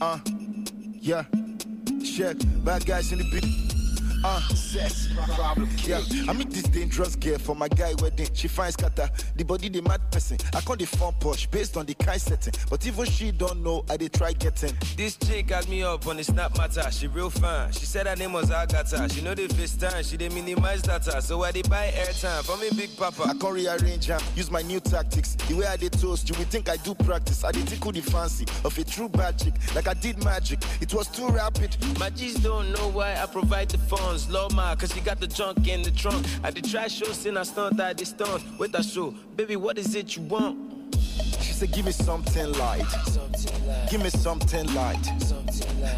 Uh, yeah. Check. Bad guys in the beat. Uh, sex, problem Yeah. I meet this dangerous girl for my guy wedding. She finds kata, the body the mad person. I call the phone push based on the kind setting. But even she don't know, I they try getting. This chick got me up on the snap matter. She real fine. She said her name was Agatha. She know the time. She they minimize data. So I they buy airtime for me big papa. I can rearrange her. Use my new tactics. The way I they toast, you will think I do practice. I did tickle the fancy of a true bad chick. Like I did magic. It was too rapid. My G's don't know why I provide the phone ones. Love my, cause you got the junk in the trunk. I did try shows and I stunt, I did stunts with that show. Baby, what is it you want? said give me something light. Give me something light.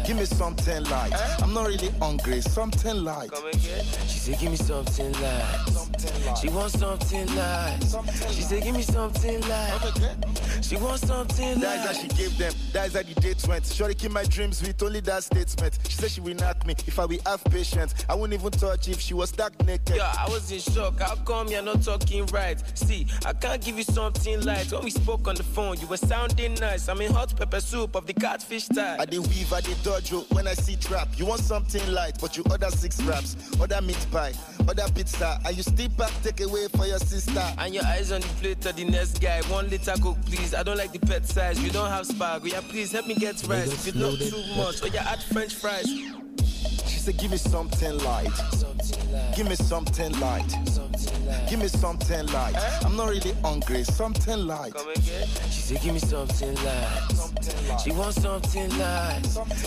Give me something light. Eh? I'm not really hungry. Something light. She said, give me something light. She wants something light. She said, give me something light. She wants something light. That's how she gave them. That's how the date went. Shorty keep my dreams with only that statement. She said she will not me if I will have patience. I wouldn't even touch if she was stuck naked. Yeah, I was in shock. How come you're not talking right? See, I can't give you something light. When we spoke on the phone, you were sounding nice. I'm in hot pepper soup of the catfish type. I the weave, I did dodge oh, when I see trap. You want something light, but you order six wraps, order meat pie, order pizza. Are you still back take away for your sister. And your eyes on the plate of the next guy. One liter coke, please. I don't like the pet size. You don't have spark. Oh, yeah, please help me get rice. If it's not too much, or oh, you add french fries. She said, Give me something light. Give me something light. Give me something light. I'm not really hungry. Something light. She said, Give me something light. She wants something light.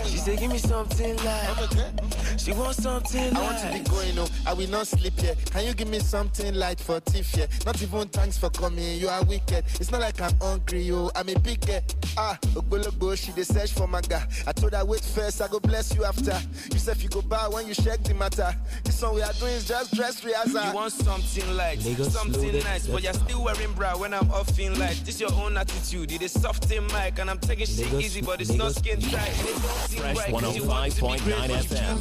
she said, Give me something light. She wants something light. I want to be going home. I will not sleep here. Can you give me something light for tiff here? Not even thanks for coming. You are wicked. It's not like I'm hungry, yo. I'm a big girl. Ah, Ogbolobo, she dey search for my guy. I told her, Wait first, I go bless you after. You Yourself you go buy when you check the matter. This one we are doing is just dress rehearsal. You want something like Lagos something nice, but you're still wearing bra when I'm off in light. This your own attitude. It is soft in mic, and I'm taking shit Lagos, easy, but it's Lagos, not skin tight. Fresh 105.9 FM.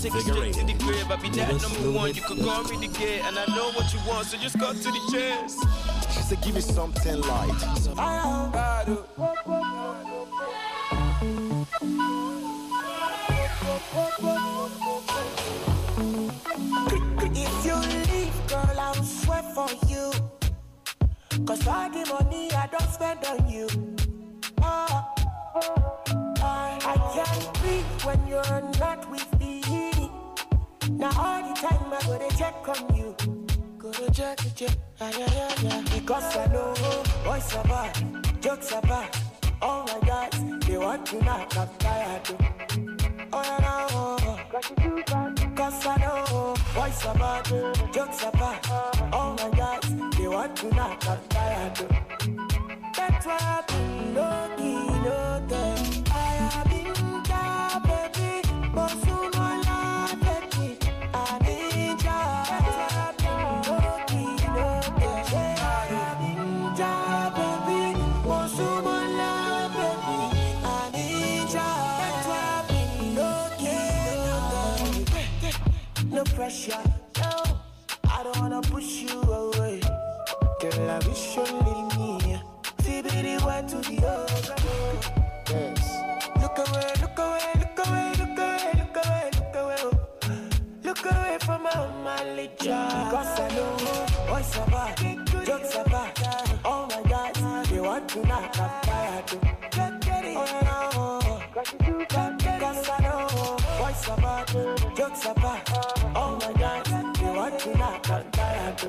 the i be that number one. You call me the and I know what you want, so just to the chase. She said, give me something light. Something. Ah, ah, ah, if you leave, girl, I will sweat for you. Cause all the money I don't spend on you. Oh, I can't breathe when you're not with me. Now all the time I gotta check on you. Gotta check, check, ah, yeah, yeah, yeah. Because I know boys voice about, jokes bad. all oh my guys, they want to knock, up am tired oh Cause, you Cause I know Voice about jokes All my guys, they want to knock up tired That's what happened, no key, no I have been there, baby, but soon pressure. No, I don't wanna push you away. Girl, I wish only me. Fibidi went to the other. Yes. Look away, look away, look away, look away, look away, look away. Oh. Look away from my manly child. Cause I know what's about, jokes about. Oh my God, they want to knock up fire. Oh. oh no, cause I know what's about, jokes about. Cantarato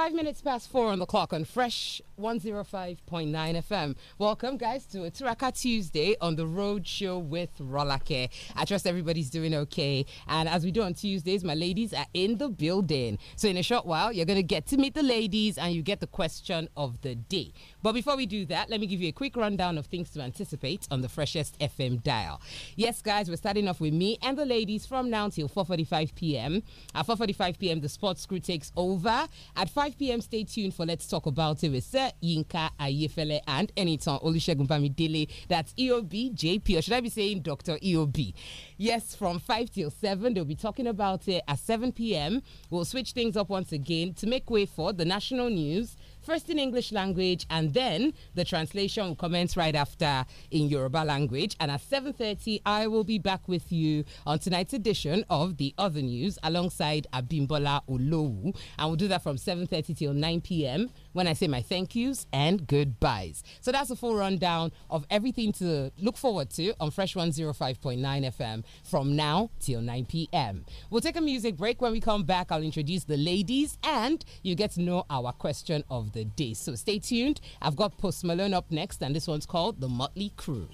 five minutes past four on the clock on Fresh 105.9 FM. Welcome, guys, to a Turaka Tuesday on the Road Show with Rolake. I trust everybody's doing okay. And as we do on Tuesdays, my ladies are in the building. So, in a short while, you're going to get to meet the ladies and you get the question of the day. But before we do that, let me give you a quick rundown of things to anticipate on the freshest FM dial. Yes, guys, we're starting off with me and the ladies from now till 4:45 p.m. At 4:45 p.m., the sports crew takes over. At 5 5 p.m., stay tuned for Let's Talk About It with Sir Yinka Ayefele and Eniton Olusegun Bamidele. That's EOB JP, or should I be saying Dr. EOB? Yes, from 5 till 7, they'll be talking about it. At 7 p.m., we'll switch things up once again to make way for the national news first in English language, and then the translation will commence right after in Yoruba language. And at 7.30, I will be back with you on tonight's edition of The Other News alongside Abimbola Olowu. And we'll do that from 7.30 till 9 p.m when I say my thank yous and goodbyes. So that's a full rundown of everything to look forward to on Fresh 105.9 FM from now till 9 p.m. We'll take a music break. When we come back, I'll introduce the ladies and you get to know our question of the day. So stay tuned. I've got Post Malone up next, and this one's called The Motley Crew.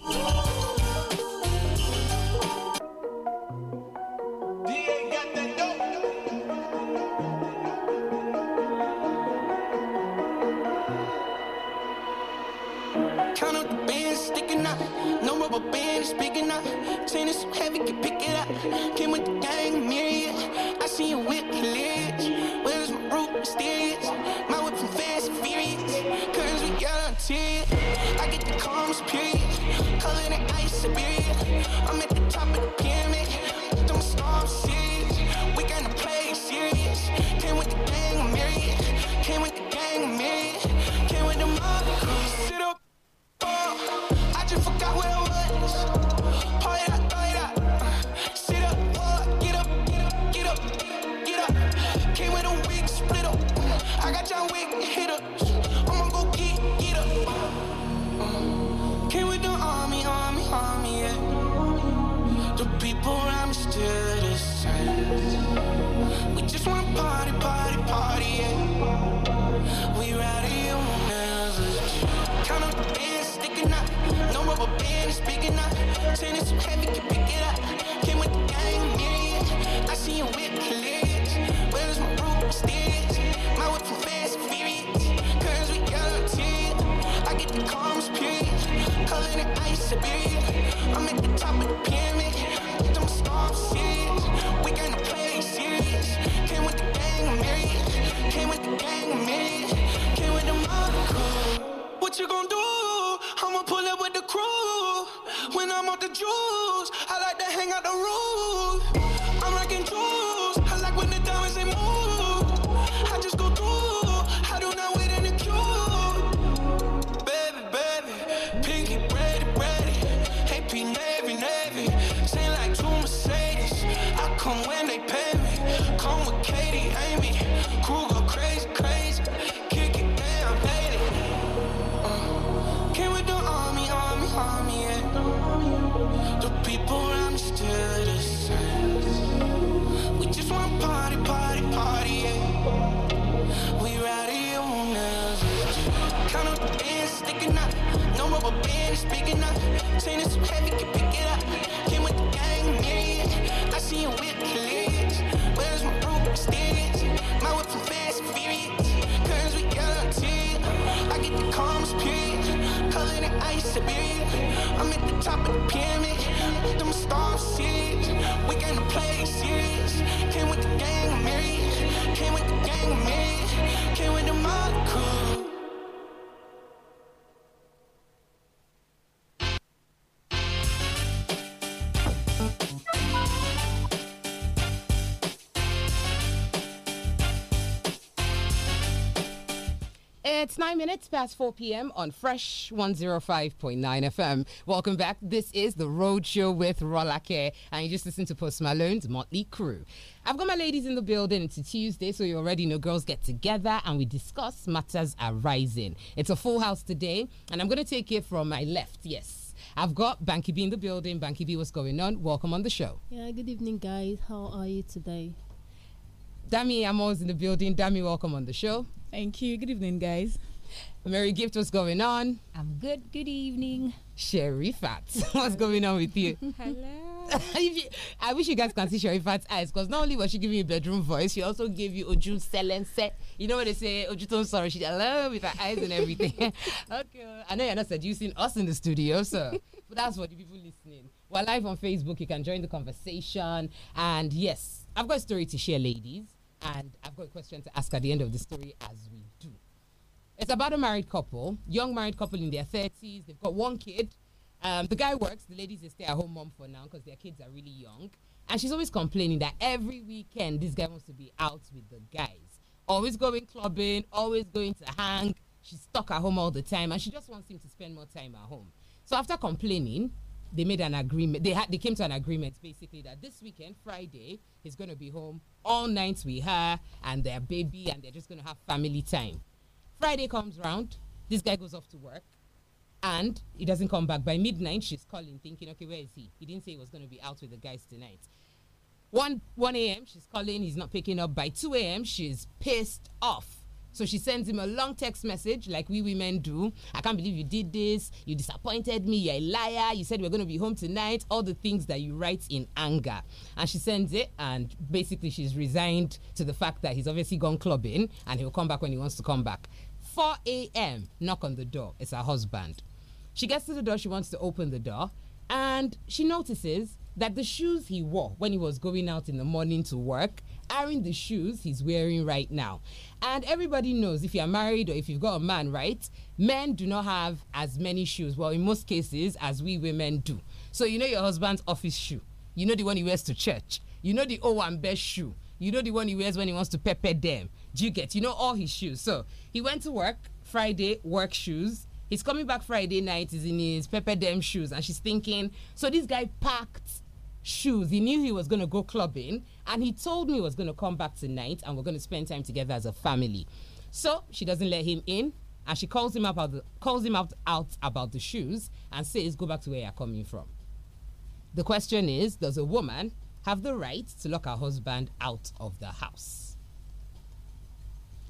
rubber band is big enough. Chain is so heavy, can pick it up. Came with the gang, myriad. I see you whip hilarious. Where's my root mysterious? My whip from fast and furious. Curtains got on interior. I get the calmest period. Color than ice, Siberia. I'm at the top of the pyramid. It's nine minutes past 4 p.m. on Fresh 105.9 FM. Welcome back. This is the Road Show with Rolake, and you just listen to Post Malone's Motley Crew. I've got my ladies in the building. It's a Tuesday, so you already know girls get together and we discuss matters arising. It's a full house today, and I'm going to take it from my left. Yes. I've got Banky B in the building. Banky B, what's going on? Welcome on the show. Yeah, good evening, guys. How are you today? Dami Amos in the building. Dami, welcome on the show. Thank you. Good evening, guys. Mary Gift, what's going on? I'm good. Good evening. Sherry Fat. what's going on with you? Hello. I wish you guys can see Sherry Fat's eyes because not only was she giving you bedroom voice, she also gave you Oju Selense. You know what they say, Oju Tom Sorry. She's alone with her eyes and everything. okay. I know you're not seducing us in the studio, so but that's for the people listening. We're live on Facebook. You can join the conversation. And yes, I've got a story to share, ladies and I've got a question to ask at the end of the story as we do. It's about a married couple, young married couple in their 30s. They've got one kid. Um, the guy works, the lady's a stay at home mom for now because their kids are really young. And she's always complaining that every weekend this guy wants to be out with the guys. Always going clubbing, always going to hang. She's stuck at home all the time and she just wants him to spend more time at home. So after complaining, they made an agreement. They had they came to an agreement basically that this weekend, Friday, he's going to be home all night with her and their baby, and they're just going to have family time. Friday comes round, this guy goes off to work, and he doesn't come back by midnight. She's calling, thinking, okay, where is he? He didn't say he was going to be out with the guys tonight. 1 1 a.m. She's calling, he's not picking up. By 2 a.m. She's pissed off so she sends him a long text message, like we women do. I can't believe you did this. You disappointed me. You're a liar. You said we we're going to be home tonight. All the things that you write in anger. And she sends it, and basically, she's resigned to the fact that he's obviously gone clubbing and he'll come back when he wants to come back. 4 a.m., knock on the door. It's her husband. She gets to the door, she wants to open the door, and she notices that the shoes he wore when he was going out in the morning to work aren't the shoes he's wearing right now. And everybody knows if you're married or if you've got a man, right? Men do not have as many shoes, well, in most cases, as we women do. So you know your husband's office shoe, you know the one he wears to church, you know the old one best shoe, you know the one he wears when he wants to pepper them. Do you get? You know all his shoes. So he went to work Friday, work shoes. He's coming back Friday night, he's in his pepper them shoes, and she's thinking, so this guy packed shoes. He knew he was going to go clubbing and he told me he was going to come back tonight and we're going to spend time together as a family. So she doesn't let him in and she calls him about the, calls him out, out about the shoes and says, "Go back to where you're coming from." The question is, does a woman have the right to lock her husband out of the house?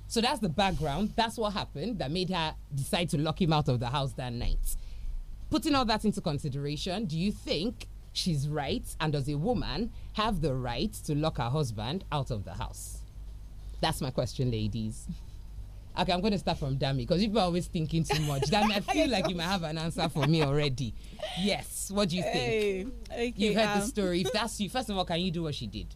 So that's the background. That's what happened that made her decide to lock him out of the house that night. Putting all that into consideration, do you think she's right and does a woman have the right to lock her husband out of the house? That's my question, ladies. Okay, I'm going to start from Dami because people are always thinking too much. Dami, I feel like you might have an answer for me already. Yes, what do you think? Hey, okay, You've heard um, the story. If that's you, first of all, can you do what she did?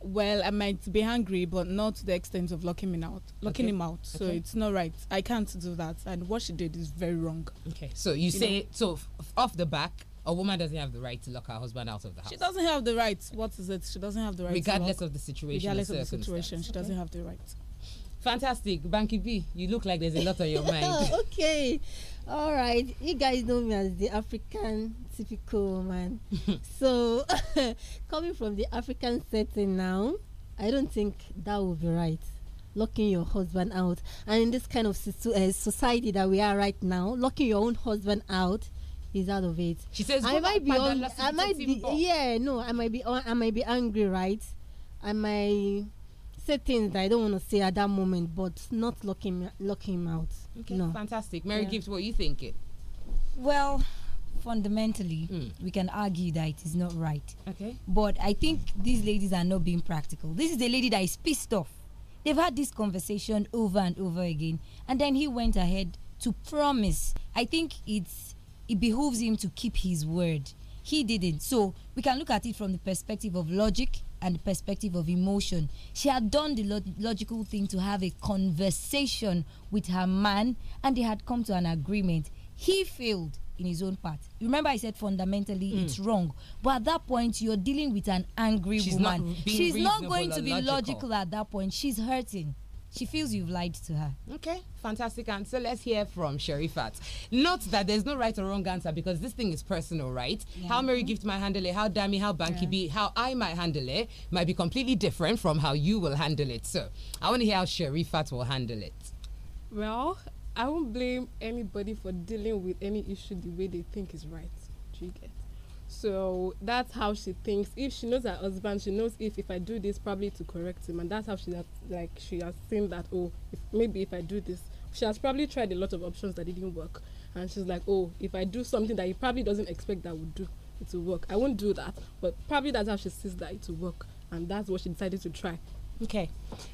Well, I might be hungry, but not to the extent of locking him out. Locking okay. him out, so okay. it's not right. I can't do that, and what she did is very wrong. Okay, so you, you say know? so off the back a woman doesn't have the right to lock her husband out of the house. She doesn't have the right. What is it? She doesn't have the right. Regardless of the situation. Regardless of the situation, she okay. doesn't have the right. Fantastic, Banky B. You look like there's a lot on your mind. okay, all right. You guys know me as the African typical woman. so, coming from the African setting now, I don't think that would be right locking your husband out. And in this kind of eh, society that we are right now, locking your own husband out is out of it. She says, I might be on, I might be, yeah, no, I might be on, uh, I might be angry, right? I might say things that I don't want to say at that moment, but not lock him, lock him out. Okay, no. fantastic. Mary yeah. Gibbs, what you thinking? Well, fundamentally, mm. we can argue that it is not right. Okay. But I think these ladies are not being practical. This is the lady that is pissed off. They've had this conversation over and over again, and then he went ahead to promise. I think it's it behooves him to keep his word. He didn't. So we can look at it from the perspective of logic and the perspective of emotion. She had done the log logical thing to have a conversation with her man and they had come to an agreement. He failed in his own part. Remember, I said fundamentally mm. it's wrong. But at that point, you're dealing with an angry She's woman. Not She's not going to be logical. logical at that point. She's hurting. She feels you've lied to her. Okay, fantastic. answer. let's hear from Sherifat. Note that there's no right or wrong answer because this thing is personal, right? Yeah. How Mary mm-hmm. Gift might handle it, how Dami, how Banky yeah. B, how I might handle it might be completely different from how you will handle it. So I want to hear how Sherifat will handle it. Well, I won't blame anybody for dealing with any issue the way they think is right. Do you get? So that's how she thinks. If she knows her husband, she knows if if I do this, probably to correct him, and that's how she has like she has seen that oh, if, maybe if I do this, she has probably tried a lot of options that didn't work, and she's like oh, if I do something that he probably doesn't expect that would do, it to work. I won't do that, but probably that's how she sees that it to work, and that's what she decided to try. Okay.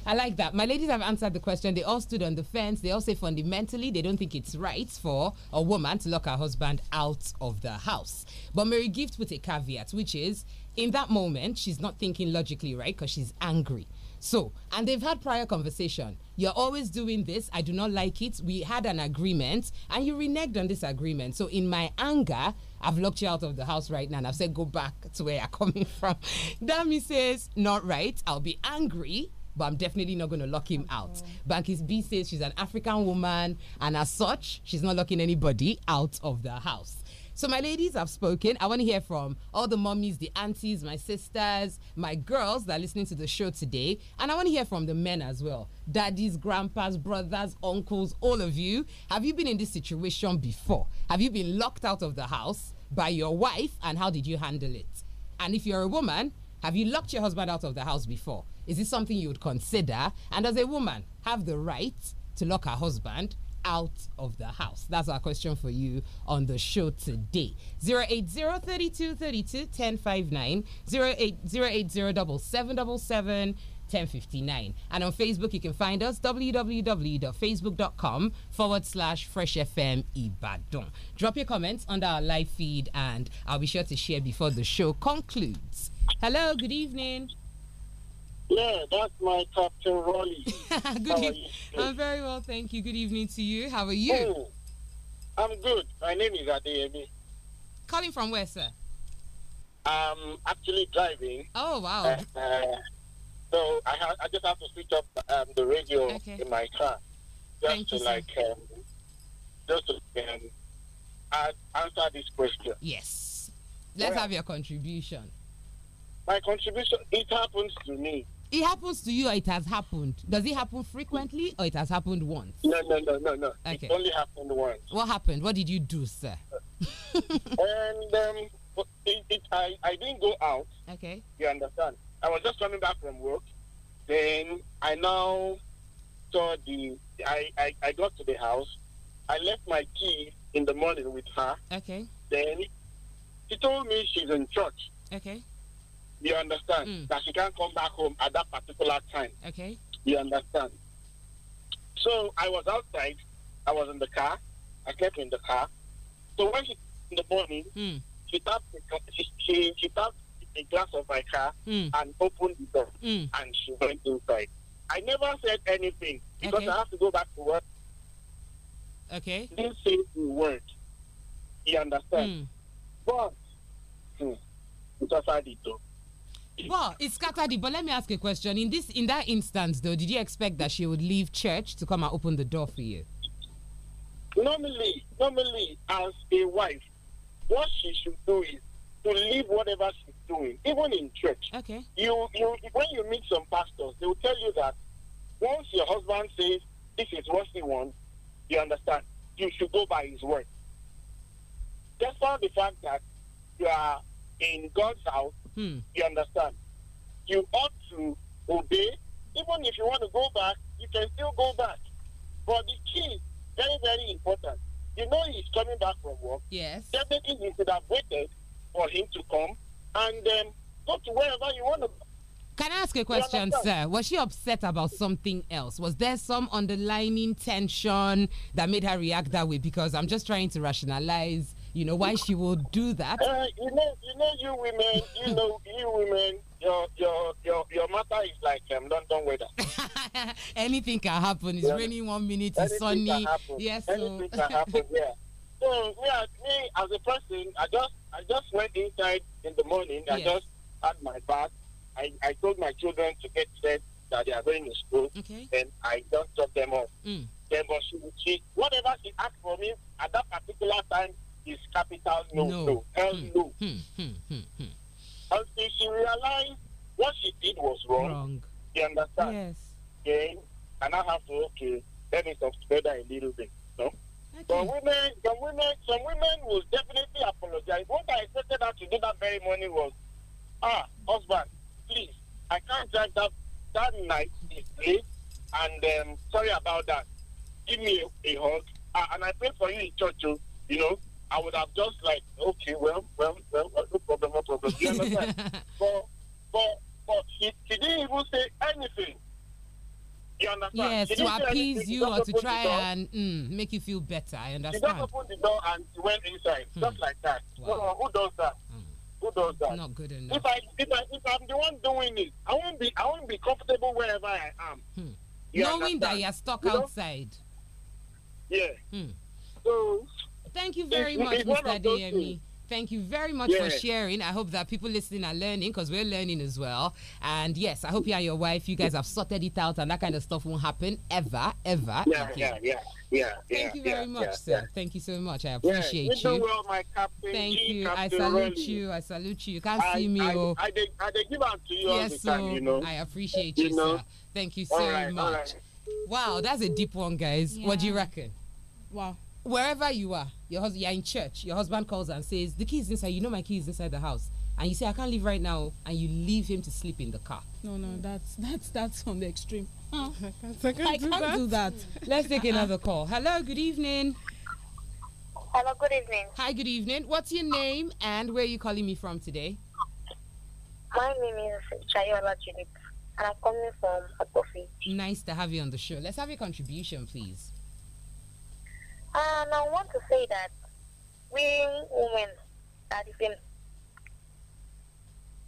I like that. My ladies have answered the question. They all stood on the fence. They all say fundamentally they don't think it's right for a woman to lock her husband out of the house. But Mary Gift with a caveat, which is in that moment, she's not thinking logically, right? Because she's angry. So, and they've had prior conversation. You're always doing this. I do not like it. We had an agreement and you reneged on this agreement. So, in my anger, I've locked you out of the house right now. And I've said, go back to where you're coming from. Dami says, not right. I'll be angry but I'm definitely not going to lock him okay. out. Bankis B says she's an African woman, and as such, she's not locking anybody out of the house. So, my ladies, I've spoken. I want to hear from all the mummies, the aunties, my sisters, my girls that are listening to the show today. And I want to hear from the men as well daddies, grandpas, brothers, uncles, all of you. Have you been in this situation before? Have you been locked out of the house? by your wife and how did you handle it? And if you're a woman, have you locked your husband out of the house before? Is this something you would consider? And does a woman have the right to lock her husband out of the house? That's our question for you on the show today. 080 32 32 1059. And on Facebook, you can find us www.facebook.com forward slash Fresh FM Ibadan. Drop your comments under our live feed and I'll be sure to share before the show concludes. Hello, good evening. Yeah, that's my Captain Rolly. good evening. I'm very well, thank you. Good evening to you. How are you? Oh, I'm good. My name is Adeyemi. Calling from where, sir? I'm actually driving. Oh, wow. Uh, uh, so I, ha- I just have to switch up um, the radio okay. in my car just Thank to you, like um, just to um, add, answer this question. Yes, let's well, have your contribution. My contribution. It happens to me. It happens to you, it has happened. Does it happen frequently, or it has happened once? No, no, no, no, no. Okay. It only happened once. What happened? What did you do, sir? and um, it, it, I, I didn't go out. Okay. You understand? I was just coming back from work. Then I now saw the. I, I, I got to the house. I left my key in the morning with her. Okay. Then she told me she's in church. Okay. You understand? Mm. That she can't come back home at that particular time. Okay. You understand? So I was outside. I was in the car. I kept in the car. So when she in the morning, mm. she tapped she, she, she tapped the glass of my car mm. and opened the door mm. and she went inside. I never said anything because okay. I have to go back to work. Okay. He didn't say a word. He understand, Mm. But hmm, it shattered the door. Well, it's scattered it, but let me ask a question. In this in that instance though, did you expect that she would leave church to come and open the door for you? Normally, normally as a wife, what she should do is to leave whatever she doing, even in church. Okay. You, you, when you meet some pastors, they will tell you that once your husband says this is what he wants, you understand, you should go by his word. Despite the fact that you are in God's house, hmm. you understand, you ought to obey. Even if you want to go back, you can still go back. But the key, very, very important. You know he's coming back from work. Yes. Definitely you should have waited for him to come and um, go to wherever you want to. Can I ask a question, sir? Was she upset about something else? Was there some underlying tension that made her react that way? Because I'm just trying to rationalize, you know, why she would do that. Uh, you know, you know, you women, you know, you women, your your your your matter is like um, London weather. Anything can happen. It's yeah. raining one minute, it's Anything sunny. Yes, yeah, so. can happen. Yeah. So me, me as a person, I just I just went inside in the morning. Yes. I just had my bath. I, I told my children to get set that they are going to school. Okay. And I just drop them off. Mm. Then but she, she whatever she asked for me at that particular time is capital no no, no hell hmm. no. Hmm. Hmm. Hmm. Until she realized what she did was wrong. Wrong. You understand? Yes. Okay. and I have to okay, let me talk together a little bit. No. Okay. women, some women, some women will definitely apologize. What I expected her to do that very morning was, ah, husband, please, I can't drive that that night please, late, and um, sorry about that. Give me a, a hug, uh, and I pray for you in church too. You know, I would have just like, okay, well, well, well, no problem, no problem. You understand? but, but, but she, she didn't even say anything. You understand? Yes, to appease you or to try and mm, make you feel better. I understand. He just opened the door and went inside, hmm. just like that. Wow. who does that? Hmm. Who does that? Not good enough. If I if I if I'm the one doing it, I won't be I won't be comfortable wherever I am. Hmm. Knowing that you're stuck you outside. Know? Yeah. Hmm. So. Thank you very it's, much, it's Mr. DME. Thank you very much for sharing. I hope that people listening are learning because we're learning as well. And yes, I hope you and your wife, you guys have sorted it out and that kind of stuff won't happen ever, ever. Yeah, again. yeah, yeah, yeah. Thank yeah, you very yeah, much, sir. Thank you so much. I appreciate you. Well, my captain, Thank G, you. Captain I salute Rally. you. I salute you. You can't I, see me. I, oh. I, I, I, I give out to you yes, so time, oh. you know. I appreciate you, you know? sir. Thank you so right, much. Right. Wow, that's a deep one, guys. What do you reckon? Wow wherever you are, your you're in church, your husband calls and says, The key is inside, you know my key is inside the house. And you say, I can't leave right now, and you leave him to sleep in the car. No, no, that's that's that's on the extreme. I can't, I can't, I do, can't that. do, that. Let's take another call. Hello, good evening. Hello, good evening. Hi, good evening. What's your name and where are you calling me from today? My name is Chayola Judith, and I'm coming from Akofi. Nice to have you on the show. Let's have your contribution, please. And I want to say that we women are the same.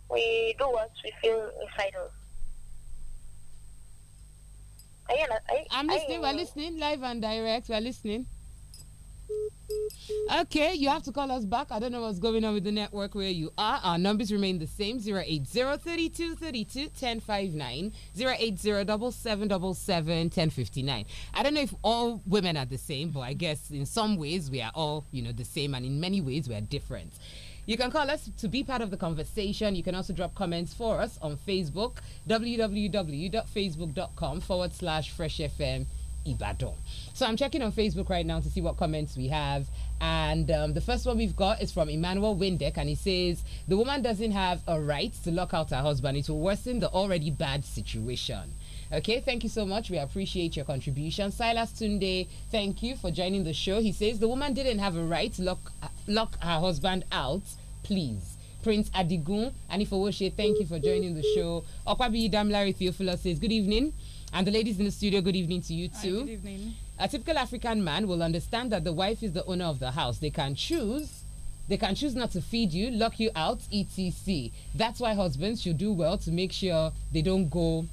We do what we feel inside us. I, I, I'm listening. I, we're listening live and direct. We're listening. Okay, you have to call us back. I don't know what's going on with the network where you are. Our numbers remain the same 080 32 32 1059, 080 1059. I don't know if all women are the same, but I guess in some ways we are all, you know, the same, and in many ways we are different. You can call us to be part of the conversation. You can also drop comments for us on Facebook, www.facebook.com forward slash FM. Ibadan. So I'm checking on Facebook right now to see what comments we have. And um, the first one we've got is from Emmanuel Windeck, and he says the woman doesn't have a right to lock out her husband. It will worsen the already bad situation. Okay, thank you so much. We appreciate your contribution. Silas Tunde, thank you for joining the show. He says the woman didn't have a right to lock, lock her husband out. Please. Prince Adigun and Ifowoshe, thank you for joining the show. Okwabi Damlari Theophilus says, Good evening. And the ladies in the studio, good evening to you too. good evening. A typical African man will understand that the wife is the owner of the house. They can choose they can choose not to feed you, lock you out, etc. That's why husbands should do well to make sure they don't go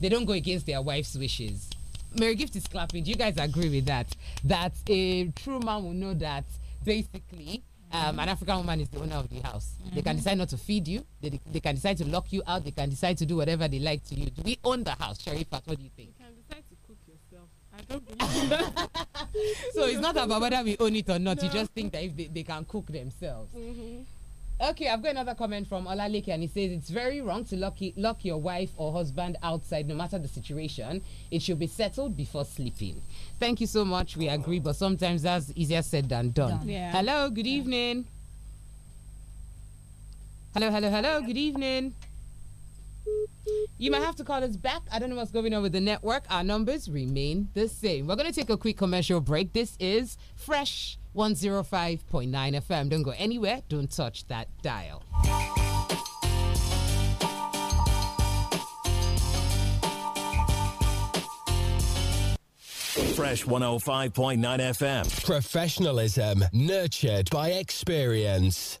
they don't go against their wife's wishes. Mary Gift is clapping. Do you guys agree with that? That a true man will know that basically um, an African woman is the owner of the house. Mm -hmm. They can mm. decide not to feed you. They, they can decide to lock you out. They can decide to do whatever they like to you. Do we own the house, Sherifat? What do you think? You can decide to cook yourself. I don't believe that. so it's not about whether we own it or not. No. You just think that if they, they can cook themselves. Mm -hmm. Okay, I've got another comment from Olaleke, and he says it's very wrong to lock, lock your wife or husband outside, no matter the situation. It should be settled before sleeping. Thank you so much. We agree, but sometimes that's easier said than done. done. Yeah. Hello, good yeah. evening. Hello, hello, hello. Good evening. You might have to call us back. I don't know what's going on with the network. Our numbers remain the same. We're going to take a quick commercial break. This is Fresh 105.9 FM. Don't go anywhere. Don't touch that dial. Fresh 105.9 FM. Professionalism nurtured by experience.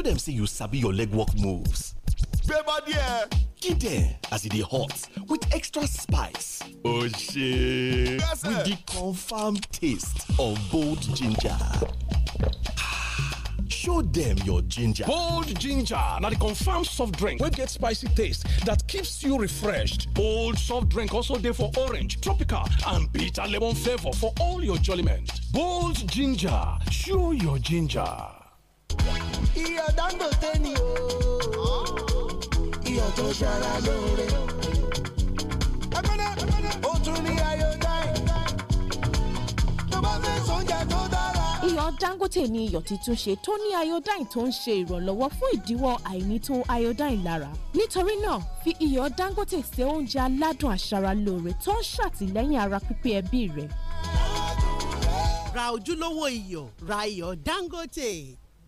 show dem say you sabi your legwork moves. Beba there! Give dem as it is hot with extra spice. Oh shit! With the confirmed taste of bold ginger. show them your ginger. bold ginger Now the confirmed soft drink We get spicy taste that keeps you refreshed. bold soft drink also there for orange tropical and bitter lemon flavour for all your jolly bold ginger show your ginger. iyọ̀ Dangote ni o iyọ̀ tó ṣara lóore ó tún ní iodine tó bá fẹ́ sóúnjẹ tó dára. iyọ̀ Dangote ni iyọ̀ titun ṣe tó ní iodine tó ń ṣe ìrànlọ́wọ́ fún ìdíwọ́ àìnító iodine lára nítorí náà fi iyọ̀ Dangote ṣe oúnjẹ aládùn aṣaralóore tó ń ṣàtìlẹ́yìn ara pípé ẹbí rẹ̀ ra ojúlówó iyọ̀ ra iyọ̀ Dangote.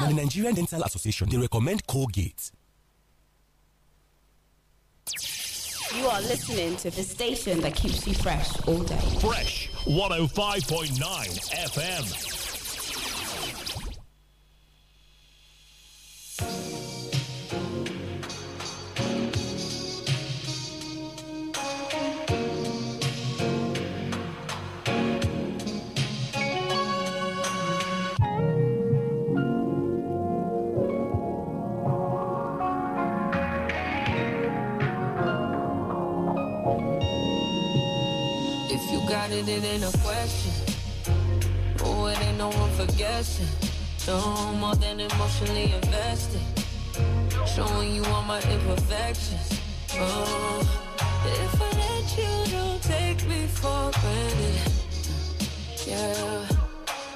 Now, the Nigerian Dental Association, they recommend Colgate. You are listening to the station that keeps you fresh all day. Fresh 105.9 FM. it ain't a question. Oh, it ain't no one for guessing. No more than emotionally invested. Showing you all my imperfections. Oh, if I let you, don't take me for granted. Yeah,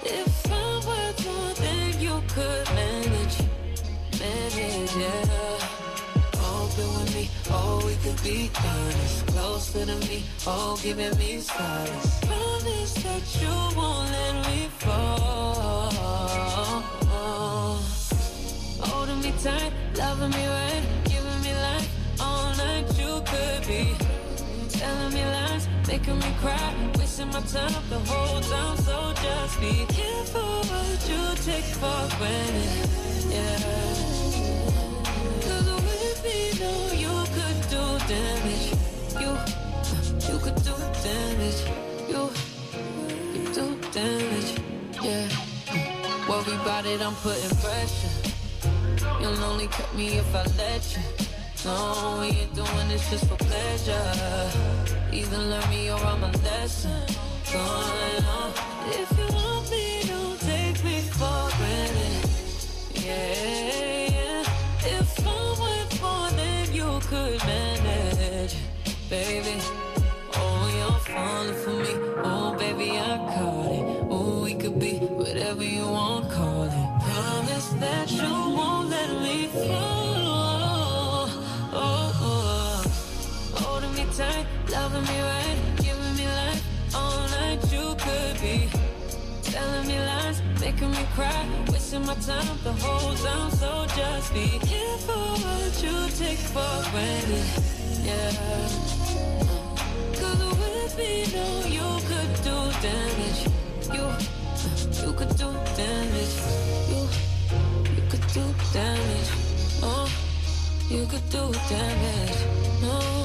if I'm worth more than you could manage, manage, yeah you and me, oh, we could be honest. Closer to me, oh, giving me solace. Promise that you won't let me fall. Holding me tight, loving me right, giving me life all night. You could be telling me lies, making me cry, wasting my time the whole time. So just be careful what you take for granted. Yeah baby you could do damage. You, you could do damage. You, you do damage. Yeah. Worry about it, I'm putting pressure. You'll only cut me if I let you. No, we ain't doing this just for pleasure. Either learn me or I'm a lesson. on. If you want me, don't take me for granted. Yeah. could manage, baby. Oh, you're falling for me. Oh, baby, I caught it. Oh, we could be whatever you want, call it. Promise that you won't let me fall. Oh, oh, oh. holding me tight, loving me right, giving me life all night. You could be telling me lies making me cry, wasting my time the whole time. So just be careful what you take for granted, yeah. Cause with me, know you could do damage. You, you could do damage. You, you could do damage. Oh, you could do damage. Oh.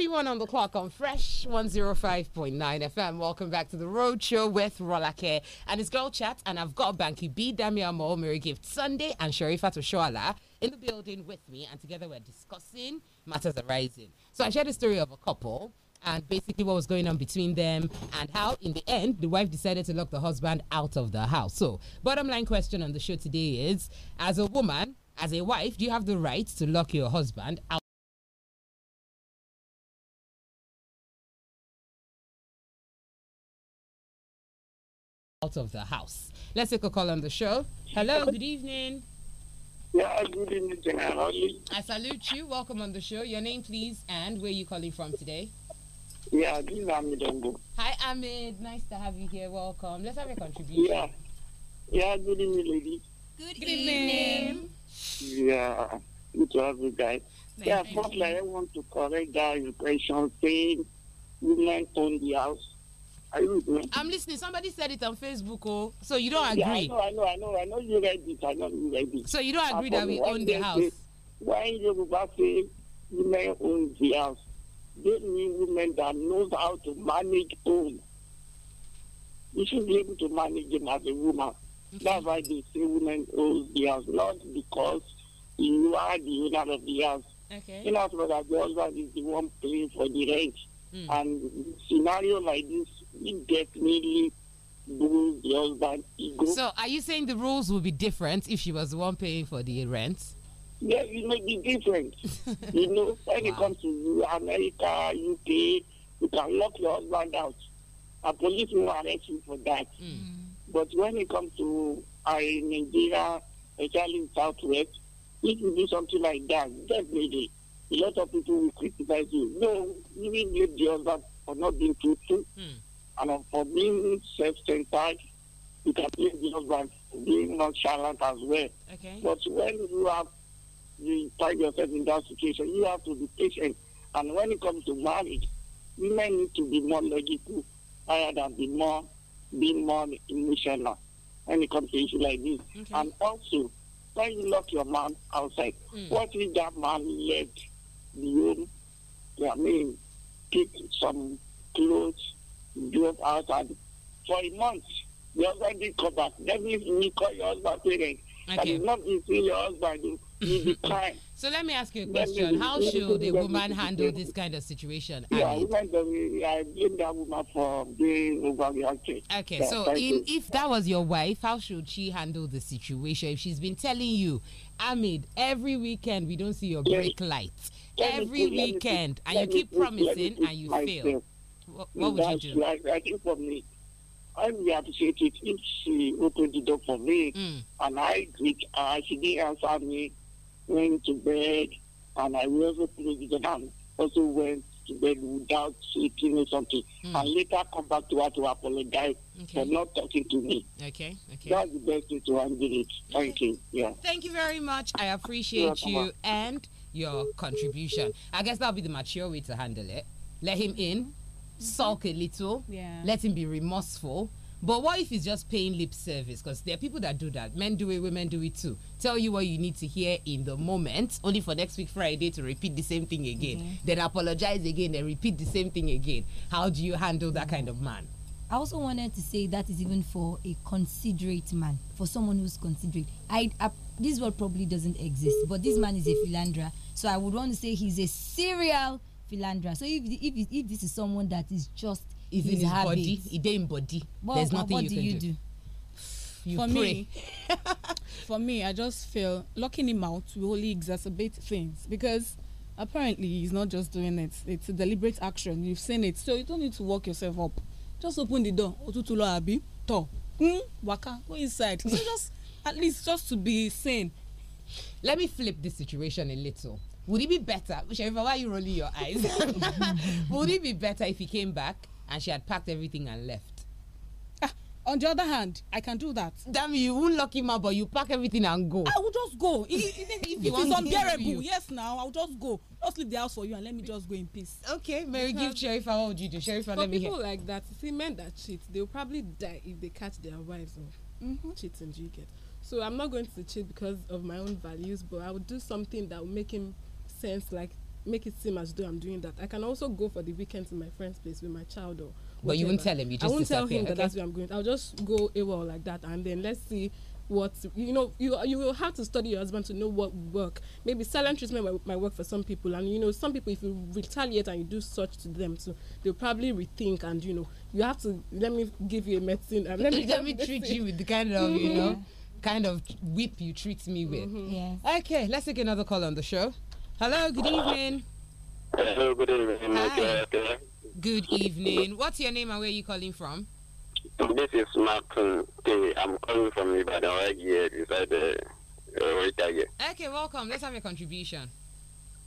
31 on the clock on Fresh 105.9 FM. Welcome back to the Road Show with Rolake and his girl chat. And I've got Banky B, Damia Mo, Mary Gift Sunday, and Sharifa Toshoala in the building with me. And together we're discussing matters arising. So I shared the story of a couple and basically what was going on between them and how in the end the wife decided to lock the husband out of the house so bottom line question on the show today is as a woman as a wife do you have the right to lock your husband out out of the house. Let's take a call on the show. Hello, good evening. Yeah, good evening, I salute you. Welcome on the show. Your name, please, and where are you calling from today? Yeah, this is Ahmed Hi, Ahmed. Nice to have you here. Welcome. Let's have a contribution. Yeah. Yeah, good evening, lady. Good, good evening. evening. Yeah, good to have you guys. yeah, firstly, I want to correct that impression saying women own the house are you with me? I'm listening. Somebody said it on Facebook, oh. So you don't agree? Yeah, I know, I know, I know, I know you read it. I know you read it. So you don't agree that we own the house? Say, when Yoruba say women own the house, they mean women that knows how to manage home. You should be able to manage them as a woman. That's why they say women own the house, not because you are the owner of the house. Okay. In as much as the husband is the one paying for the rent. Mm. And scenario like this the husband ego. So, are you saying the rules would be different if she was the one paying for the rent? Yes, it may be different. you know, when wow. it comes to America, UK, you can lock your husband out. A police will arrest you for that. Mm. But when it comes to uh, Nigeria, especially in Southwest, if you do something like that, definitely a lot of people will criticize you. No, you will blame the husband for not being truthful. Mm and for being self-centered, you can blame Jesus by being nonchalant as well. Okay. But when you have you find yourself in that situation, you have to be patient. And when it comes to marriage, men need to be more logical rather than be more being more emotional when it comes to issues like this. Okay. And also, when you lock your man outside, mm. what if that man left the room? I mean, pick some clothes drove out and for a month the husband did come back. That means you call your husband parents. Okay. That is not you see your husband is So let me ask you a question. How should a woman handle this kind of situation? Yeah, women, I blame that woman for being overreactive. Okay, so in, if that was your wife, how should she handle the situation? If she's been telling you, Amid, every weekend we don't see your brake light. Every weekend, and you keep promising and you fail. What, would That's you do? Like, I think for me, I am appreciate it if she opened the door for me mm. and I greet her. Uh, she didn't answer me, went to bed, and I also closed the door and also went to bed without sleeping or something. Mm. And later come back to her to apologize okay. for not talking to me. Okay, okay. That's the best way to handle it. Thank okay. you. Yeah. Thank you very much. I appreciate you and your contribution. I guess that'll be the mature way to handle it. Let him in Mm-hmm. sulk a little, yeah. let him be remorseful. But what if he's just paying lip service? Because there are people that do that. Men do it, women do it too. Tell you what you need to hear in the moment, only for next week Friday to repeat the same thing again. Mm -hmm. Then apologize again, and repeat the same thing again. How do you handle that kind of man? I also wanted to say that is even for a considerate man, for someone who's considerate. I, I this word probably doesn't exist, but this man is a philanderer, so I would want to say he's a serial philandra so if if if this is someone that is just is his, habit body, e dey him body what, there's nothing what, what you can do. do? You for pray. me for me i just feel locking him out will only exacerbate things because apparently he's not just doing it it's a deliberate action you've seen it so you don't need to work yourself up just open the door otutulo abi tọ mm, waka go inside so just at least just to be sane. let me flip the situation a little would it be better, Sherifa, why are you rolling your eyes? would it be better if he came back and she had packed everything and left? Ah, on the other hand, I can do that. Damn, you will lock him up, but you pack everything and go. I will just go. If, it's unbearable, yes, now I'll just go. Just leave the house for you and let me just go in peace. Okay, Mary, give Sherifa what would you do? Sherifa, let me people like that, see, men that cheat, they'll probably die if they catch their wives or mm -hmm. cheating. Do you get? So I'm not going to cheat because of my own values, but I would do something that will make him sense like make it seem as though I'm doing that. I can also go for the weekend to my friend's place with my child or. Whatever. But you won't tell him. You just I won't tell him okay. that that's where I'm going. I'll just go a well like that, and then let's see what you know. You you will have to study your husband to know what work. Maybe silent treatment might, might work for some people, and you know some people if you retaliate and you do such to them, so they'll probably rethink and you know you have to let me give you a medicine and let me let me treat you with the kind of mm -hmm. you know kind of whip you treat me with. Mm -hmm. Okay, let's take another call on the show. Hello, good evening. Hello, good evening. Hi. Good evening. What's your name and where are you calling from? This is Martin i I'm calling from Ibadan, right beside the uh, Okay, welcome. Let's have a contribution.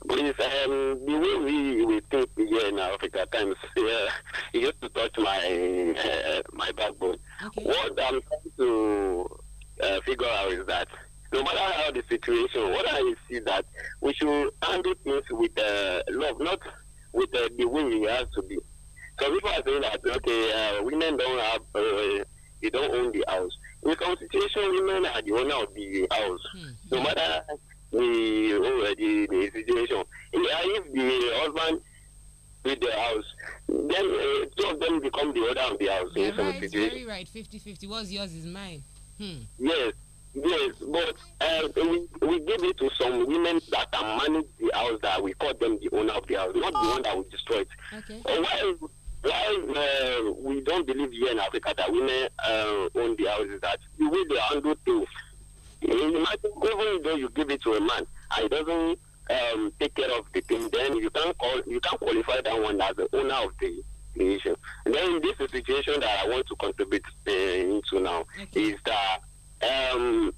Please, um, the way we, we think here in Africa times, yeah, it used to touch my uh, my backbone. Okay. What I'm trying to uh, figure out is that no matter how the situation, what I see that we should handle things with uh, love, not with uh, the way we have to be. So people are saying that okay, uh, women don't have, uh, they don't own the house. In some situations, women are the owner of the house, mm-hmm. no matter the, oh, uh, the, the situation. If the husband with the house. Then uh, two of them become the owner of the house some right, situation. Very right, 50 50. What's yours is mine. Hmm. Yes. Yes, but uh, we, we give it to some women that can manage the house that we call them the owner of the house, not the one that will destroy it. Okay. Uh, while while uh, um, we don't believe here in Africa that women uh, own the houses, that the way they handle things, imagine even though you give it to a man and he doesn't um, take care of the thing, then you can't call you can't qualify that one as the owner of the creation. And then this is the situation that I want to contribute uh, into now okay. is that um,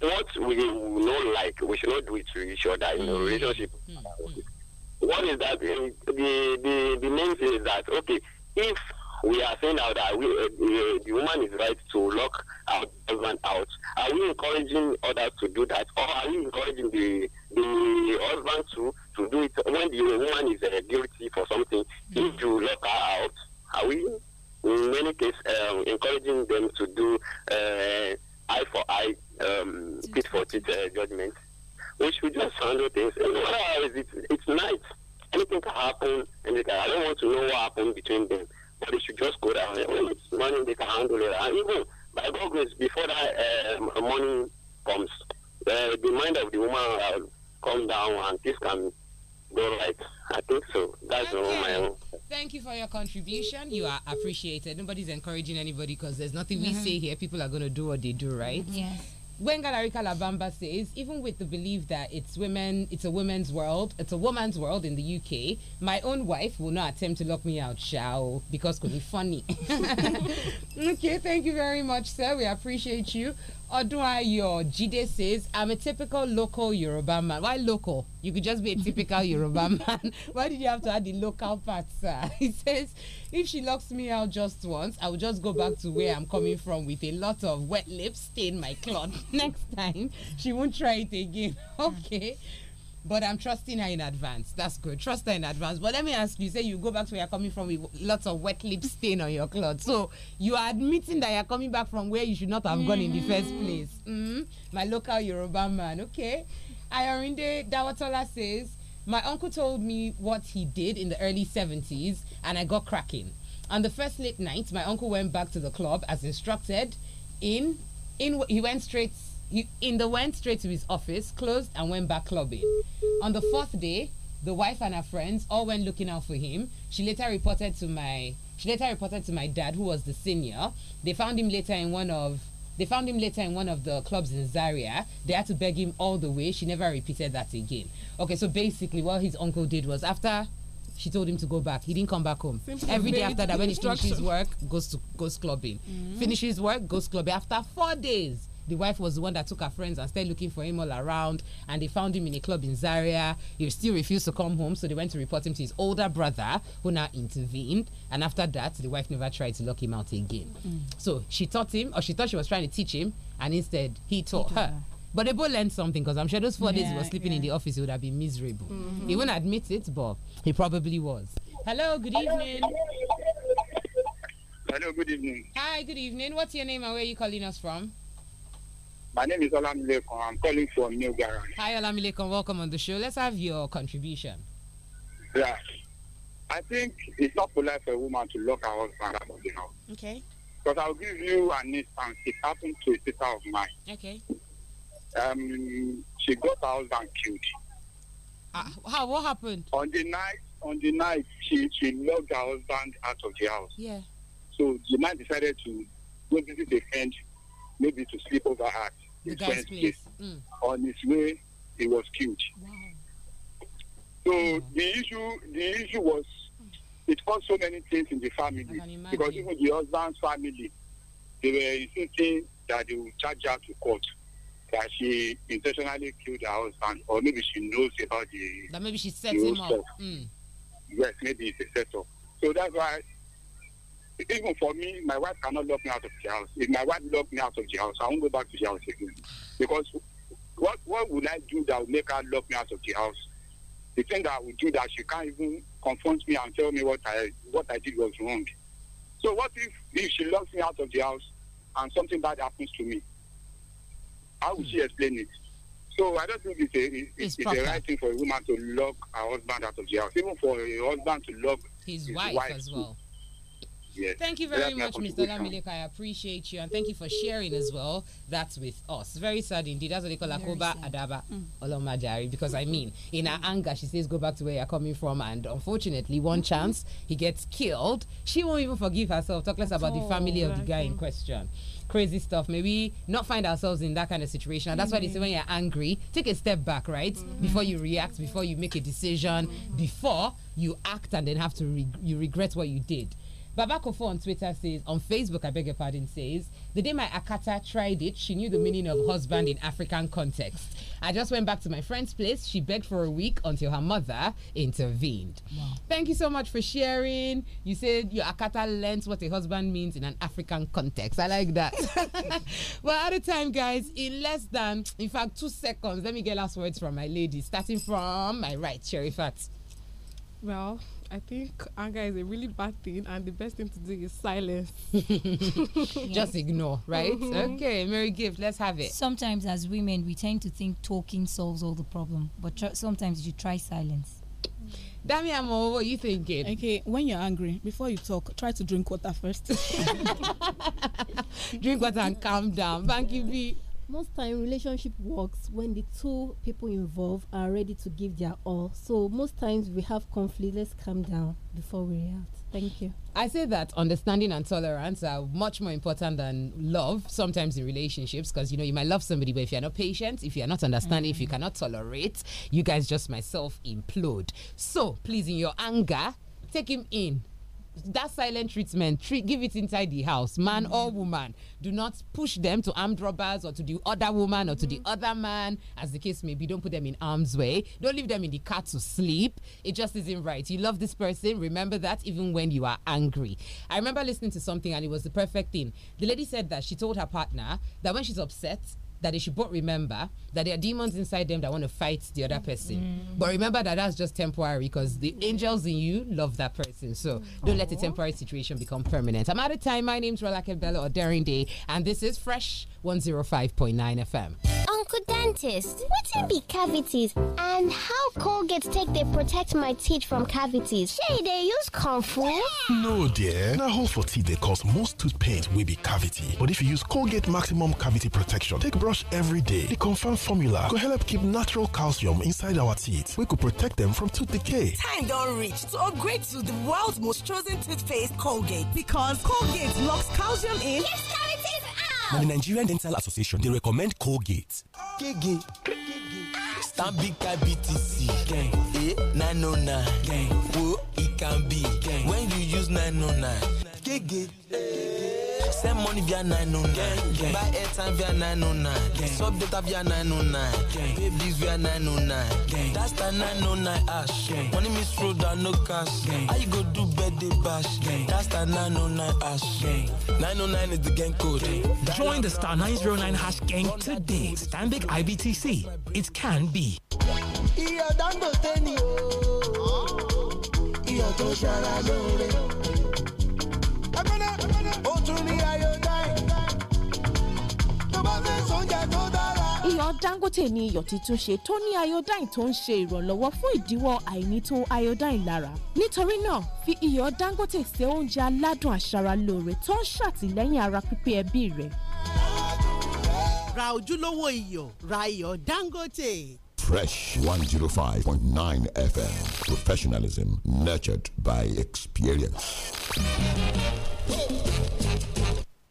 what we not like, we should not do it to each other in a hmm. relationship. Hmm. Hmm. What is that? Um, the, the, the main thing is that, okay, if we are saying now that we, uh, the, the, woman is right to lock our husband out. Are we encouraging others to do that, or are we encouraging the the husband to to do it when the woman is uh, guilty for something? Mm. If you lock her out, are we in many cases um, encouraging them to do? Uh, eye for eye, um, for pit uh, judgment. We should just handle things. otherwise, it's, it's night. Anything can happen, and I don't want to know what happened between them. But they should just go down. When it's morning, they can handle it. And even by God grace, before that uh, morning comes, uh, the mind of the woman will uh, come down, and this can they're like, I think so. That's okay. all my own. Thank you for your contribution. You are appreciated. Nobody's encouraging anybody because there's nothing mm -hmm. we mm-hmm. say here. People are going to do what they do, right? Yes. When Galarika Labamba says, even with the belief that it's women, it's a women's world, it's a woman's world in the UK, my own wife will not attempt to lock me out, shall because could be funny. okay, thank you very much, sir. We appreciate you. Odunayo Jide says, I'm a typical local Yoruba man. Why local? You could just be a typical Yoruba man. Why did you have to add the local part, sir? He says, if she locks me out just once, I will just go back to where I'm coming from with a lot of wet lips stain my cloth. Next time, she won't try it again. Okay but I'm trusting her in advance. That's good. Trust her in advance. But let me ask you, say you go back to where you're coming from with lots of wet lip stain on your clothes. So you are admitting that you're coming back from where you should not have mm. gone in the mm. first place. Mm. My local Yoruba man. Okay. what Dawatola says, My uncle told me what he did in the early 70s and I got cracking. On the first late night, my uncle went back to the club as instructed. In, in he went straight he, the went straight to his office, closed, and went back clubbing. On the fourth day, the wife and her friends all went looking out for him. She later reported to my she later reported to my dad, who was the senior. They found him later in one of they found him later in one of the clubs in Zaria. They had to beg him all the way. She never repeated that again. Okay, so basically, what his uncle did was after she told him to go back. He didn't come back home. Every day after that, when he finishes work, goes to goes clubbing. Mm Finishes work, goes clubbing. After four days, the wife was the one that took her friends and started looking for him all around and they found him in a club in zaria he still refused to come home so they went to report him to his older brother who now intervened and after that the wife never tried to lock him out again mm. so she taught him or she thought she was trying to teach him and instead he taught, he taught her. her. But they both learned something because I'm sure those four yeah, days he was sleeping yeah. in the office, he would have been miserable. Mm -hmm. He won't admit it, but he probably was. Hello, good evening. Hello, good evening. Hi, good evening. What's your name and where are you calling us from? My name is Olamilekon. I'm calling from New Garden. Hi, Olamilekon. Welcome on the show. Let's have your contribution. Yeah. I think it's not polite for a woman to lock her husband out of the house. Okay. Because I'll give you an instance. It happened to a sister of mine. Okay. Um, she got her husband killed. Uh, how? What happened? On the night, on the night, she she locked her husband out of the house. Yeah. So the man decided to go visit a friend, maybe to sleep over at. the guy's place. Mm. On his way, he was killed. Wow. So wow. Mm. the issue, the issue was, it caused so many things in the family because even the husband's family, they were insisting that they will charge her to court that she intentionally killed her husband, or maybe she knows about the. That maybe she set him up. Mm. Yes, maybe it's a setup. So that's why even for me, my wife cannot lock me out of the house. If my wife locked me out of the house, I won't go back to the house again. Because what what would I do that would make her lock me out of the house? The thing that I would do that she can't even confront me and tell me what I what I did was wrong. So what if if she locks me out of the house and something bad happens to me? How would she explain it? So I don't think it's a it's, it's, it's a right thing for a woman to lock her husband out of the house, even for a husband to lock his, his wife, wife as well. Yes. Thank you very much, Mr. Lamilek. I appreciate you and thank you for sharing as well. That's with us. Very sad indeed. That's what they call Akoba Adaba mm. Olomajari because I mean, in her anger, she says, Go back to where you're coming from. And unfortunately, one mm-hmm. chance, he gets killed. She won't even forgive herself. Talk less about the family of the guy in question crazy stuff. Maybe not find ourselves in that kind of situation. And that's why they say when mm. you're angry, take a step back, right? Mm-hmm. Before you react, before you make a decision, before you act and then have to re you regret what you did. Babakofo on Twitter says, on Facebook, I beg your pardon, says, the day my Akata tried it, she knew the meaning of husband in African context. I just went back to my friend's place. She begged for a week until her mother intervened. Wow. Thank you so much for sharing. You said your Akata learns what a husband means in an African context. I like that. well, at a time, guys, in less than, in fact, two seconds, let me get last words from my lady, starting from my right, Sherry Fat. Well, I think anger is a really bad thing, and the best thing to do is silence. Just ignore, right? Mm -hmm. Okay, Mary Gift, let's have it. Sometimes, as women, we tend to think talking solves all the problem, but sometimes you try silence. Mm. Dami Amo, what are you thinking? Okay, when you're angry, before you talk, try to drink water first. drink water and calm down. you, B most time relationship works when the two people involved are ready to give their all so most times we have conflict let's calm down before we react thank you i say that understanding and tolerance are much more important than love sometimes in relationships because you know you might love somebody but if you're not patient if you're not understanding mm. if you mm. cannot tolerate you guys just myself implode so please in your anger take him in that silent treatment treat, give it inside the house man mm -hmm. or woman do not push them to armed robbers or to the other woman or mm -hmm. to the mm. other man as the case may be don't put them in arm's way don't leave them in the car to sleep it just isn't right you love this person remember that even when you are angry i remember listening to something and it was the perfect thing the lady said that she told her partner that when she's upset that they should both remember that there are demons inside them that want to fight the other person. Mm. But remember that that's just temporary because the angels in you love that person. So don't Aww. let a temporary situation become permanent. I'm out of time. My name is Rolake Bello or Daring Day, and this is Fresh 105.9 FM. Uncle Dentist, what in be cavities and how Colgate take they protect my teeth from cavities? Say they use comfort? Fu? No, dear. Now, hole for teeth they cause most tooth pain will be cavity. But if you use Colgate Maximum Cavity Protection, take brush every day. The confirmed formula could help keep natural calcium inside our teeth. We could protect them from tooth decay. Time don't reach to upgrade to the world's most chosen toothpaste, Colgate. Because Colgate locks calcium in. Yes, now the Nigerian Dental Association, they recommend Colgate. Gigi. Stanbic BTC gang, eh, 909 gang, whoa, it can be gang. When you use 909 shege. Send money via 909. Buy airtime via 909. Sub data via 909. Pay bills via 909. That's the 909 ash. Money miss road and no cash. How you go do birthday bash? That's the 909 ash. 909 is the gang code. Join the Star 909 hash gang today. Stanbic IBTC. It can be. Iyo Dangote o. Iyo to ṣara lóore. Iyọ̀ Dangote ni iyọ̀ titun ṣe tó ní iodine tó ń ṣe ìrànlọ́wọ́ fún ìdíwọ́ àìnító iodine lára. Nítorí náà, fi iyọ̀ Dangote ṣe oúnjẹ aládùn aṣaralóore tó ń ṣàtìlẹ́yìn ara pípé ẹbí rẹ̀. Ra ojúlówó iyọ̀, ra iyọ̀ Dangote. Fresh oh nine FM. Professionalism nurtured by experience.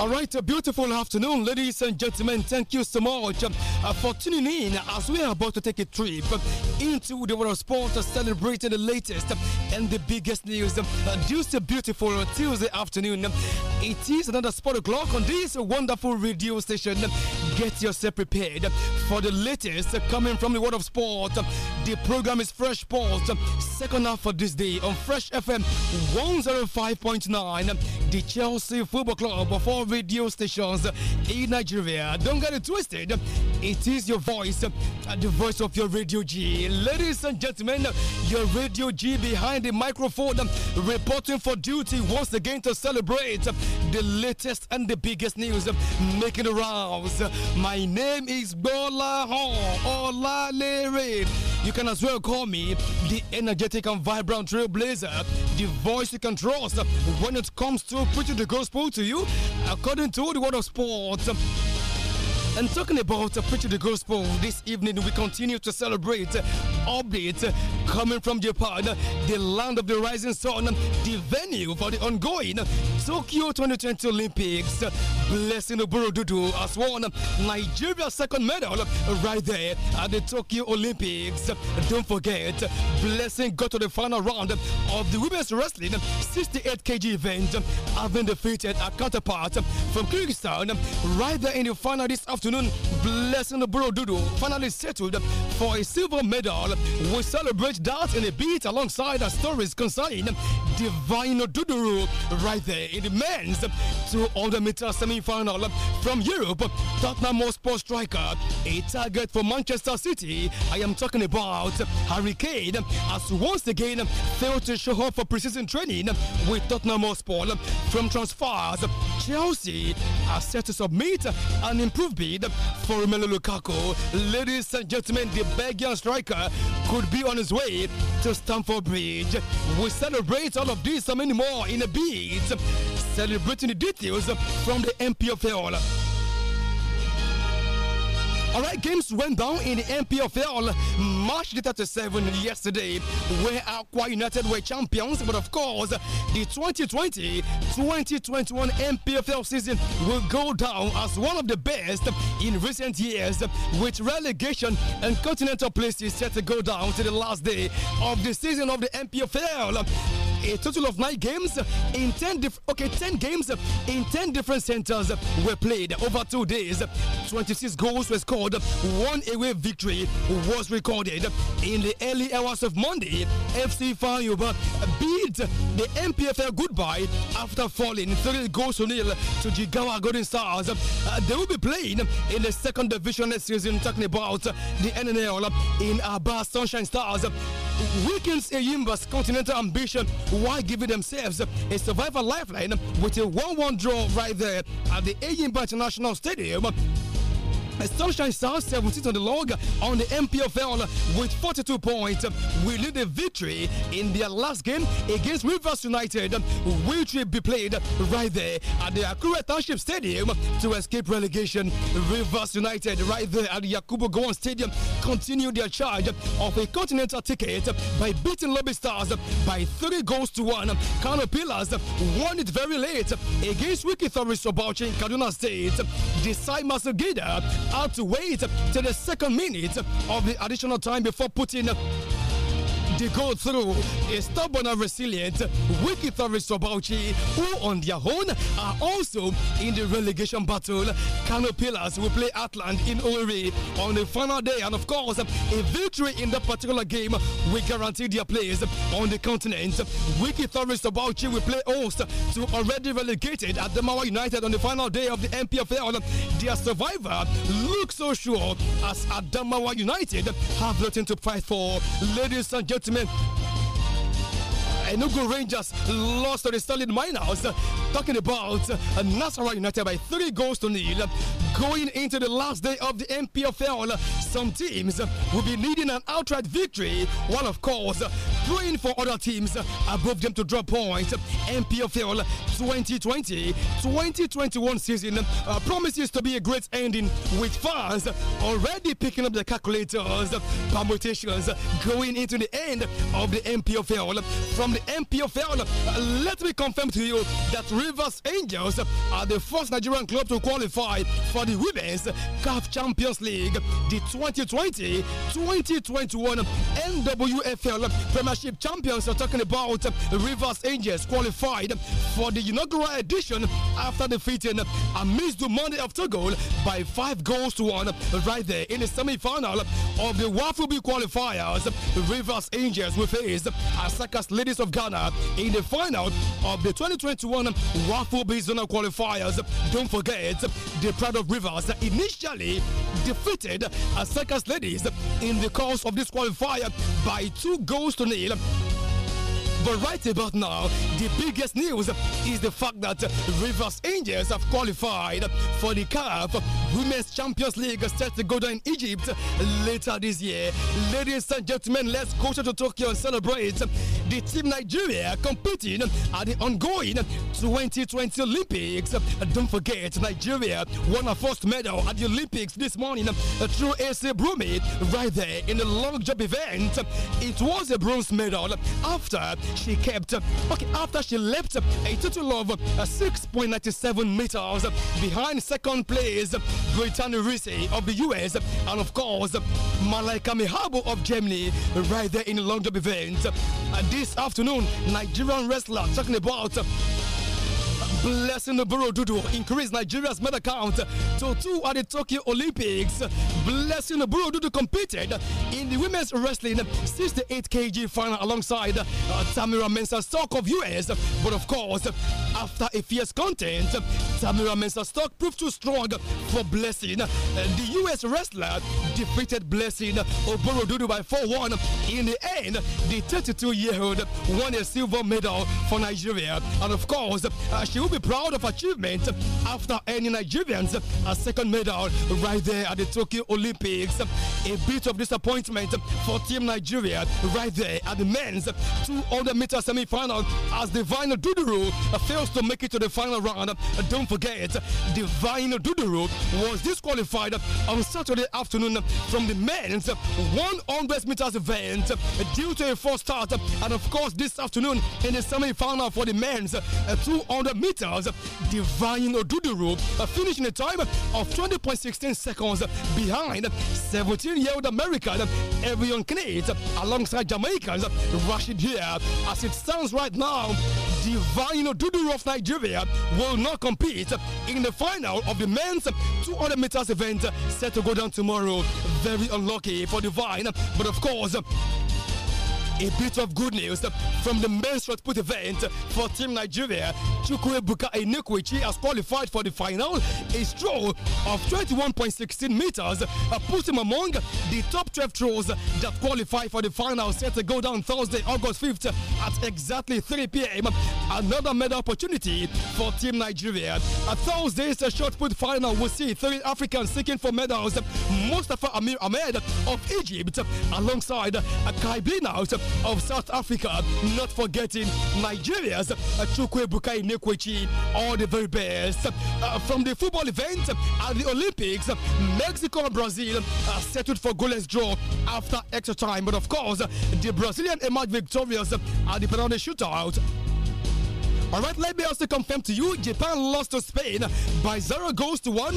All right, a beautiful afternoon, ladies and gentlemen. Thank you so much uh, for tuning in as we are about to take a trip into the world of sport, uh, celebrating the latest and the biggest news. Uh, this beautiful Tuesday afternoon. It is another sport o'clock on this wonderful radio station. Get yourself prepared for the latest coming from the world of sport. The program is Fresh Sport, uh, second half for this day on Fresh FM 105.9. The Chelsea Football Club before radio stations in Nigeria. Don't get it twisted. It is your voice, uh, the voice of your Radio G. Ladies and gentlemen, your Radio G behind the microphone, uh, reporting for duty once again to celebrate uh, the latest and the biggest news making the rounds. My name is Bola Hon Olalere. You can as well call me the energetic and vibrant trailblazer, the voice you can trust when it comes to preaching the gospel to you according to the world of sports. And talking about future Preach the Gospel this evening, we continue to celebrate uh, updates coming from Japan, the land of the rising sun, the venue for the ongoing Tokyo 2020 Olympics. Blessing Oburodudu has won Nigeria's second medal right there at the Tokyo Olympics. Don't forget, Blessing got to the final round of the women's wrestling 68 kg event, having defeated a counterpart from Kyrgyzstan right there in the final this afternoon. Blessing Oburodudu finally settled for a silver medal. We celebrate that in a beat alongside our stories concerning Divine Duduru right there in the men's 200 meter semi semi-final from Europe. Tottenham Hotspur striker, a target for Manchester City. I am talking about Harry Kane, as once again failed to show up for preseason training with Tottenham Hotspur. From transfers, Chelsea are set to submit an improved bid for Romelu Lukaku. Ladies and gentlemen, the Belgian striker could be on his way to Stamford Bridge. We celebrate all of this and many more in a bit. Celebrating the details from the MPFL. All right, games went down in the MPFL March the 37th yesterday, where Aqua United were champions. But of course, the 2020 2021 MPFL season will go down as one of the best in recent years, with relegation and continental places set to go down to the last day of the season of the MPFL a total of nine games in ten okay ten games in ten different centers were played over two days. 26 goals were scored. One away victory was recorded in the early hours of Monday. FC Fayoba bid the MPFL goodbye after falling three goals to nil to Jigawa Golden Stars. Uh, they will be playing in the second division next season. Talking about the NNL in Aba Sunshine Stars weakens Yimba's continental ambition while giving themselves a survival lifeline with a 1 1 draw right there at the Ayimba International Stadium. Sunshine Stars 17 on the log on the MPFL with 42 points. We lead the victory in their last game against Rivers United, which will be played right there at the Akure Township Stadium to escape relegation. Rivers United right there at the Yakubu Gowon Stadium continue their charge of a continental ticket by beating Lobby Stars by three goals to one. Kano Pillars won it very late against Wiki Thoris Sobauchi in Kaduna State. Desai Masagida had to wait to the second minute of the additional time before putting go through a stubborn and resilient wicked Torres Sobauchi, who on their own are also in the relegation battle. Kano Pillars will play Atland in Uri on the final day, and of course, a victory in that particular game will guarantee their place on the continent. Wicked Torres Sobauchi will play host to already relegated at the Mawa United on the final day of the MPFL. Their survivor looks so sure as Adamawa United have nothing to fight for. Ladies and gentlemen, semaine. Enugu Rangers lost to the Sterling Miners. Talking about uh, Nasarawa United by three goals to nil. Going into the last day of the MPFL, some teams will be needing an outright victory, while of course praying for other teams above them to drop points. MPFL 2020-2021 season uh, promises to be a great ending with fans already picking up the calculators, permutations going into the end of the MPFL from the the MPFL. Uh, let me confirm to you that Rivers Angels are the first Nigerian club to qualify for the Women's CAF Champions League, the 2020 2021 NWFL Premiership Champions. are talking about Rivers Angels qualified for the inaugural edition after defeating Amizu Monday after goal by five goals to one right there in the semi final of the Waffle B qualifiers. Rivers Angels will face Asaka's Ladies of Ghana in the final of the 2021 Waffle Bay Zona qualifiers. Don't forget, the Pride of Rivers initially defeated Asakas Ladies in the course of this qualifier by two goals to nil but right about now, the biggest news is the fact that Rivers Angels have qualified for the CAF Women's Champions League set to go down in Egypt later this year. Ladies and gentlemen, let's go to Tokyo and celebrate the team Nigeria competing at the ongoing 2020 Olympics. Don't forget, Nigeria won a first medal at the Olympics this morning through AC Brumi right there in the long jump event. It was a bronze medal after she kept. Okay, after she left, a total of uh, 6.97 meters behind second place, Brittany Rissi of the US, and of course, Malaika Mihabo of Germany, right there in the jump event. Uh, this afternoon, Nigerian wrestler talking about. Blessing the Burududu increased Nigeria's medal count to two at the Tokyo Olympics. Blessing the Burududu competed in the women's wrestling 68 kg final alongside uh, Tamira Mensah Stock of US. But of course, after a fierce contest, Tamira Mensah Stock proved too strong for Blessing. The US wrestler defeated Blessing Oburududu by 4-1. In the end, the 32-year-old won a silver medal for Nigeria. And of course, uh, she will will be proud of achievement after any Nigerians a second medal right there at the Tokyo Olympics. A bit of disappointment for Team Nigeria right there at the men's 200 meter semi final as Divine Duduru fails to make it to the final round. Don't forget, Divine Duduru was disqualified on Saturday afternoon from the men's 100 meters event due to a false start. And of course, this afternoon in the semi final for the men's 200 meters meters, Divine Oduduru finished in a time of 20.16 seconds behind 17-year-old American Evian Knate alongside Jamaicans Rashid here. As it stands right now, Divine Oduduru of Nigeria will not compete in the final of the men's 200 meters event set to go down tomorrow. Very unlucky for Divine, but of course, a bit of good news from the men's shot put event for Team Nigeria. Buka Enekwechi has qualified for the final. A throw of 21.16 meters puts him among the top 12 throws that qualify for the final set to go down Thursday, August 5th at exactly 3 p.m. Another medal opportunity for Team Nigeria. At Thursday's shot put final, we'll see three Africans seeking for medals. Mustafa Amir Ahmed of Egypt alongside Kai of South Africa, not forgetting Nigeria's uh, Chukwe Bukai Nekwechi, all the very best. Uh, from the football event at the Olympics, uh, Mexico and Brazil uh, settled for goalless draw after extra time. But of course, the Brazilian emerged victorious at the penalty shootout all right, let me also confirm to you Japan lost to Spain by 0 goals to 1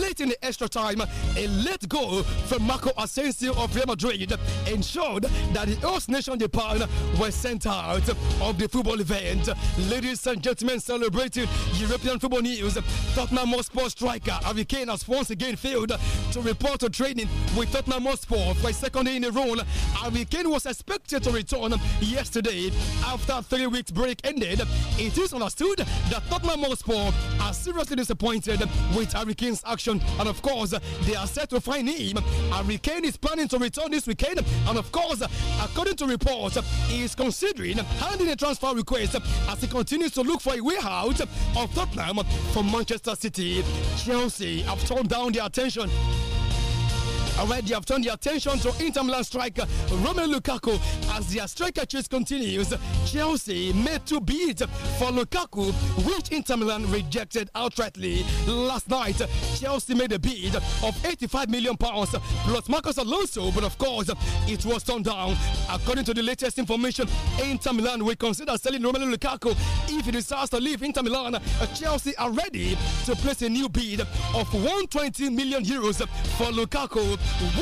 late in the extra time. A late goal from Marco Asensio of Real Madrid ensured that the host nation Japan were sent out of the football event. Ladies and gentlemen, celebrating European football news, Tottenham Hotspur striker Harry Kane has once again failed to report to training with Tottenham Hotspur for a second day in a row. Harry Kane was expected to return yesterday after three weeks break ended. He it is understood that Tottenham Hotspur are seriously disappointed with Kane's action, and of course, they are set to find him. Kane is planning to return this weekend, and of course, according to reports, he is considering handing a transfer request as he continues to look for a way out of Tottenham for Manchester City. Chelsea have turned down their attention Already, have turned their attention to Inter Milan striker Romelu Lukaku as their striker chase continues. Chelsea made two bids for Lukaku, which Inter Milan rejected outrightly last night. Chelsea made a bid of 85 million pounds plus Marcus Alonso, but of course it was turned down. According to the latest information, Inter Milan will consider selling Romelu Lukaku if he decides to leave Inter Milan. Chelsea are ready to place a new bid of 120 million euros for Lukaku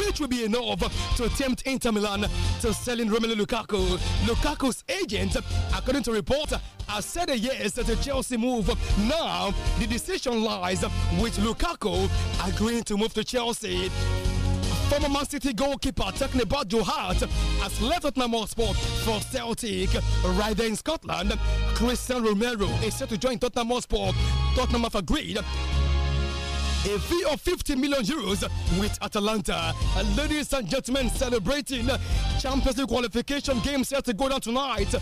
which will be enough to tempt Inter Milan to selling Romelu Lukaku. Lukaku's agent, according to report, has said yes to Chelsea move. Now, the decision lies with Lukaku agreeing to move to Chelsea. Former Man City goalkeeper Teknebad Johart has left Tottenham Hotspur for Celtic. Right there in Scotland, Christian Romero is set to join Tottenham Hotspur. Tottenham have agreed a fee of 50 million euros with Atalanta. And ladies and gentlemen, celebrating Champions League qualification game set to go down tonight.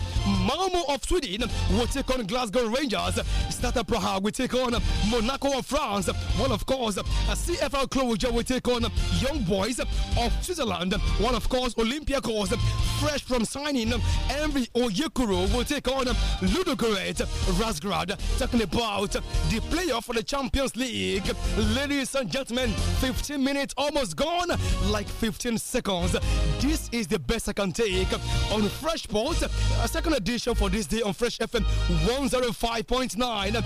Malmo of Sweden will take on Glasgow Rangers. Stata Praha will take on Monaco of France. Well, of course, CFL Closure will take on Young Boys of Switzerland. One, of course, Olympiacos, fresh from signing, Henry Oyekuro will take on Ludogorets Razgrad, talking about the playoff for the Champions League. Ladies and gentlemen, 15 minutes almost gone, like 15 seconds. This is the best I can take on Fresh Pulse, a second edition for this day on Fresh FM 105.9.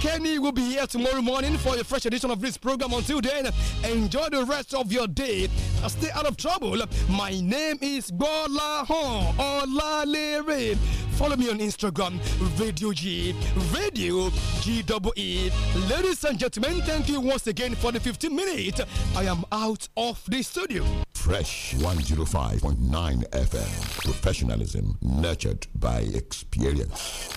Kenny will be here tomorrow morning for a fresh edition of this program. Until then, enjoy the rest of your day. Stay out of trouble. My name is Bola Hon Olalere. Follow me on Instagram, Radio G, Radio GWE. Ladies and gentlemen, thank you once again for the 15 minutes. I am out of the studio. Fresh 105.9 FM. Professionalism nurtured by experience.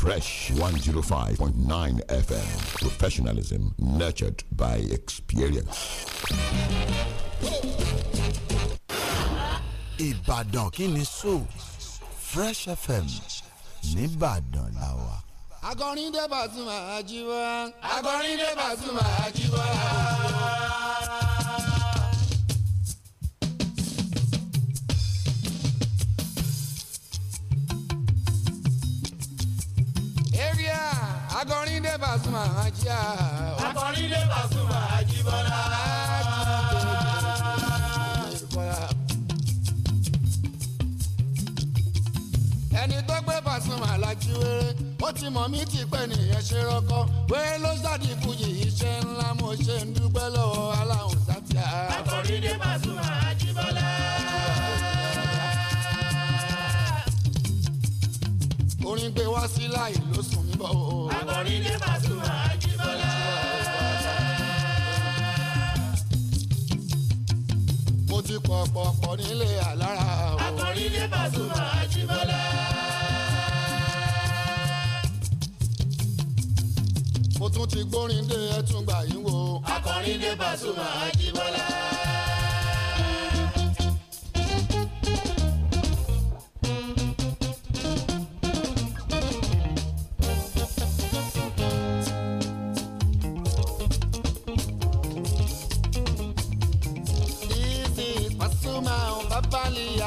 Fresh 105.9 FM. Professionalism nurtured by experience. Ìbàdàn kí ni sọ Fresh FM nìbàdàn la wà. Akọrin dé Pasuma àjíwá. Akọrin dé Pasuma àjíwá. akọrin dé Pasuma ajá. akọrin dé Pasuma Ajíbọ́lá. ẹni tó gbé Pasuma láti wéré ó ti mọ̀ mí ti pẹ́ nìyẹn ṣe rọ́kọ́ wéré ló ṣàdínkù yìí iṣẹ́ ńlá mo ṣe ń dúpẹ́ lọ́wọ́ aláhùn sátìá. akọrin dé Pasuma Ajíbọ́lá. orin gbé wá sí láì ló sùn ń bọ̀ o. akọrin ní Pasuma Ajíbọ́lá. mo ti pọ̀ pọ̀ pọ̀ nílé àlára o. ní Pasuma Ajíbọ́lá. mo tún ti gbórin dé ẹtùngbà yín akọrin ní Pasuma Ajíbọ́lá.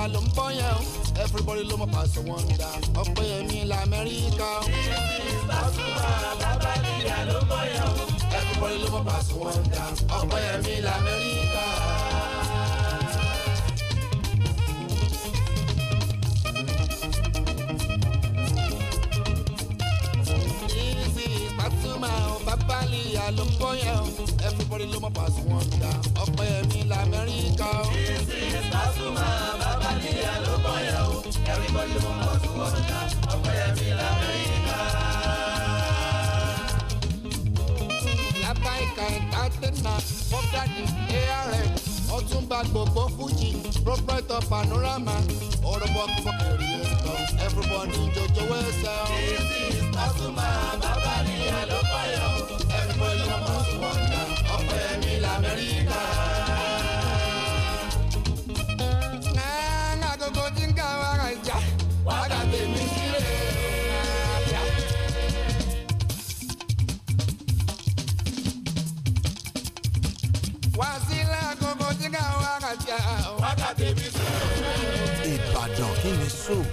Amẹ́ríkà ló ń bọ́ yẹn o everybody ló mọ̀ pàṣẹ wọn dá ọpẹ́ yẹmí la Amẹ́ríkà. pásítọ̀ alábàdìyà ló ń bọ́ yẹn o everybody ló mọ̀ pàṣẹ wọn dá ọpẹ́ yẹmí la Amẹ́ríkà. Pasuma o Babali Alomboya o everybody ló mọ̀ Pasuma ọpẹ́ mi lamẹ́ríkà o. This is Pasuma Babali Alomboya o everybody ló mọ̀ Pasuma ọpẹ́ mi lamẹ́ríkà. Labaika Entertainment Fọ́fíàdì ARM Ọ̀túnba gbogbo Fuji Proprietor Panorama Ọ̀rọ̀bọ̀ everybody jọjọ wẹsẹ o. this is Pasuma babali alopayo everybody na must wonder ọpẹ́ mi l'Amẹ́ríkà. ẹ̀ẹ́n àgógó tí ń ká wàrà ìjà. wákàtí mi sílẹ̀. wákàtí mi sílẹ̀. Ìbàdàn kí ni sóò.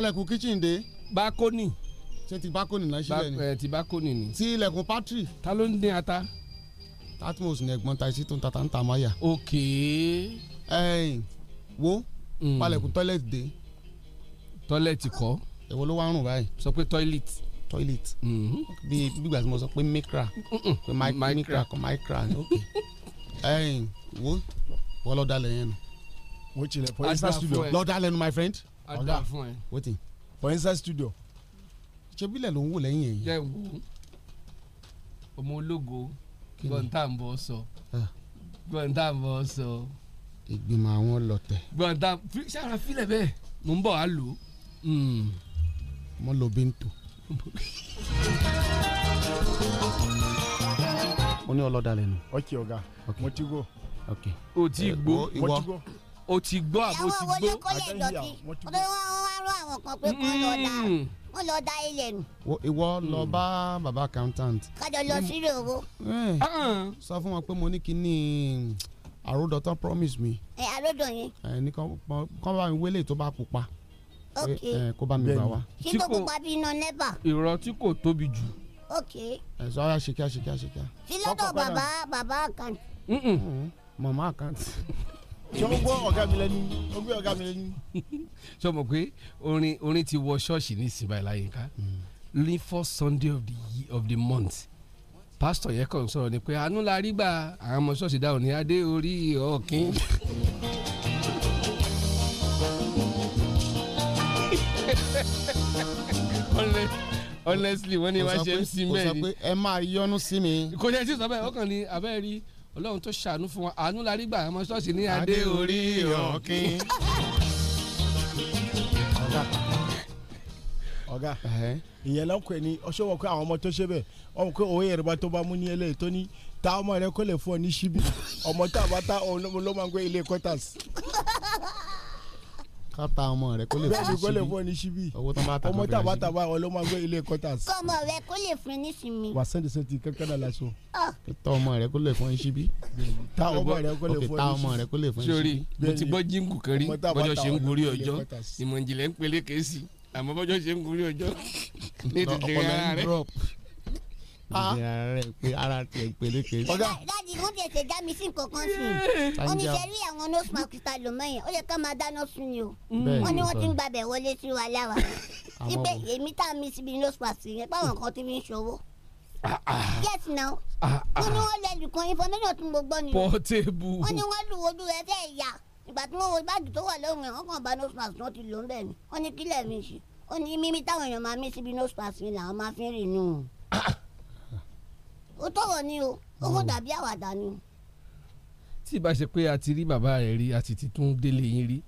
alẹ̀kùn kitchen dé. bákónì. ṣé ti bákónì náà ṣílẹ̀ ni. ẹ ti bákónì ni. ti ilẹ̀kùn pátírì. ta ló ń dín ata. tatmos ni ẹ̀gbọ́n ta iṣẹ́ tó tata ń ta máyà. ok. ẹyin wo hmm. palẹ̀kùn toilet dé. tọ́lẹ̀tì kọ́. èwo ló wá ń rùn báyìí. sọ pé tọ́ílẹ̀tì toilet hmm. bí gbígbà tí mo sọ pé micra pé micra kọ micra ok ẹyin wo wọ́n lọ́ọ́ dalẹ̀ yẹn nu. wọ́n tilẹ̀ fọ ẹ́ studio lọ́ọ́ dalẹ̀ nu my friend ọ̀gá wetin for inside studio ṣebílẹ̀ ló ń wò lẹ́yìn ẹ̀yìn. jẹ́ wo ọmọ ológo gbọ̀ntàǹbọ̀ sọ ah. gbọ̀ntàǹbọ̀ sọ. ìgbìmọ̀ àwọn lọ̀tẹ̀. gbọ̀ntà sára filẹ̀ bẹ́ẹ̀ mo ń bọ̀ wá lò ó. Hmm. mo lo bento. mo ní ọlọ́dà lẹ́nu. ọkì ọ̀gá mo ti gbó. o ti eh, gbó ìwọ o ti gbọ́ àbò ti gbó. ìyàwó wọlé kọ́ lè lọ bí wọ́n wá rọ àwọn kan pé kọ́ lọ mm. dà wọ́n lọ da ilẹ̀ nù. ìwọ lọ mm. bá baba accountant. kájọ lọ mm. sílé owó. Eh, ah. sọ fún wọn pé mo ní kíní àròdọ̀ tán promise mi. ẹ àròdọ̀ yẹn. ẹ eh, ní kán bá mi wélé tó bá pupa. Eh, ok ẹ kó bá mi gbà wá. tí kò pupa bí iná nẹ́bà. ìrọ̀ tí kò tóbi jù. ok. ẹ sọ ara ṣe kíá ṣe kíá ṣe kíá. sí lọ́dọ̀ bàbá bàbá àkàǹtì. Mm-hmm. màmá àkàǹtì. ṣé ó gbọ́ ọ̀gá mi lẹ́nu ó gbé ọ̀gá mi lẹ́nu. ṣé o mọ̀ pé orin orin ti wọ ṣọ́ọ̀ṣì ní ìsìnbà ìlàyínká hmm. ní first sunday of the of the month Pastor, yẹn kàn sọ̀rọ̀ ni pé àánú la rí gbà àwọn ọmọ ṣọ́ọ̀ṣì dáhùn ní adé orí ọ̀kín. honestly wọ́n ní wá ṣe ń sin bẹ́ẹ̀ ni. kò sọ pé ẹ máa yọnu sí mi. kò yẹ sí sọ bẹ́ẹ̀ ọkàn ni abẹ́rẹ́ rí ọlọ́run tó ṣàánú fún wọn àánú la rí gbà ọmọ ṣọ́ọ̀ṣì ní adé orí ọ̀kín. ọ̀gá ìyẹn lọ́kọ̀ ẹ̀ ni ọṣọ́ wọ̀ pé àwọn ọmọ tó ṣe bẹ́ẹ̀ ọmọ pé òwe Yorùbá tó bá mú ní ẹlẹ́yìí tó ní ta ọmọ rẹ kó lè fún ọ ní ṣíbí ọmọ tá a bá ta òun ló máa ń gbé ilé quarters ká ta ọmọ rẹ kó lè fún ní síbí bẹ́ẹ̀ni kó fún ní síbí owó tán bá ta ọmọ tàbá tàbá ọlọmọgbé ilé ẹ̀kọ́ tà sí. kọmọ rẹ kó lè fún ní síbí. wà sẹ́ni sẹ́ni kẹ́kẹ́ náà laṣọ. Ah. ta ọmọ rẹ kó lè fún ní síbí. ta ọmọ rẹ kó lè fún ní síbí. ta ọmọ rẹ kó lè fún ní síbí. sori mo ti gbọ́ jíǹkù kan bọ́jọ́ ṣe ń gorí ọjọ́ ìmọ̀ ìjìnlẹ̀ ń pele kèésì àmọ́ bọ́jọ́ ṣe ń gorí ọjọ́ ní ìdílé ara ara tiẹ̀ ń peléke. láti wọ́n ti ẹ̀sẹ̀ já mi sí nǹkan kan sí i wọ́n ní sẹ́rí àwọn nose mask ta lò mọ́ yẹn ó yẹ ká máa dáná sun ni o wọ́n ní wọ́n ti ń gbàbẹ̀ wọlé sí wa láwa ibẹ̀ èmi tá a mi síbi nose mask yẹn báwọn kan ti fi ń ṣòwò. Ah, ah. yes now wọ́n ah, ní wọ́n lẹ́nu kan information tí mo gbọ́ ni o wọ́n ní wọ́n lu ojú rẹ fẹ́ yà ìgbà tí wọ́n wo báàgì tó wà lóhùn ẹ̀ wọ́n kàn bá nose mask náà ti lò ń bẹ̀ ni wọ́n ní kílẹ̀ mi ṣe ó ní mímí táwọn èèyàn máa mí síbi nose mask yẹn làwọn máa fi rìn nù ó tọrọ ni o ó kò hmm. dàbí àwàdà ni. tí ìbá ṣe pé a ti rí bàbá rẹ rí a sì ti tún délé yín rí.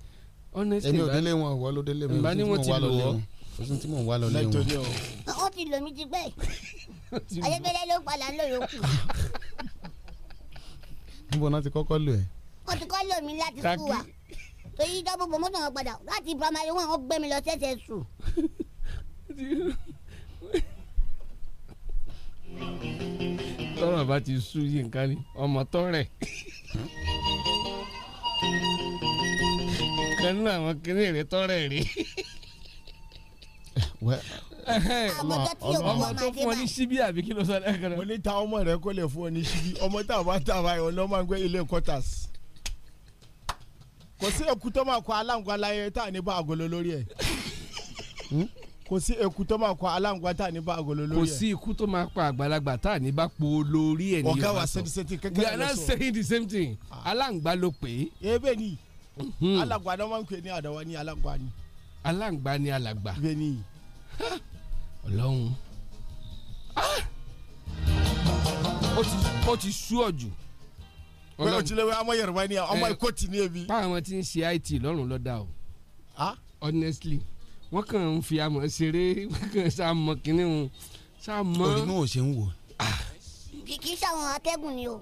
èmi ò délé wọn ìwọ ló délé mi ò tún tí mò ń wá lọ lé wọn kò sí tí mò ń wá lọ lé wọn. ó ti lò mí ti pẹ́ ayébẹ́lẹ́ ló padà ń lò yòókù. níbo náà ti kọ́kọ́ lò ẹ́. wọ́n ti kọ́ lò mí láti sùn wa torí dọ́bù bòmọ́tò wọn padà láti primary one wọ́n gbé mi lọ sẹ́sẹ̀ sùn. tọ́rọ̀ bá ti sú yìí nǹkan ni ọmọ tọ́rẹ̀ kan nínú àwọn kiri rẹ tọ́rẹ̀ rí ọmọ tó fún ọ ní síbí àbí kí ló sọ lẹ́ẹ̀kan náà. mo ní ta ọmọ rẹ kó lè fún ọ ní síbí ọmọ tá a bá tà báyìí ọ̀nà máa ń gbé ilé quarters kò sí èkú tó máa kọ aláǹgbá láyé tá a ní bá àgọ́lọ lórí ẹ̀. Hmm? kò sí eku tó máa kọ aláǹgbá tá à ní bá agolo lórí ẹ. kò sí ikú tó máa pa àgbàlagbà tá à ní bá po lórí ẹ ní ìyàtọ̀. ọ̀gá wa sẹ́ni sẹ́ni kékeré ló sọ. we are not saying the same thing. Ah. aláǹgbá ló pè é. ebe ni mhm. alàgbà náà máa ń pè ní àdáwà ní aláǹgbá ni. aláǹgbá ni alàgbà. ebe ni. ọlọ́run ó ti sú ọ̀jù. pé o ti ọmọ yorùbá ni ọmọ ikó eh, ti ebi. báwọn ti ń ṣe it lọ́rùn lọ́dà o honestly wọ́n kàn ń fi amọ̀ ṣeré wọ́n kàn sá mọ kínní wọn sá mọ. òní mò ń ṣe ń wò. kìkì ah. sàwọn atẹ́gùn ni o.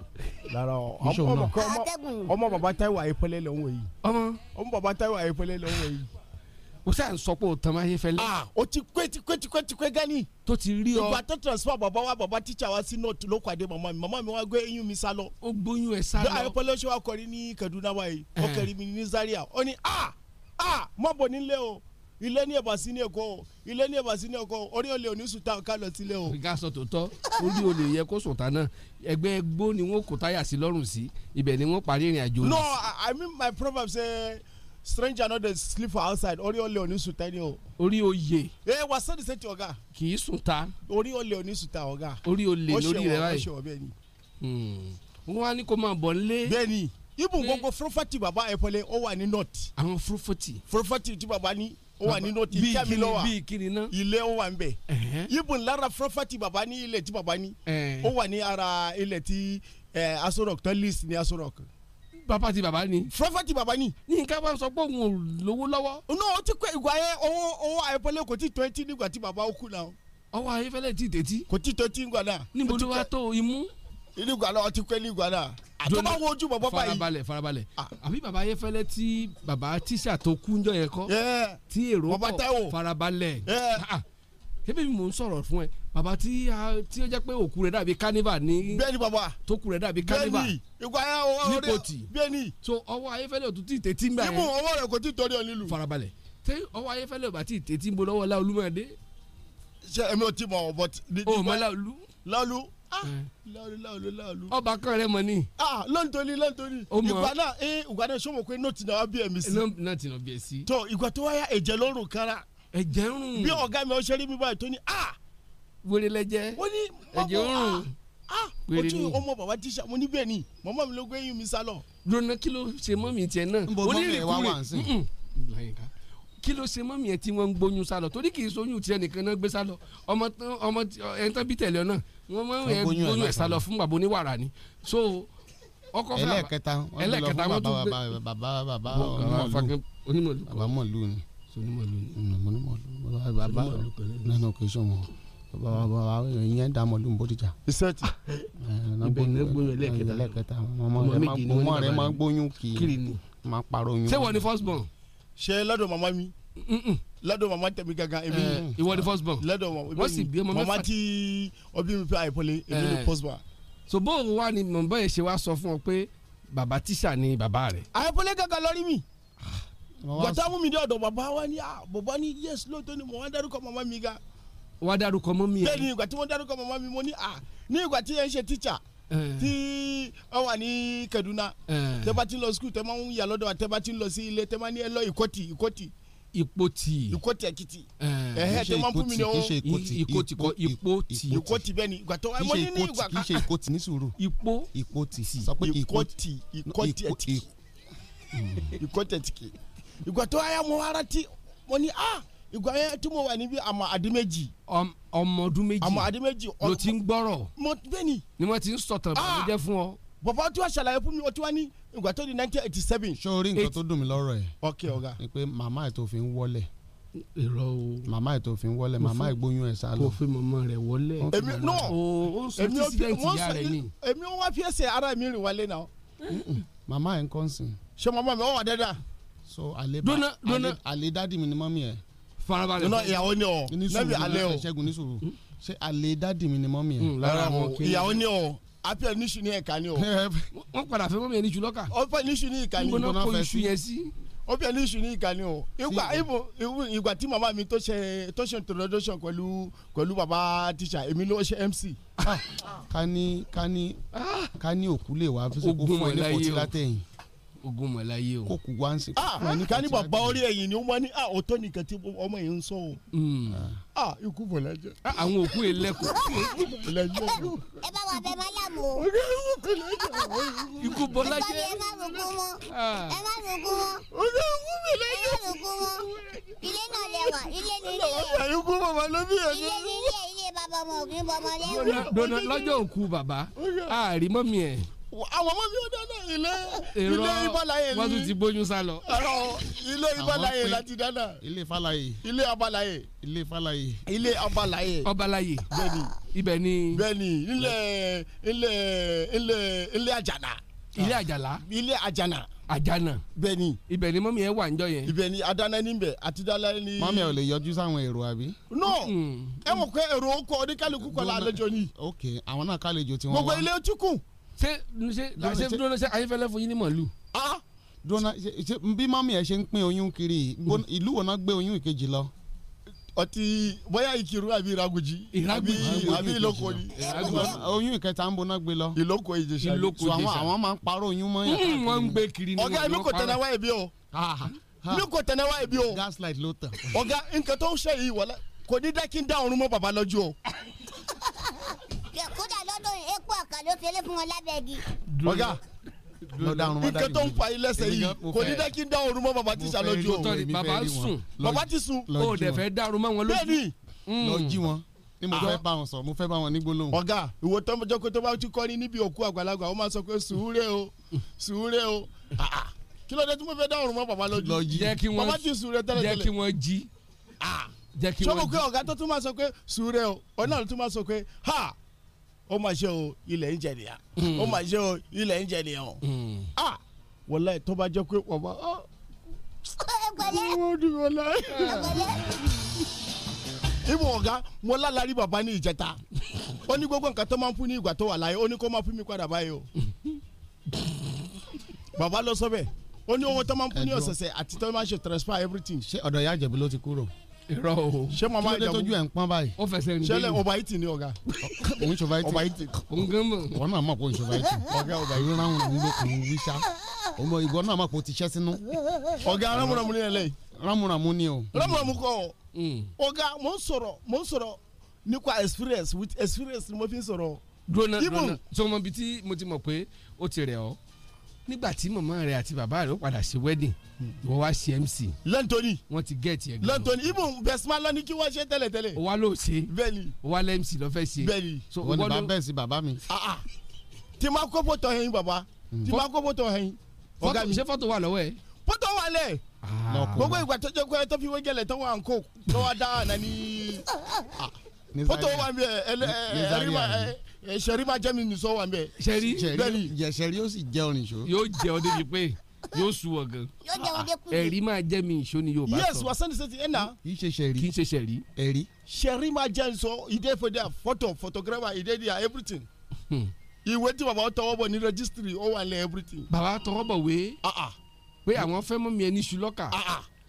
lára ọmọ bàbá Táíwò Ayéfẹ́lẹ́ lọ́wọ́ yìí. ọmọ ọmọ bàbá Táíwò Ayéfẹ́lẹ́ lọ́wọ́ yìí o sá ń sọ pé o tán máa yé fẹlẹ. a ah, o ti kwe ti kwe ti kwe ti kwe gani. tó ti rí ọ. ìgbà tó transfer bàbá wa bàbá tíṣà wa sí náà ló kọ́ adé màmá mi màmá mi wá gbé eyín mi sá lọ. ó gbóyún ẹ sá lọ. Ayọ̀pẹ̀lẹ̀ ṣe wa kọrin ní Kaduna wa yìí ó eh. mi ní Zaria ó ní a ah, a mọ̀ bọ̀ nílé o ilé ní ẹ̀bà sí ní ẹ̀kọ́ ilé ní ẹ̀bà sí ní ẹ̀kọ́ orí olè òní sùtà ká lọ sílẹ̀ o. ká sọ tòótọ́ orí olè yẹ kó sùn náà ẹgbẹ́ gbó ni wọ́n kó táyà sí lọ́rùn sí ibẹ̀ ni wọ́n parí ìrìn àjò. no i mean my proverb say stranger no dey sleep for outside orí olè òní sùtà ni o. orí oyè. ẹ wà sọ́ni sẹ́tì ọ̀gá. kì í sùn ta. orí olè òní sùtà ọ̀gá. orí olè lórí rẹ báyìí. ó ṣe wọ bẹ́ẹ̀ ni. Hmm. wọ́n á ní ni ibùn eh. gbogbo fúrúfọ́tì bàbá ẹ̀ pẹ́lẹ́ ó wà ní north. àwọn fúrúfọ́tì. fúrúfọ́tì tí baba ní ó wà nínú ti tẹ́ mi lọ wa ilé ó wà ń bẹ̀ lára prọfẹ̀tì baba ní ilẹ̀ tí baba ní ó wà ní ara ilẹ̀ tí Aso tán list ní asorok, Rock. papa ti baba ni. prọfẹ̀tì baba ni. ní nǹkan bá sọ pé òun ò lówó lọ́wọ́. ní o ti kọ́ ìgbà yẹn owó owó àyẹ̀pẹ̀lẹ̀ kò tí tó ẹtí nígbà tí baba ó kú náà. ọwọ́ àyẹ̀pẹ̀lẹ̀ ti tètí. kò tí tó ẹtí nígbà náà. níbo ló wá tó imú ilé ìgbà náà ọtí kọ́ ilé ìgbà náà wo ojú bọ̀bọ̀ báyìí. farabalẹ̀ farabalẹ̀ ah. àbí baba ayéfẹ́lẹ́ tí baba tíṣà tó kú ńjọ yẹn kọ́ tí èrò pọ̀ farabalẹ̀ ah, ah. ebi mi mo ń sọ̀rọ̀ fún ẹ baba tí tí ó jẹ́ pé òkú rẹ̀ dàbí kánífà ní. bẹ́ẹ̀ni baba tó kú rẹ̀ dàbí kánífà bẹ́ẹ̀ni ìgbà yẹn ọwọ́ rẹ̀ nípòtì bẹ́ẹ̀ni. so ọwọ́ ayéfẹ́lẹ́ ò tún ti tètí ń gbà yẹn. ibu ọwọ́ rẹ̀ kò tí torí ọ nílùú. farabalẹ̀ tẹ ọwọ́ ayéfẹ́lẹ́ ò bá ti tètí ń bo láolú mọ́ ẹ dé. ṣé èmi ò tí mọ̀ ọ́ bọ́t. Ah, mm. ọba kan rẹ mọ ni. lọ́ntọ́ni ah, lọ́ntọ́ni ìgbà náà ee eh, ìgbà náà sọ́mọ̀ pé nọ́ọ̀tì náà bí ẹ̀mí sí. nọ́ọ̀tì náà bí ẹ̀ sí. tọ ìgbà tó wáyà ẹ̀jẹ̀ ló rùn kára. ẹ̀jẹ̀ ń rùn. bí ọ̀gá mi ọ̀ṣẹ́ rí mi báyìí tó ní a. Ah! wèrè lẹ́jẹ̀ ẹ̀jẹ̀ ń rùn. wèrè ni ọmọ bàbá tíṣà mo ní bẹ́ẹ̀ ni màmá mi ló gbé yín mi sá lọ. lọ́nà kí ló ṣe mọ́ mi tiẹ̀ náà. onírìkúrè kí ló ṣe mọ́mí ẹ̀ tí wọ́n ń gbóyún sálọ torí kì í ṣoyún tiẹ̀ nìkan náà gbé sálọ ọmọ ẹni bí tẹ̀lé ọ náà wọ́n mọ̀ ẹ́ gbóyún ẹ̀ sálọ fún bàbá oníwàrà ni so ọkọ fún ẹlẹ́ẹ̀kẹta ẹlẹ́ẹ̀kẹta wọ́n tún gbé bàbá bàbá onímọ̀lú bàbá mọ̀lú ni onímọ̀lú ni mm, onímọ̀lú bàbá nínú kò sọ wọn bàbá ìyẹn dá mọ̀lú ní bódìjà. isẹ́ẹ̀tì ìbẹ̀rẹ̀ gbóyún ẹlẹ́ẹ̀kẹta ẹlẹ́ẹ̀kẹta ọmọ rẹ̀ máa gbóyún kiri ni máa parọ́ oyún. ṣé ni first born. ṣe lọ́dọ̀ màmá mi lọ́dọ̀ mama tẹ̀mí gangan èmi eh, ìwọ ni first born lọ́dọ̀ mama èmi mama tí ọbí mi fi àìpọ́lé èmi ni eh. first born. so bóun wá ni mọ̀ bọ́yẹ̀ ṣe wá sọ fún ọ pé bàbá tíṣà ni bàbá rẹ̀. àìpọ́lé gangan lórí mi bàtà ah, mú mi dé ọ̀dọ̀ bàbá wa ni ah, bàbá ni yes lóòótọ́ ni mo wá dárúkọ mama mi ga. wá dárúkọ mọ́ mi yẹn. bẹ́ẹ̀ni ìgbà tí mo dárúkọ mama mi mo ní à ah, ní ìgbà tí yẹn ṣe tíṣà eh. tí ọ wà ní Kaduna tẹ́ bá ti lọ skul tẹ́ máa ń yà lọ́dọ̀ wa tẹ́ bá ti lọ sí ilé tẹ́ máa ní ẹ lọ Ìkọ́tì Ìkọ́tì Ìpótì. Ìkótì Èkìtì. ẹhẹ tí wọn fún mi ni ó. Ìkótì kọ Ìpótì. Ìkótì bẹ́ẹ̀ ni ìgbà tó wáyé mo ní ní ìgbà kan. kì í ṣe Ìkótì ní sùúrù. Ìpó. Ìpótì. sọ pé Ìkótì Ìkótì Èkìtì. Ìkótì Èkìtì. ìgbà tó wáyé mo wára tí mo ní ah ìgbà yẹn tí mo wà níbi àmọ́ àdìmẹ́jì. ọmọ ọdún méjì. àmọ́ àdìmẹ́jì. ló ti ń gbọ́rọ̀. mo bẹ́ẹ̀ ni. ni wọ́n ti ń sọ̀tàn ah! bàjẹ́ fún ọ bọ̀bọ̀ tí wọ́n ṣàlàyé fún mi o tí wọ́n ní ìgbà tó di nineteen eighty seven. ṣé o tó dùn mí lọ́rọ̀ ẹ̀. ok ọ̀gá. ni pé màmá ẹ̀ tó fi ń wọlé. irọ́ o. màmá ẹ̀ tó fi ń wọlé màmá ẹ̀ gbóyún ẹ̀ sálọ. kò fi màmá rẹ̀ wọlé. èmi nọ èmi ò fi wọ́n sọ èmi ò wá fi ẹsẹ̀ ara mi rìn wálé náà. màmá ẹ̀ ń kọ́ sìn. ṣé màmá mi ò wà dáadáa. so àlè àlè dádì mi ni mọ́mí ẹ̀ farabalẹ̀. nínú ìyàwó ni ọ o. mi ni mọ́mí mm, ìyàwó ni ọ apia níṣu ní ẹ̀ka ni o. wọ́n padà fẹ́ mọ́mí ẹni jù lọ́kà. ọ̀pẹ níṣu ní ìka ni o. ìgbóná kó iṣu yẹn sí. ọ̀pẹ níṣu ní ìka ni o. ìgbà ìgbà tí màmá mi tó ṣe tó ṣe introduction pẹ̀lú pẹ̀lú bàbá tíṣà èmi ló ṣe MC. Ah, ká ní ká ní ah. ká ní òkú lè wá fún ẹ ní fòtílátẹ̀yìn ogun mọ̀láyé o. kò kú wá ń se. Ah, ká ní bàbá orí ẹ̀yìn ni wọ́n ní ah, òótọ́ nìkan tí ọmọ yìí ń sọ o. Hmm. Ah, ikú mọ̀lájẹ. àwọn òkú yẹn lẹ́kọ̀ọ́. ẹ bá wà bẹ́ẹ̀ máa yàgò. ikú bọ́lájẹ. ẹ bá rògbò wọn. ẹ bá rògbò wọn. ẹ bá rògbò wọn. ilé náà lẹ́wà ilé ní ilé yẹn. ikú bàbá ló bí yẹn. ilé ní ilé ilé bàbá ọmọ ògùn bọ́mọ lẹ́wà. lọ́jọ́ òkú bàbá àrímọ́mí ẹ̀ àwọn ọmọ mi ò dáná ilé ilé ìbálàyé ni wọ́n tún ti bóyún sá lọ. ọ̀rọ̀ ilé ìbálàyé láti dáná. ilé ìfàlàyé. ilé abalaye. ilé ìfàlàyé. ilé abalaye. ọbalaye. bẹ́ẹ̀ni ibẹ̀ ni. bẹ́ẹ̀ni ilé ilé ilé ilé àjànà. ilé àjàlá. ilé àjànà. àjànà. bẹ́ẹ̀ni. ibẹ̀ ni mọ́mí yẹn wà níjọ́ yẹn. ibẹ̀ ni adáná ní bẹ̀ àti dáná ní. mọ́mí ò lè yọjú sáwọn èrò àbí. no ẹ mọ̀ pé èrò kọ oníkálukú kọ́ la àlejò ni. ok àwọn náà kálejò tí wọ́n wá. gbogbo ilé ó ṣé ṣe ṣe dúró ṣe fún yín ní ah! dúró ṣe bí mọ́mí ẹ̀ ṣe ń pín oyún kiri mm. ìlú náà gbé oyún ìkejì lọ. ọtí bóyá ìkirú àbí ìragùjì àbí ìlókò oyún ìkẹta ń gbé lọ. ìlókò àwọn máa ń oyún mm, kiri ní kò tẹ̀lé o kò o. gaslight ló tàn. ń ṣe yìí wọlé kò ní kódà lọ́dún epo ọ̀kà ló fi lé fún wọn lábẹ́ igi. ọ̀gá ike tó ń fa ilẹ̀sẹ̀ yìí kò ní dẹ́ kí n dá orun mọ́ bàbá tíṣà lójú o. bàbá sùn bàbá ti sùn. o dẹ̀ fẹ́ dá orun mọ́ wọn lójú. bẹ́ẹ̀ni hmm. lọ jí wọn ni mo fẹ́ bá wọn sọ mo fẹ́ bá wọn ní gbólóhùn. ọ̀gá ìwọ tọ́jọ́ pé tó bá ti kọ́ ni níbi òkú àgbàlagbà ó máa sọ pé sùúrẹ́ o sùúrẹ́ o ah, ah. kí ló dé tí mo fẹ́ dá orun mọ́ bàbá lójú. lọ jí bàbá ti sùúrẹ́ tẹ́lẹ̀tẹ́lẹ̀ jẹ́ kí wọ́n jí ah. jẹ́ kí wọ́n jí. sọ́kò pé ọ̀gá tó tún máa sọ pé sùúrẹ́ o ọ̀nà tó tún máa sọ pé ha ó mà ṣe o ilẹ̀ ń jẹ nìyà hmm. ó mà ṣe o ilẹ̀ ń jẹ nìyà o hmm. ah wọláì tó bá jẹ́ pé wọ́n bá ọ́ ẹgbẹ̀lẹ́ ẹgbẹ̀lẹ́ ọ̀gá mo lálàrí bàbá ní ìjẹta ó ní gbogbo nǹkan tó máa ń fún ní ìgbà tó wà láyé ó ní kó máa fún mi padà báyìí o bàbá lọ sọ bẹ́ẹ̀ ó ní owó tó máa ń fún ní ọ̀sẹ̀sẹ̀ àti tó máa ń ṣe transfer everything. ṣé ọ̀dọ̀ ìyá àjẹ̀bí ló ti kúrò irọ́ o ṣé mo máa jẹun tójú ẹ̀ ń pọ́n báyìí ó fẹsẹ̀ ń gbé ṣẹlẹ̀ ọba yìí tì ní ọ̀gá òun ṣọba yìí tì ọba yìí tì òun gan mọ̀ wọn náà mọ̀ kó òun ṣọba yìí tì ọ̀gá ọba yìí rán òun ló kùn ún wíṣà ọmọ ìgbọ́ náà mọ̀ kó ti ṣẹ́ sínú. ọ̀gá rámúramú ni ẹ lẹ́yìn. ni o. rámúramú kọ́ mm. ọ̀gá mo ń sọ̀rọ̀ mo ń sọ̀rọ̀ nípa experience with experience ni mo fi ń sọ̀rọ̀. drona drona so mo nígbà tí màmá rẹ àti bàbá rẹ ó padà ṣe wedding hmm. wọ́n wá ṣe MC. lẹ́ntọ́nì wọ́n ti gẹ̀ẹ́tì ẹ̀ gan. lẹ́ntọ́nì ibùn bẹ̀sùmá lọ́ni kí wọ́n ṣe tẹ́lẹ̀tẹ́lẹ̀. o wa ló ṣe bẹ́ẹ̀ni o wa lẹ́ MC lọ fẹ́ ṣe. bẹ́ẹ̀ni wọ́n ní bá bẹ́ẹ̀ sí bàbá mi. Ah, ah. tí ma kó fọ́tò ẹyin bàbá hmm. tí ma kó fọ́tò ẹyin. ọ̀gá mi ṣe fọ́tò wà lọ́wọ́ ẹ̀. fọ́tò wà lẹ̀ ah. gbogbo ìgbà sẹ̀rí eh, máa jẹ́ mi nìṣó wà mẹ́. sẹ̀rí bẹ́ẹ̀ni jẹ sẹ̀rí ó sì jẹ́ orin ìṣó. yóò jẹ́ ọdẹ bíi pé yóò sú ọ gan. yóò jẹ́ ọdẹ kú mi. ẹ̀rí máa jẹ́ mi ìṣó ni yóò bá sọ. yes wa sani sẹ́tì ẹ̀nà. kì í ṣe sẹ̀rí. kì í ṣe sẹ̀rí. ẹ̀rí. sẹ̀rí máa jẹ́ nsọ ìdè for their photo photographer ìdè their everything. Hmm. ìwé tí bàbá tọwọ́ bọ̀ ní registry ó wà lẹ̀ everything. bàbá tọwọ́ bọ̀ wé. Ah, ah. pé àwọn fẹ́ mọ́ mi ẹni ṣu lọ́kà.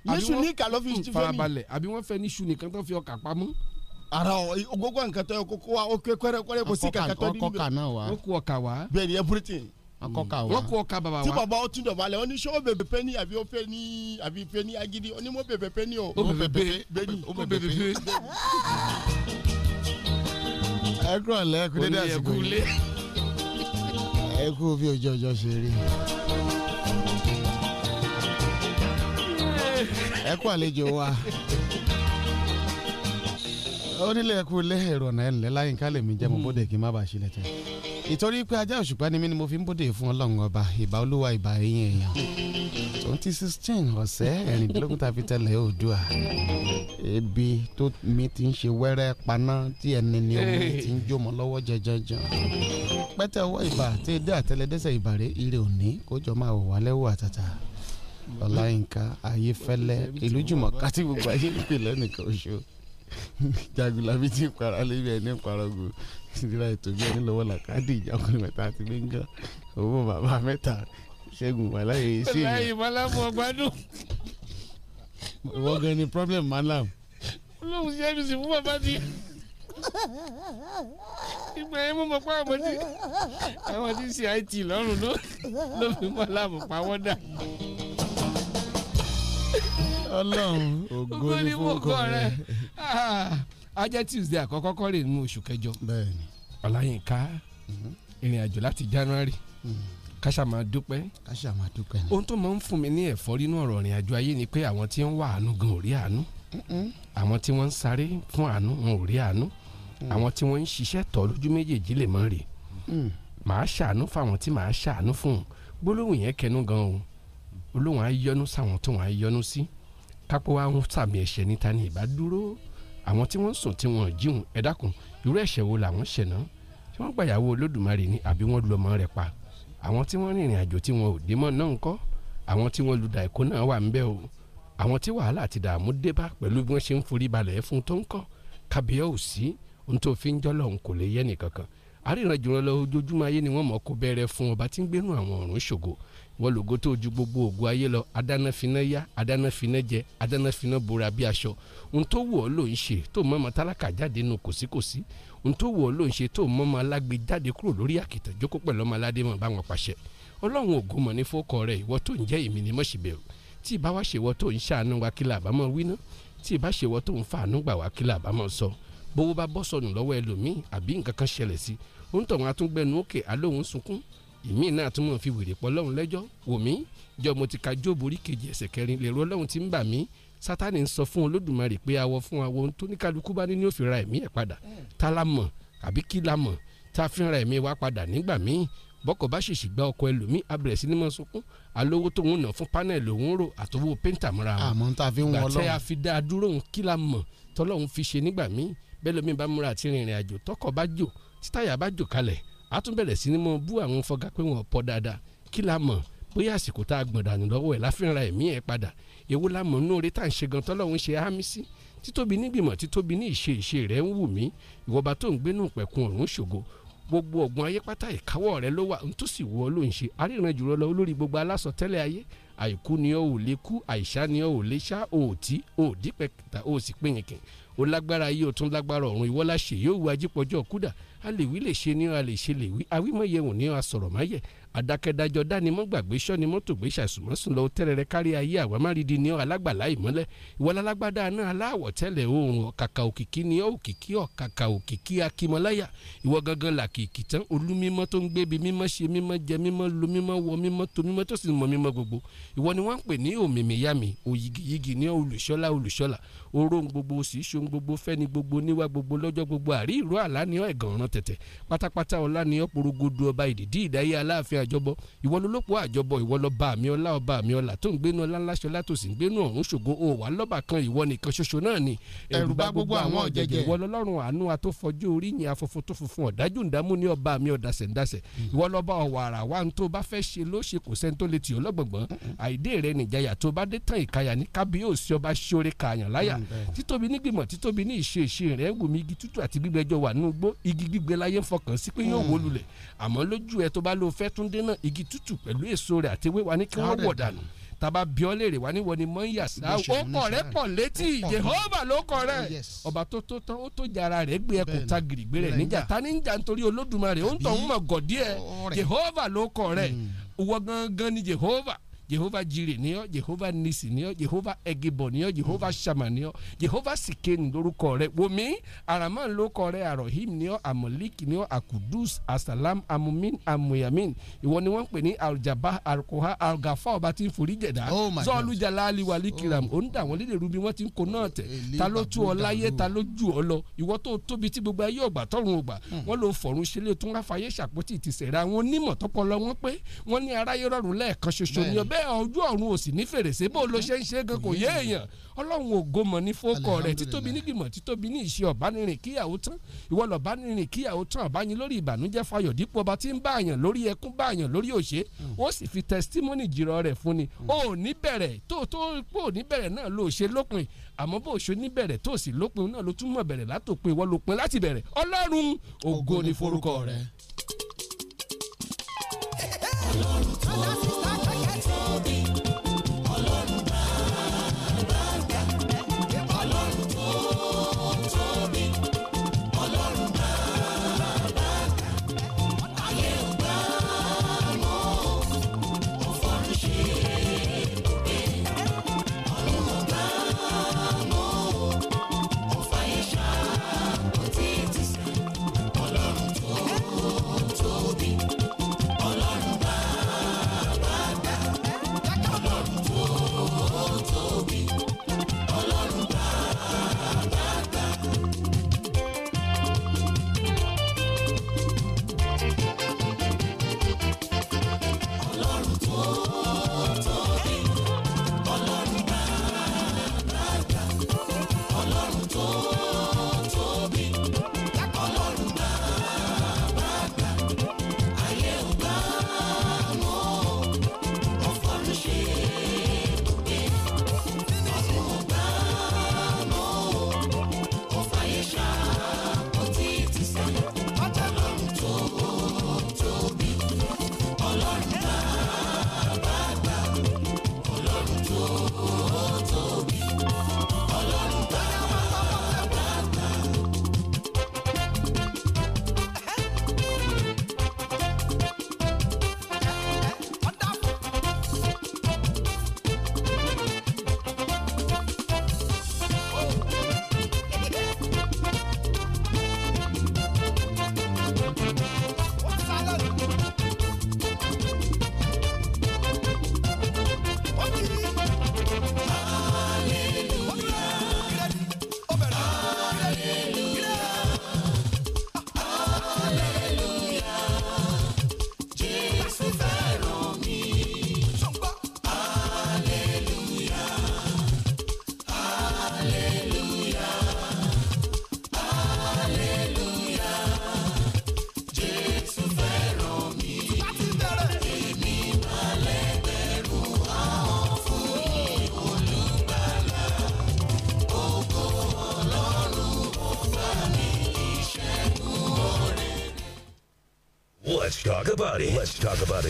níṣu ah, ní kàlọ́ fi hmm, ṣ ara o gbogbo nǹkan tó yẹ kó kó wa ó ké kẹ́rẹ́kẹ́rẹ́ kò sí kankan tó nínú rẹ̀ wọ́n kó ọkà wá bẹ́ẹ̀ ni everything akọka wa wọ́n kó ọkà bàbá wa tí bàbá ó tún dọ̀bálẹ̀ ó ní sọ bèbè pé ní àbí ó fẹ́ ní àbí fẹ́ ní agidi ó ní mo bèbè pé ní o ó bèbè pé ní ó bèbè pé ní. ẹ kúrò lẹ kú dédé àsìkò yìí ẹ kú bí ojú ọjọ́ ṣe rí. ẹ kú àlejò wa onílẹ̀ kú lẹ́hẹ̀rọ náà ẹ̀ láyínká lèmi jẹ́ mo hmm. bóde kí n má bàa ṣílẹ̀ tẹ̀. ìtorí pé ajá òṣùpá ni mí ni mo fi ń bóde fún ọlọ́run ọba ìbá olúwa ìbá ẹ̀yìn èèyàn twenty sixteen ọ̀sẹ̀ ẹ̀rìndínlógún ta fi tẹ̀lé oòdùà ebi tó mi ti ń ṣe wẹ́rẹ́ paná tí ẹni ni omi ti ń jó mọ lọ́wọ́ jẹjẹjẹ pẹ́tẹ́ ọwọ́ ìbà tí edé àtẹlẹdẹ́sẹ̀ ìbàrẹ̀ ire òní kó máa wọ̀ wálẹ́ wò àtàtà ọláyínká ayéfẹ́lẹ́ ìlú jùmọ̀ káti gbogbo ayé ń pè lẹ́nìkan Jagunlabi ti para lébi ẹni parago ìdíra ètò bí ẹni lọ́wọ́ làkàdé ìjagun mẹ́ta àti gbẹngà owó bàbá mẹ́ta ṣẹ́gun wàláyé ṣe é. ẹlẹ́yìn malamu ọgbádùn. wọ́n gan ni problem malam. olóhùn ṣe é mi sì fún bàbá ti ìgbà yẹn mo mọ̀ pé àwọn tí àwọn tí ṣe it lọ́rùn ló ló fi mọ́ láàmú pawọ́dà. Ọlọ́run ògo ni fọkọ rẹ ah, ajẹ́ Tuesday àkọ́kọ́ kọ́ rè nínú oṣù kẹjọ Ọláyínká ìrìn àjò láti January káṣà máa dúpẹ́ káṣà máa dúpẹ́ ni. ohun tó máa ń fún mi ní ẹ̀fọ́rí nínú ọ̀rọ̀ ìrìn àjò ayé ni pé àwọn tí ń wá àánú gan ò rí àánú àwọn tí wọ́n ń sáré fún àánú wọn ò rí àánú mm. àwọn tí wọ́n ń ṣiṣẹ́ tọ́ lójú méjèèjì lè mọ́ rè mm. màá ṣàánú fáwọn tí màá ṣàánú fún un gbólóhùn yẹn kẹnu gan o olóhùn á yọnu sáwọn tó wọn á yọnu sí. Si kápó wa ń sàmì ẹ̀ṣẹ̀ níta ní ìbádúró àwọn tí wọ́n sùn tí wọ́n jíun ẹ dákun irú ẹ̀ṣẹ̀ wo làwọn ṣẹ̀ náà tí wọ́n gbàyàwó olódùmarè ni àbí wọ́n lu ọmọ rẹ̀ pa àwọn tí wọ́n rìnrìn àjò tí wọn ò dé mọ́ náà ń kọ́ àwọn tí wọ́n lu dàìkó náà wà ń bẹ̀ o àwọn tí wàhálà àti dààmú dé bá pẹ̀lú bí wọ́n ṣe ń forí balẹ̀ fún tó ń kọ́ kábíyà ò sí ohun tó ni wọ́n mọ̀ kó bẹ̀rẹ̀ fún wọ́n lògó tó ju gbogbo ògùn ayé lọ adáná finá yá adáná finá jẹ adáná finá bora bí aṣọ ohun tó wọ̀ ọ́ ló ń ṣe tó mọ́ ọmọ tálákà jáde nù kòsíkòsí ohun tó wọ̀ ọ́ ló ń ṣe tó mọ́ ọmọ alágbe jáde kúrò lórí àkìtàn jókòó pẹ̀lú ọmọ aládé mọ̀ bá wọn pàṣẹ ọlọ́run ògo mọ̀ ní fọ́kọ rẹ̀ ìwọ tó ń jẹ́ èmi ni mọ̀ ṣèbẹ̀rù tí ìbá wá ṣèwọ tó ń ṣàánú wa kí làbámọ̀ wí ná tí ìbá ṣèwọ tó ń fàánú gbà wá kí làbámọ̀ sọ ìmí náà tún mọ̀ fi wèrè pọ̀ lọ́hùn lẹ́jọ́ wò mí jọ mo ti ka jóòbù orí kejì ẹsẹ̀ kẹrin lè ro lọ́hùn tí ń bà mí sátani ń sọ fún olódùmarè pé awọ fún awọ ohun tó ní kálukú bá ní òfin ra ẹ̀mí ẹ̀ padà tá la mọ̀ àbí kí la mọ̀ tá fi ra ẹ̀mí wa padà nígbà míì bọ́kọ̀ bá ṣèṣì gba ọkọ̀ ẹlòmíì abẹ̀rẹ̀ sí ni mọ̀ sunkún alówó tó ń nà fún panel òun rò àtọwọ́ pẹ́ńtà mọ́ra wọn. àmọ́ tá fi ń wọ́n lọ́wọ́ gbàtẹ́ àfidá dúró ń kí la mọ̀ tọ́lọ́hún fi ṣe nígbà míì bẹ́ẹ̀ lómi bá múra àti rìnrìn àjò tọkọ̀ bá jò títáyà bá jò kalẹ̀ a tún bẹ̀rẹ̀ sí ni mo bú àwọn fọgá pé wọ́n pọ̀ dáadáa kí la mọ̀ bóyá àsìkò tá a gbọ̀n dànù lọ́wọ́ ẹ̀ láfihànra ẹ̀mí ẹ̀ padà èwo la mọ̀ nínú orí tá à ń ṣe gan tọ́lọ́hún ṣe ámì sí títóbi nígbìmọ̀ títóbi ní ìṣe ìṣe rẹ̀ ń wù mí ìwọba tó ń gbénú pẹ̀kun ọ̀run ṣògo gbogbo ọ̀gbọ́n ayé pátá ìkáwọ́ rẹ̀ ló wà ń tó sì wọ́ ló ń ṣe aríran jùlọ lọ olórí gbogbo alásọ tẹ́lẹ̀ ayé àìkú ni ó ò lè kú àìsá ni ó ò lè ṣá òòtí òòdí pẹ̀kẹ̀ta ó sì pínyìnkìn ó lágbára ayé ó tún lágbára ọ̀run ìwọ́lá ṣèyí ó wu ajípọ̀jọ́ kúdà a lè wí lè ṣe ni a lè ṣe lè wí awímọ̀yẹ wọn ni a sọ̀rọ̀ máyẹ̀ àdákẹ́dájọ́ dánimọ̀ gbàgbé sọ́ni mọ́tò gbé ṣàṣùmọ́sùn lọ tẹ́rẹ̀rẹ́ kárí ayé àwọn amárídi ni alágbàlá ìmọ́lẹ̀ ìwọlá alágbádá náà aláwọ̀ tẹ́lẹ̀ oòrùn ọ̀kàkà òkìkí ni ọ́ òkìkí ọ̀kàkà òkìkí akímọ́láyà ìwọ gangan làkìkì tán olú mímọ́ tó ń gbé bi mímọ́ ṣe mímọ́ jẹ mímọ́ lo mímọ́ wọ mímọ́ to mímọ́ tó sì mọ mímọ́ gbogbo ìwọ ni wọ́n ń pè ní òmìmíyàmì òyìgìyìgì ni olùṣọ́lá olùṣọ́lá oró ń gbogbo sì í ṣohun gbogbo fẹ́ni gbogbo níwá gbogbo lọ́jọ́ gbogbo àrí ìró àlánìyàn ẹ̀gàn ọ̀ràn tẹ̀tẹ̀ pátápátá ọ̀lànìyàn porogodo ọba ìdìdí ìdáyé aláàfin àjọbọ ìwọ lólópo àjọbọ ìwọ lọba àmì ọlá ọba àmì ọlá tó ń gbénu ọlá ńláṣọ látòsí ń gbénu ọ̀run ṣògo o lọ́ba kan ìwọ nìkan ṣoṣo náà ni ẹ̀rù bà gbogbo àwọn ọ̀jẹ̀jẹ̀ ìwọ lọ́lọ́run àánú atófọjú orí yìn afọfun tó funfun ọ̀dájú ǹdámú ní ọba àmì ọ̀dàsẹ̀ ǹdàsẹ̀ mm-hmm. ìwọ lọ́ba ọ̀wàrà wa ń tó bá fẹ́ ṣe ló ṣe kò sẹ́ni tó lè títóbi nígbìmọ̀ títóbi ní ìṣe ìṣe rẹ̀ wùmí igi tútù àti gbígbẹ́jọ wà nínú igbó igi gbígbẹ láyé ń fọkàn sí pé yóò hmm. wó lulẹ̀ àmọ́ lójú ẹ tó bá lo fẹ́ tún dé igi tútù pẹ̀lú èso rẹ̀ àti wíwá ní kí wọ́n wọ̀ dànù taba biọ́lé rẹ̀ wá ní wọ́n ni mọ́ ń yà sá ó kọ̀ rẹ́ pọ̀ létí jehova ló kọ̀ rẹ̀ oh, ọba tó tó tán ó tó jara rẹ̀ gbé ẹkùn ta gìrìgbé rẹ̀ níjà ta ní níjà nítorí olódùmarè ó ń tọ̀ ń mọ̀ gọ̀dí jehova ló kọ̀ rẹ̀ hmm. wọ́n gangan ni jehova jehova jire ni ọ jehova nisi ni ọ jehova egibo ni ọ jehova shama ni ọ jehova sikeni lórúkọ rẹ wòmí araman lórúkọ rẹ arohim ni ọ amoliki ni ọ akudus asalam amumin amuyamin ìwọ ni wọn ń pè ní aljaba alkoha algafa ọba tí ń forí jẹdá oh zọlù jalali walikiram oh. ó ń dà wọn lédè rúbi wọn ti ń kó náà tẹ ta ló tú ọ láyé ta ló jù ọ lọ ìwọ tó tóbi tí gbogbo ayé ọgbà tọrùn ọgbà hmm. wọn ló fọrùn ṣẹlẹ̀ tó ń ráfàyè ṣàpótì ìtìsẹ̀ra wọn onímọ̀ tọpọlọ wọn pé wọn ní aráyé rọrùn lẹ́ẹ̀kan ṣoṣo ni ọbẹ̀ ojú ọ̀run ò sì ní fèrèsé bó ló ṣe ń ṣe gan kò yé èèyàn ọlọ́run ògo mọ̀ ní fọ́kọ rẹ̀ títóbi nígbìmọ̀ títóbi ní ìṣe ọ̀bánirin kíyàwó tán ìwọ lọ̀bánirin kíyàwó tán ọ̀bányin lórí ìbànújẹ́ fayọ̀ dípò ọba tí ń bá àyàn lórí ẹkún bá àyàn lórí òṣè hmm. ó sì fi testimony jìrọ̀ rẹ̀ fún ni hmm. ó ní bẹ̀rẹ̀ tó tó pò ní bẹ̀rẹ̀ náà ló ṣe lópin àmọ́ bó ṣe ní bẹ̀rẹ̀ tó sì lópin náà ló túmọ̀ bẹ̀rẹ̀ látòpin ìwọ lópin láti bẹ̀rẹ̀ ọlọ́run ògo ní forúkọ rẹ̀. ọlọ́run tó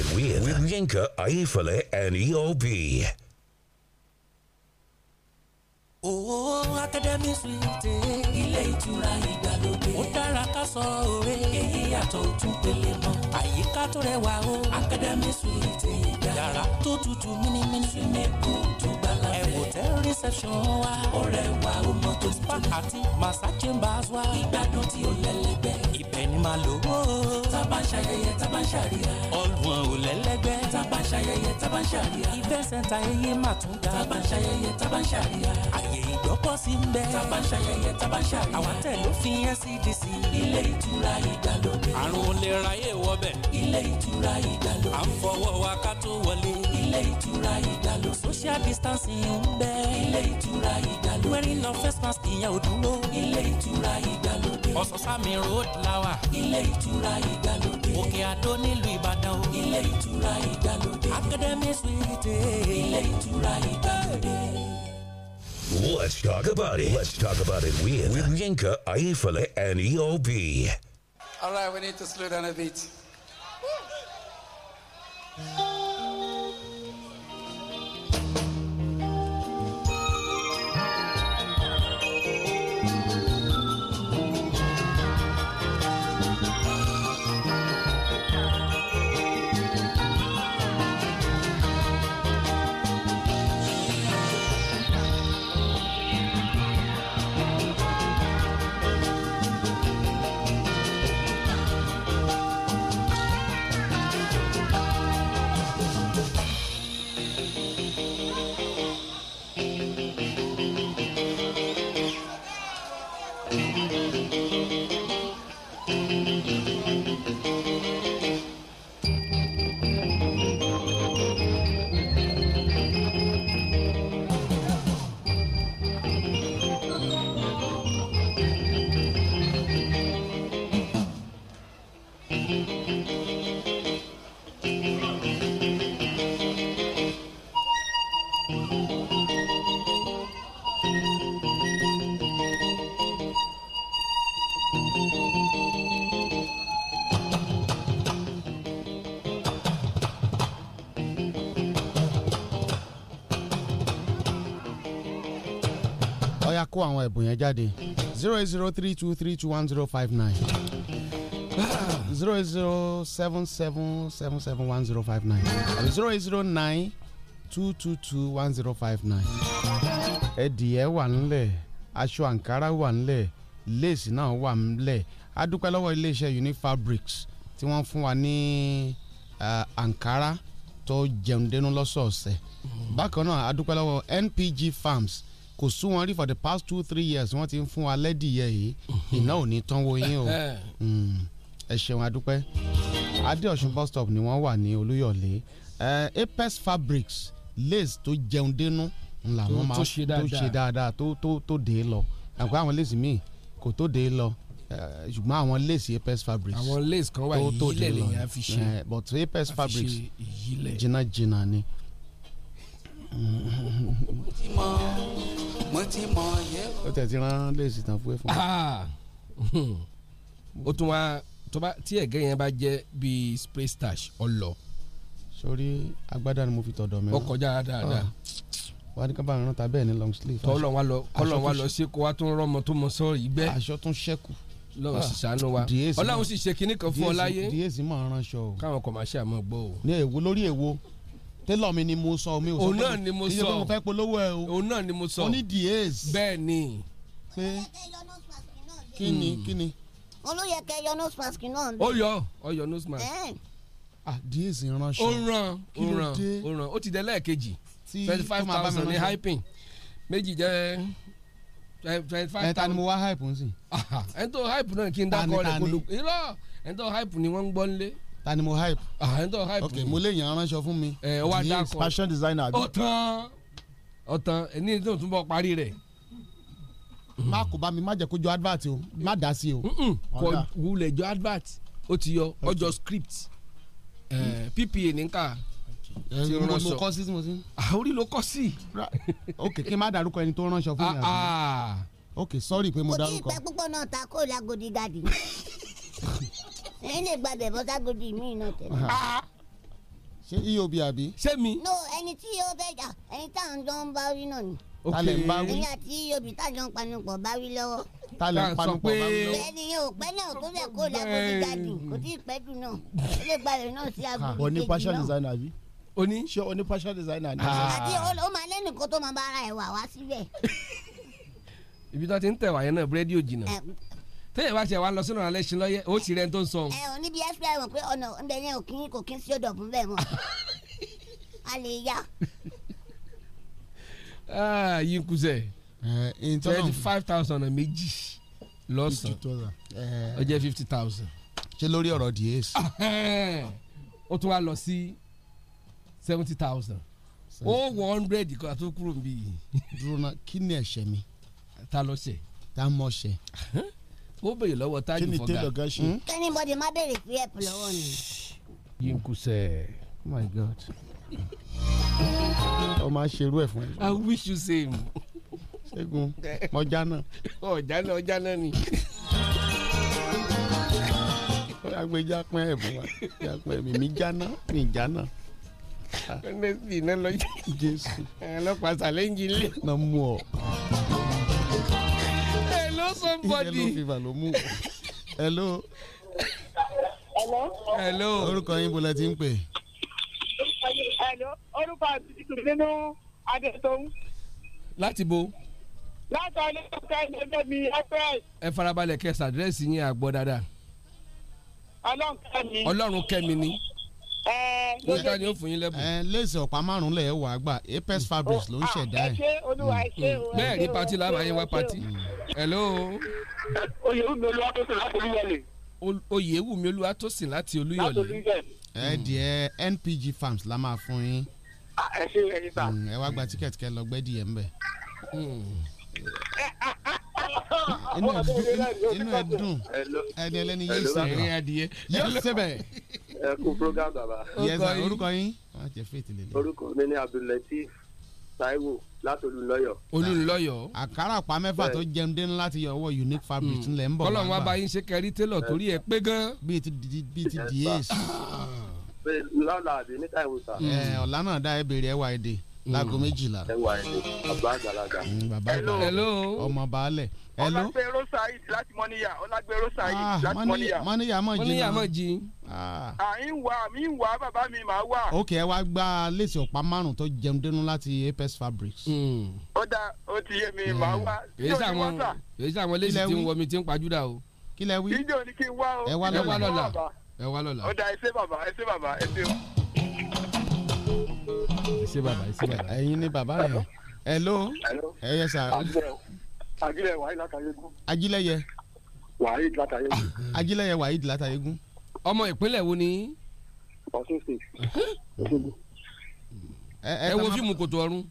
it with, with Yinka Aifale and EOB. Oh, Akademi Suite. ile ìtura ìgbàlódé. Ó dára ká sọ òwe. Èyí yàtọ̀ ojú pele mọ́. Àyíká tó rẹwà o. Akademi Suite ìgbà. Yàrá tó tutù mímímí. Súnmẹ́kù tó gbàlá fẹ́. Ẹ̀wò tẹ́ reception wa. Ọ̀rẹ́ wa ó mọ tó ti Spa àti Massa Chambers wa. Ìgbádùn tí ó lẹ́lẹ́gbẹ́. Ibẹ̀ ni màá lò ó. ń ṣayẹyẹ, tá ń ṣàríyá wọn ò lẹ́lẹ́gbẹ́. tá ń ṣayẹyẹ tá ń ṣàríyá. event center eye máa tún ga. tá a bá ń ṣayẹyẹ tá a bá ń ṣàríyá. àyè ìgbọ́kọ̀sí ń bẹ. tá a bá ń ṣayẹyẹ tá a bá ń ṣàríyá. àwọn tẹ̀ ló fi NCDC. E ilé ìtura ìdàlódé. àrùn olè ráyè wọbẹ̀. ilé ìtura ìdàlódé. à ń fọwọ́ wa ká tó wọlé. ilé ìtura ìdàlódé. social distancing ń bẹ. ilé ìtura ìdàlódé. wearing of face mask ìyẹn ò dúró. ilé ìtura ìdàlódé road lawa. ilé ìtura ìgbàlódé. òkè àdó nílùú ìbàdàn o. ilé ìtura ìgbàlódé. academy suite. ilé ìtura ìgbàlódé. Let's talk about it. Let's talk about it with, with Yinka, Aifale, and EOB. All right, we need to slow down a bit. àwọn ẹ̀bùn yẹn jáde zero eight zero three two three two one zero five nine zero eight zero seven seven seven seven one zero five nine àbí zero eight zero nine two two two one zero five nine ẹ̀dìyẹ wà ńlẹ̀ aṣọ àǹkárá wà ńlẹ̀ léèsì náà wà ńlẹ̀ adúpẹ́ lọ́wọ́ iléeṣẹ́ Unifabrics tí wọ́n fún wa ní àǹkárá tó jẹun dénú lọ́sọ̀ọ̀sẹ̀ bákan náà adúpẹ́ lọ́wọ́ NPG Farms kò sú wọn rí for the past two three years wọ́n ti ń fún wa lẹ́dìyẹ yìí mhm. iná ò ní tánwó yín o eh. hmm. ẹ ṣeun adúpẹ́ adéọ̀sùn bus stop ni wọ́n wà ní olúyọ̀lé eh, apex fabrics lace tó jẹun dénú ńlá máa tó ṣe dáadáa tó tó dé lọ àgbà àwọn lace míì kò tó dé lọ eh, ṣùgbọ́n àwọn lace apex fabrics àwọn lace kan wà yìí lẹ́lẹ̀ yẹn fi ṣe but jìnnà jìnnà ni mo ti mọ mo ti mọ yẹ. ó tẹ̀ ti rán léèsì tán fún ẹ fún mi. ó tún wá tí ẹ̀gẹ́ yẹn bá jẹ́ bíi spray stash ọlọ. sórí agbádá ni mo fi tọ̀dọ̀ mi. ó kọjá dáadáa wà ní kábàámọ̀ rántà bẹ́ẹ̀ ni long sleeve. tọ́lọ̀ wa lọ kọ́lọ̀ wa lọ sí kó wa tún rọ́mọ tó mọ sọ ìgbẹ́. aṣọ tún ṣẹ́kù. lọ́wọ́ sì ṣàánú wa ọlọ́run sì ṣe kinní kan fún ọ láyé. díẹ̀ sì máa ránṣọ o. káwọn kọ̀ máa ṣe àmọ́ gbọ́ o. ní èwo lórí èwo télọ̀ mi ni mo sọ mi ò sọ pé òun náà ni mo sọ iye pé mo fẹ́ polówó ẹ o òun náà ni mo sọ oní diaz. bẹ́ẹ̀ ni. pé kí ni hmm. kí ni. olóyè kẹ yọ nose mask náà. ó yọ ó yọ nose mask. ah diaz ránṣẹ́. ó ràn ó ràn ó ràn ó ti dẹ lẹ́ẹ̀kejì twenty five thousand ní hyping méjì jẹ́ twenty five thousand. ẹ̀ta ni mo wá hype n sìn. ẹ̀ńtọ́ hype náà kí n dákọ̀ rẹ̀ kó lóko irọ́ ẹ̀ńtọ́ hype ni wọ́n ń gbọ́ nílé ta ni mo hype. àhán tó hype ok mo lè yàn aránṣọ fún mi. ẹ wá dákọ fashion designer. ọ̀tàn ọ̀tàn ní tó tún bọ̀ parí rẹ̀. má kó bá mi má jẹ́ kó jọ advert o má dá sí o. kò wulẹ̀ jọ advert ó ti yọ ọjọ́ script ppa ní ká ti ránṣọ mo kọ sí mo sí. àórí ló kọ sí. ok kí n má dárúkọ ẹni tó ránṣọ fún mi. Ah, ah. ok sorry pé mo dárúkọ. kò tí ì púpọ̀ náà ta kó o lágodi gàdí ẹ̀yin lè gbàgbẹ́ bọ́sàgòdì mí iná tẹ̀lé. ṣé iyobi àbí. ṣé mi. no ẹni tí yóò fẹ́ jà ẹni tá à ń jọ ń bá rí náà ni. ok talẹ̀ ń bá wí. ẹni àti iyobi tá à jọ ń panupọ̀ bá rí lọ́wọ́. talẹ̀ ń panupọ̀ bá rí lọ́wọ́. ẹni yóò pẹ́ náà kó lẹ̀ kó lágòdì gàdì kò tí ì pẹ́ jù náà ó lè gbàgbẹ́ náà sí agodi ah, kejì náà oni. ṣé oni fashion designer ni. Ah. àti ó máa lẹ́nu kó tó máa bá ara ẹ̀ wà wá síbẹ̀. ibi tó ti ń tẹ̀wá yẹn náà búrẹ́dì ò jìnnà téèyàn bá tiẹ̀ wá lọ sínú alẹ́ sin lọ́yẹ́ ó ti rẹ̀ ń tó ń sọ. ẹ ò níbi fbi mọ̀ pé ọ̀nà ọ̀nbẹ yẹn ò kí kò kí sí ọ̀dọ̀ fún bẹ́ẹ̀ mọ̀ a lè yá. Ah, yín kùsẹ̀ twenty five thousand méjì lọ́sàn-án ó jẹ́ fifty thousand. ṣé lórí ọ̀rọ̀ di ace. ó tún wá lọ sí seventy thousand ó one hundred kan tó kúrò níbí yìí. dúró náà kí ni ẹ̀ṣẹ̀ mi. ta ló ṣe. ta mọ̀ ṣe ó béèrè lọ́wọ́ tájù fọ́gà. kí ni taylor gan ṣe. Hmm? kẹ́nìbọ̀dì má béèrè pé ẹ̀pù lọ́wọ́ ni. yínkù sẹ́ oh my god. ó máa ṣerú ẹ̀ fún ẹ. i wish you same. ṣẹ́gun ọjà náà. ọjà náà ọjà náà ni. agbèjà pín ẹ̀bùn wa jápẹ́ mi mi jáná mi jáná. honestly iná lọ jẹ́ jésù. ọlọ́pàá sàlẹ̀ ń jí lé. náà mú ọ. Hello, somebody. Hello, fever ló mú. Hello. Hello. Hello. Orúkọ yín bọ́lá ti ń pè. Hello. Orúkọ àti nínú Adétòun. Láti bo. Látọ̀ ní ọ̀sẹ̀ ẹgbẹ́ mi ẹgbẹ́. Ẹ farabalẹ̀ kẹ́sì àdírẹ́sì yín àgbọ̀ dáadáa. Ọlọ́run kẹ́mi. Ọlọ́run kẹ́mi ni nígbà ni ó fún yín lẹ́bùn. léèsì ọ̀pá wà gbà Apex Fabrics ló ń oh, ah, ṣẹ̀dá ẹ̀. bẹ́ẹ̀ ni pati lára yín wá pati. hello. Oyèwùmí Olúwatósìn láti Olúyọ̀lé. Oyèwùmí Olúwatósìn láti Olúyọ̀lé. ẹ díẹ̀ NPG Farms la máa fún yín. Ah, ẹ ṣe ẹ ṣe sá. Mm, ẹ wá gba tíkẹ́ẹ̀tì kẹ́ lọ gbẹ́dìyẹ ń bẹ̀. Eh, ah, inú ẹ dùn ẹni ẹlẹ́ni yé sẹ́bẹ̀ yé sẹ́bẹ̀. ẹ kú program baba. yẹsà orúkọ yín. orúkọ mi ni abdulatif taiwo láti olùlọyọ. olùlọyọ. àkàrà pa mẹ́fà tó jẹun dé ńlá ọwọ́ unique fabric hmm. ńlẹ̀ ń bọ̀ wá. kọ́lọ̀ wọn bá yín ṣe kẹrí télọ̀ torí ẹ pé gan. bíi ti di bíi ti di èsì. lọ́la àbí níta ìwòsàn. ẹ ọ̀la náà dá ẹ béèrè ẹ wá èdè láago hmm. méjìlá. ẹ wá èdè bàbá àgbàlagbà. Hmm, ọmọ baálẹ̀ hello. ọlágbèrò saheed láti mọ́níyà ọlágbèrò saheed ah, láti mọ́níyà. mọ́níyà mọ̀ jí mọ́níyà mọ̀ jí. àyìn wà mí wà bàbá mi máa wà. ok ẹ wá gba lẹ́sì ọ̀pá márùn tó jẹun dénú láti Apex Fabrics. Hmm. ó dá ó ti yé mi máa hmm. wá. èyí sàwọn èyí sàwọn lẹ́sì tí ń wọ mi ti ń pajúdà o. kí wí. ìjọ ni kí n wá o. ẹ wá lọ́la ẹ wá lọ́la. ó dá ẹ ṣé bàbá ẹ ṣé bàbá ẹ ṣé. ẹ ṣé bàbá ẹ ṣé bàbá. ẹ̀yin ni bàbá yẹn. hello. hello. Eh, sà. ajílẹ̀ wàhíì látàyégún. ajílẹ̀yẹ. látàyégún. látàyégún. ọmọ ìpínlẹ̀ wo ni. Ọ̀ṣun state. ẹ wo fíìmù kòtò àwọn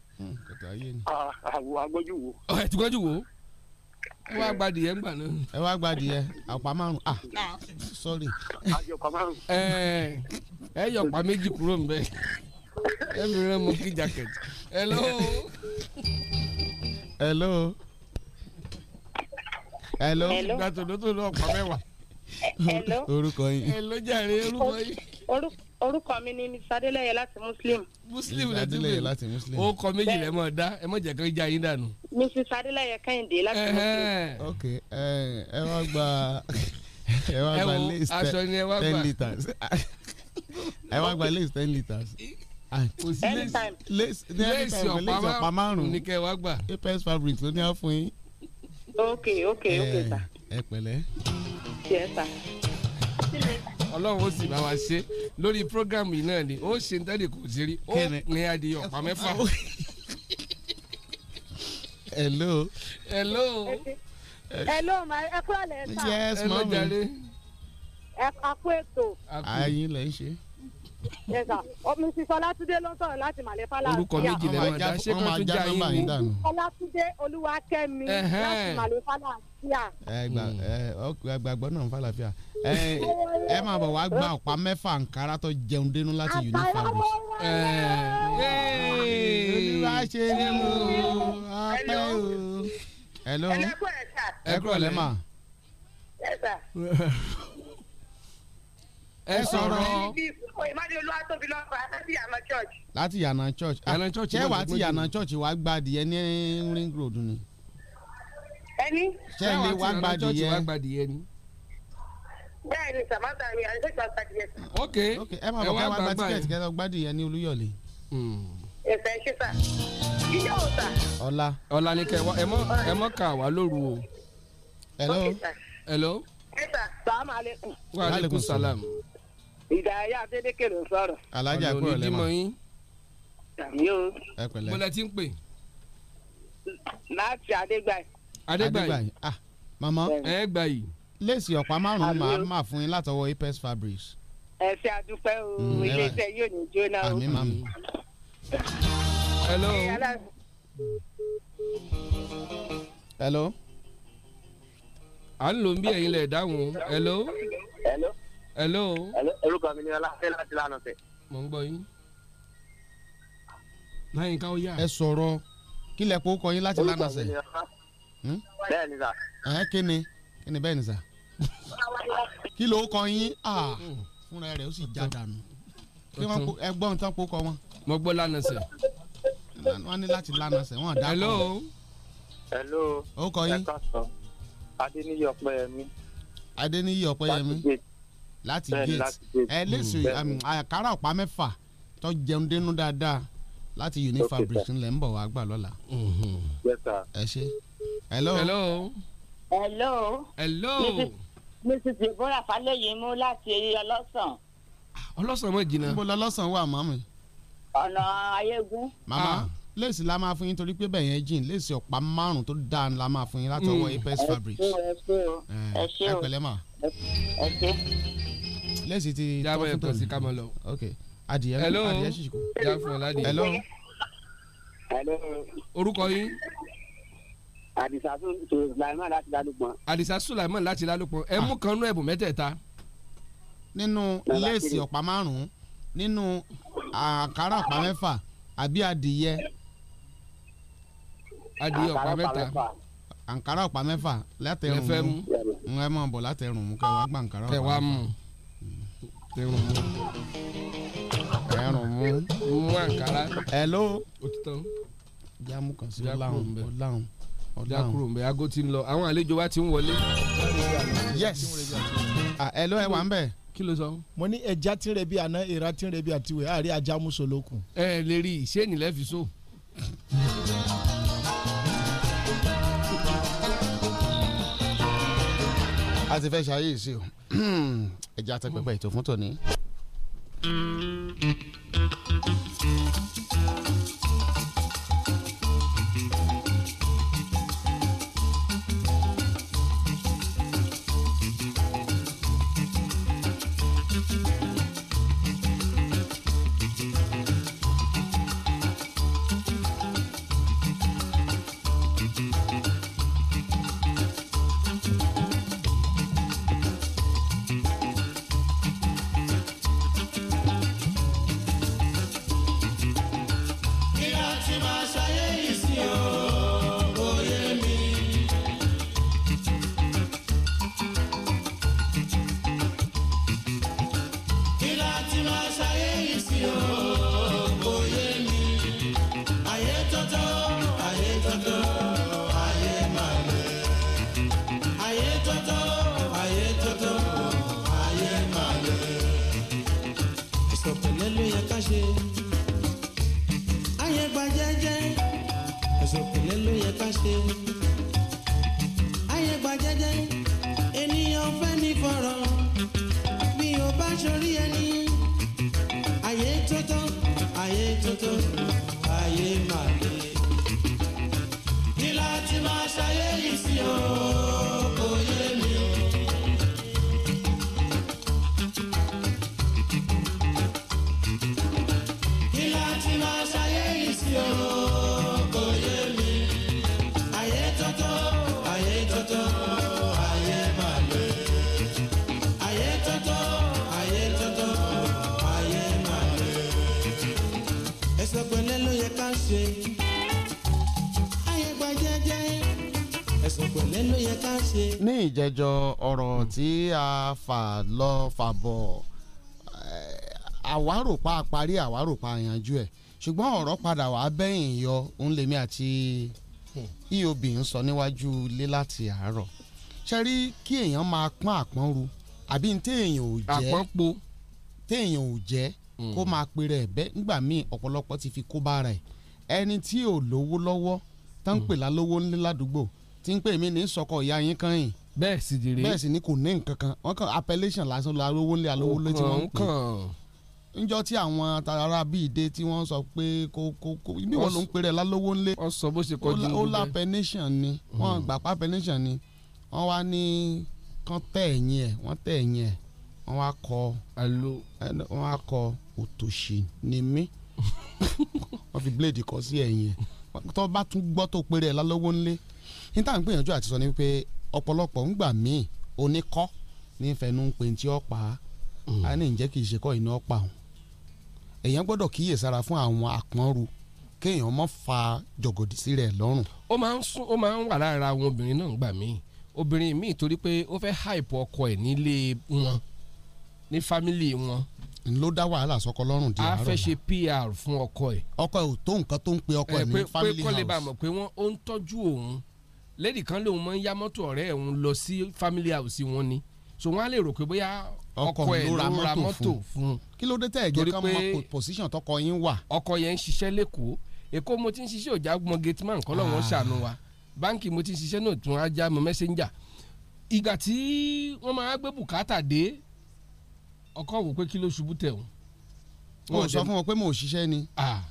agbọ́jú wo. ẹ ti gbọ́jú wo. ẹ wá náà. ẹ wá márùn ah sorry. márùn ẹ ẹ yọ ọ̀pá méjì kúrò ń ẹ kí jacket. hello. hello gbàtòlótòló ọ̀pá mẹ́wàá. hello orúkọ yín. hello jàre orúkọ yín. orúkọ mi ni mr adeleye láti muslim. muslim lẹ ti wé láti muslim. o kọ méjì lẹ mọ da ẹ mọ jẹ kí n já yín dànù. mrs adeleye kẹ́hìndé láti muslim. ok ẹ wá gba ẹ wá gba lace ten litres ẹ wá gba lace ten litres anytime lace ọ̀pá márùn-ún ní kẹ́ wá gbà. apex fabric ló ní á fún yín. Okay, ok okay, eh, sir. ẹ pẹ̀lẹ́. yes sà ọlọ́run ó sì bá wa ṣe lórí programu yìí náà ni ó ṣe ń tẹ́lẹ̀ kò sí rí ó ní adìyẹ ọ̀pá mẹ́fà. hello. hello. hello ma ẹ kúrò lẹ́ẹ̀ta. yes mami. ẹ lọ jàre. ẹ kú ètò. ayin ń ṣe. Oh, mrs ọlátúndé ló ń sọ̀rọ̀ láti màlẹ́ fàlàfíà orúkọ méjì lẹ́wọ̀n ẹ̀dá ṣé kó tún já yín wò ọlátúndé olúwakẹ́mi láti màlẹ́ fàlàfíà. ẹ gbàgbọ́ náà fàlàfíà ẹ máa bọ̀ wá gba ọ̀pá mẹ́fà nkárá tó jẹun dénú láti unifagus. olúwa ṣe ni mo apẹ́ o. ẹ lọ́wọ́ ẹ kúrò lẹ́mà. ẹ sà ẹ sọ̀rọ̀. láti yànnà church ah, yànnà church ṣé wàá ti yànnà church wàá gbadìyẹ ní ring road ni. ẹni. ṣé ilé wàá gbadìyẹ ni. bẹ́ẹ̀ni samantha mi àti ṣèkà gbadìyẹ. ok ẹ máa bọ̀ ká wá gba tíkẹ́ẹ̀tì kẹ́tọ́ gbadìyẹ ní olúyọ̀lé. ẹ̀fẹ̀ ṣe sà jíjẹ́ o ọ̀la. ọ̀la ni kẹ ẹ mọ kà wá lóru o. hello. hello. ẹ sà sàmàlẹ́kùn. wa aleykum salaam ìdárayá adédèké ló ń sọ̀rọ̀. alájà kúrò lẹ́mọ̀ tàmí o. ẹ pẹ̀lẹ́ bọ́lá ti ń pè. láti adégbàyí. adégbàyí ah màmá ẹ gbà yìí. léèsì ọ̀pá márùn-ún màá máa fún yín látọwọ́ apes fabrics. ẹ ṣe àdúpẹ́ o mm, ilé iṣẹ́ yóò ní jóná o. àmín màmí. hello. hello. à ń lò ń bí ẹ̀yin lẹ̀ dáhùn hello. hello hello. orúkọ mi ni ọláfẹ́ láti lánàá tẹ̀. mo ń gbọ́ yín. láyínká ó yá. ẹ sọ̀rọ̀ kí lẹ kó kọ yín láti lánàá sẹ̀. bẹ́ẹ̀ ni hmm? sà. ẹ kí ni kí ni bẹ́ẹ̀ ni sà. kí ló kọ yín fúnra rẹ̀ ó sì já dànù kí wọ́n ẹ gbọ́ ohun tán kó kọ wọn. mo gbọ́ lánàá sẹ̀. wọ́n ní láti lánàá sẹ̀ wọ́n dá kọ́. hello. hello. ó kọ yín. ẹ kọ́ sọ adéníyí ọ̀pẹ́yẹmí. adéníyí ọ̀pẹ́yẹmí. láti gate láti gate ẹ léṣe hmm, um, àkàrà ọ̀pá mẹ́fà tó jẹun dénú dáadáa láti unique fabric ńlẹ̀ ń bọ̀ wá gbà lọ́la. Mhm. ẹ ṣe. hello. hello. hello. hello. mrs deborah falẹ́yìn mú láti ọlọ́sàn. ọlọ́sàn mọ̀ jìnnà. níbo lọ́lọ́sàn wà mọ́mì. ọ̀nà ayégún. màmá. Ah léèsì la máa fún yín torí pé bẹ̀yẹn jìn léèsì ọ̀pá márùn tó dáa la máa fún yín láti ọwọ́ mm. Apex Fabrics. ẹ ṣé o eh, ẹ ṣé o ẹ pẹ̀lẹ́ mà. ẹ ṣé lẹ́sìn ti tọ́ fún tọ́lù. jábọ̀ ẹ̀kọ́ sí kámọ́ lọ. ok adìyẹ adìyẹ ṣìṣìkò. já fún ọ ládìyẹ. hello. hello. orúkọ yín. àdìsá sùlàìmọ̀ láti lálùpọ̀n. àdìsá sùlàìmọ̀ láti lálùpọ̀n ẹ mú ah. kan nú ẹ̀bùn mẹ́tẹ̀ẹ̀ta. nínú léèsì ọ̀pá márùn-ún nínú àkàrà ọ̀pá mẹ́fà àbí adìyẹ. adìyẹ ọ̀pá mẹ́ta àǹkárá ọ̀pá mẹ́fà látẹ̀rùn mú ẹ mọ̀ bọ̀ látẹ̀rùn mú kẹwàá gbà àǹkárá ọ̀pá mẹ́fà ẹrùn um um mú mú àǹkárá. hello. o ti tán. jáàmù kan sí ọláhùn ọláhùn ọláhùn. jákúrò mbẹ aago ti ń lọ àwọn àlejò wa ti ń wọlé. yes ah, hello ẹ wà ń bẹ̀ kí ló sọ. mo ní ẹja tí ń rebi àná èèrà tí ń rebi àtiwé àárẹ̀ ajá musolókun. ẹ lè rí ìṣe ìnìlẹ̀ fi so. a ti fẹ́ ṣayé ìṣe o. ẹja àtẹpẹpẹ ètò fún tòní. jẹjọ ọ̀rọ̀ tí a fà lọ fà bọ̀ eh, àwárọ̀pá parí àwárọ̀pá yanjú ẹ̀ ṣùgbọ́n ọ̀rọ̀ padà wà bẹ́yìn yọ òun lèmi àti eob ń sọ níwájú ilé láti àárọ̀ ṣe rí kí èèyàn máa pọ́n àpọ́n ru àbí téèyàn ò jẹ́ àpọ́n po téèyàn ò jẹ́ kó hmm. máa pèrè ẹ̀ bẹ́ẹ̀ nígbà míì ọ̀pọ̀lọpọ̀ ti fi kó bára ẹ̀ ẹni tí ò lówó lọ́wọ́ tó ń hmm. pè lálówó ńlẹ́ ládùúgbò tí ń pè mí ní sọkọ ìyá yín kan yìí bẹ́ẹ̀ sì jèrè bẹ́ẹ̀ sì ni kò ní nǹkan kan wọ́n kàn appellation lásán lọ arówó lé alówó lé tí wọ́n ń pè níjọ́ tí àwọn tarara bíi ìdè tí wọ́n sọ pé kò kò kò bí wọ́n ló ń pèrè lálówó lé wọ́n sọ bó ṣe kọjú ó la appellation ni wọ́n mm. gbà pa appellation ni wọ́n wá ní kán tẹ̀ ẹ̀yìn ẹ̀ wọ́n tẹ̀ ẹ̀yìn ẹ̀ wọ́n wá kọ wọ́n wá kọ òtòṣì ni mí wọ́n fi blade kọ sí ẹ̀yìn ẹ̀ tó bá tún gbọ́ tó pèrè lálówó ńlé ọ̀pọ̀lọpọ̀ ńgbà míì oníkọ́ ní fẹnu ń pe tí pa á hmm. ní ǹjẹ́ kì í ṣe kọ́ iná pa òun èèyàn gbọ́dọ̀ kíyè sára fún àwọn àpọ́nru kéèyàn mọ́ fa jọ̀gọ̀dì sí rẹ̀ lọ́rùn. ó máa ń sún ó máa ń wà lára àwọn obìnrin náà gbà míì obìnrin míì torí pé ó fẹ́ hype ọkọ ẹ̀ nílé wọn ní family wọn ló dá wàhálà sọkọ lọ́rùn di àárọ̀ a fẹ́ ṣe PR fún ọkọ ẹ̀. ọkọ ẹ̀ ò tó nǹkan tó ń pe ọkọ ẹ̀ ní family house. pé kọ́lé bá mọ̀ pé wọ́n ó ń tọ́jú òun lẹ́dì kan lòun máa ń yá mọ́tò ọ̀rẹ́ òun lọ sí family house wọn ni so wọ́n á lè rò pé bóyá ọkọ ẹ̀ ló ra mọ́tò fún un kí ló dé tẹ̀ ẹ̀ jẹ́ ká mọ position tọkọ yín wà. ọkọ yẹn ń ṣiṣẹ́ lẹ́kọ̀ọ́ èkó mo ti ń ṣiṣẹ́ òjá mọ gate man kọ́ lọ́wọ́ ah. ṣàánú wa báńkì mo ti ń ṣiṣẹ́ náà tún ajá mọ messenger ìgbà tí wọ́n máa gbé bùkátà dé ọkọ wò pé kí ló ṣubú tẹ̀ wọ́n. wọ́n sọ fún wọn pé mo ò ṣiṣẹ́ ni. ah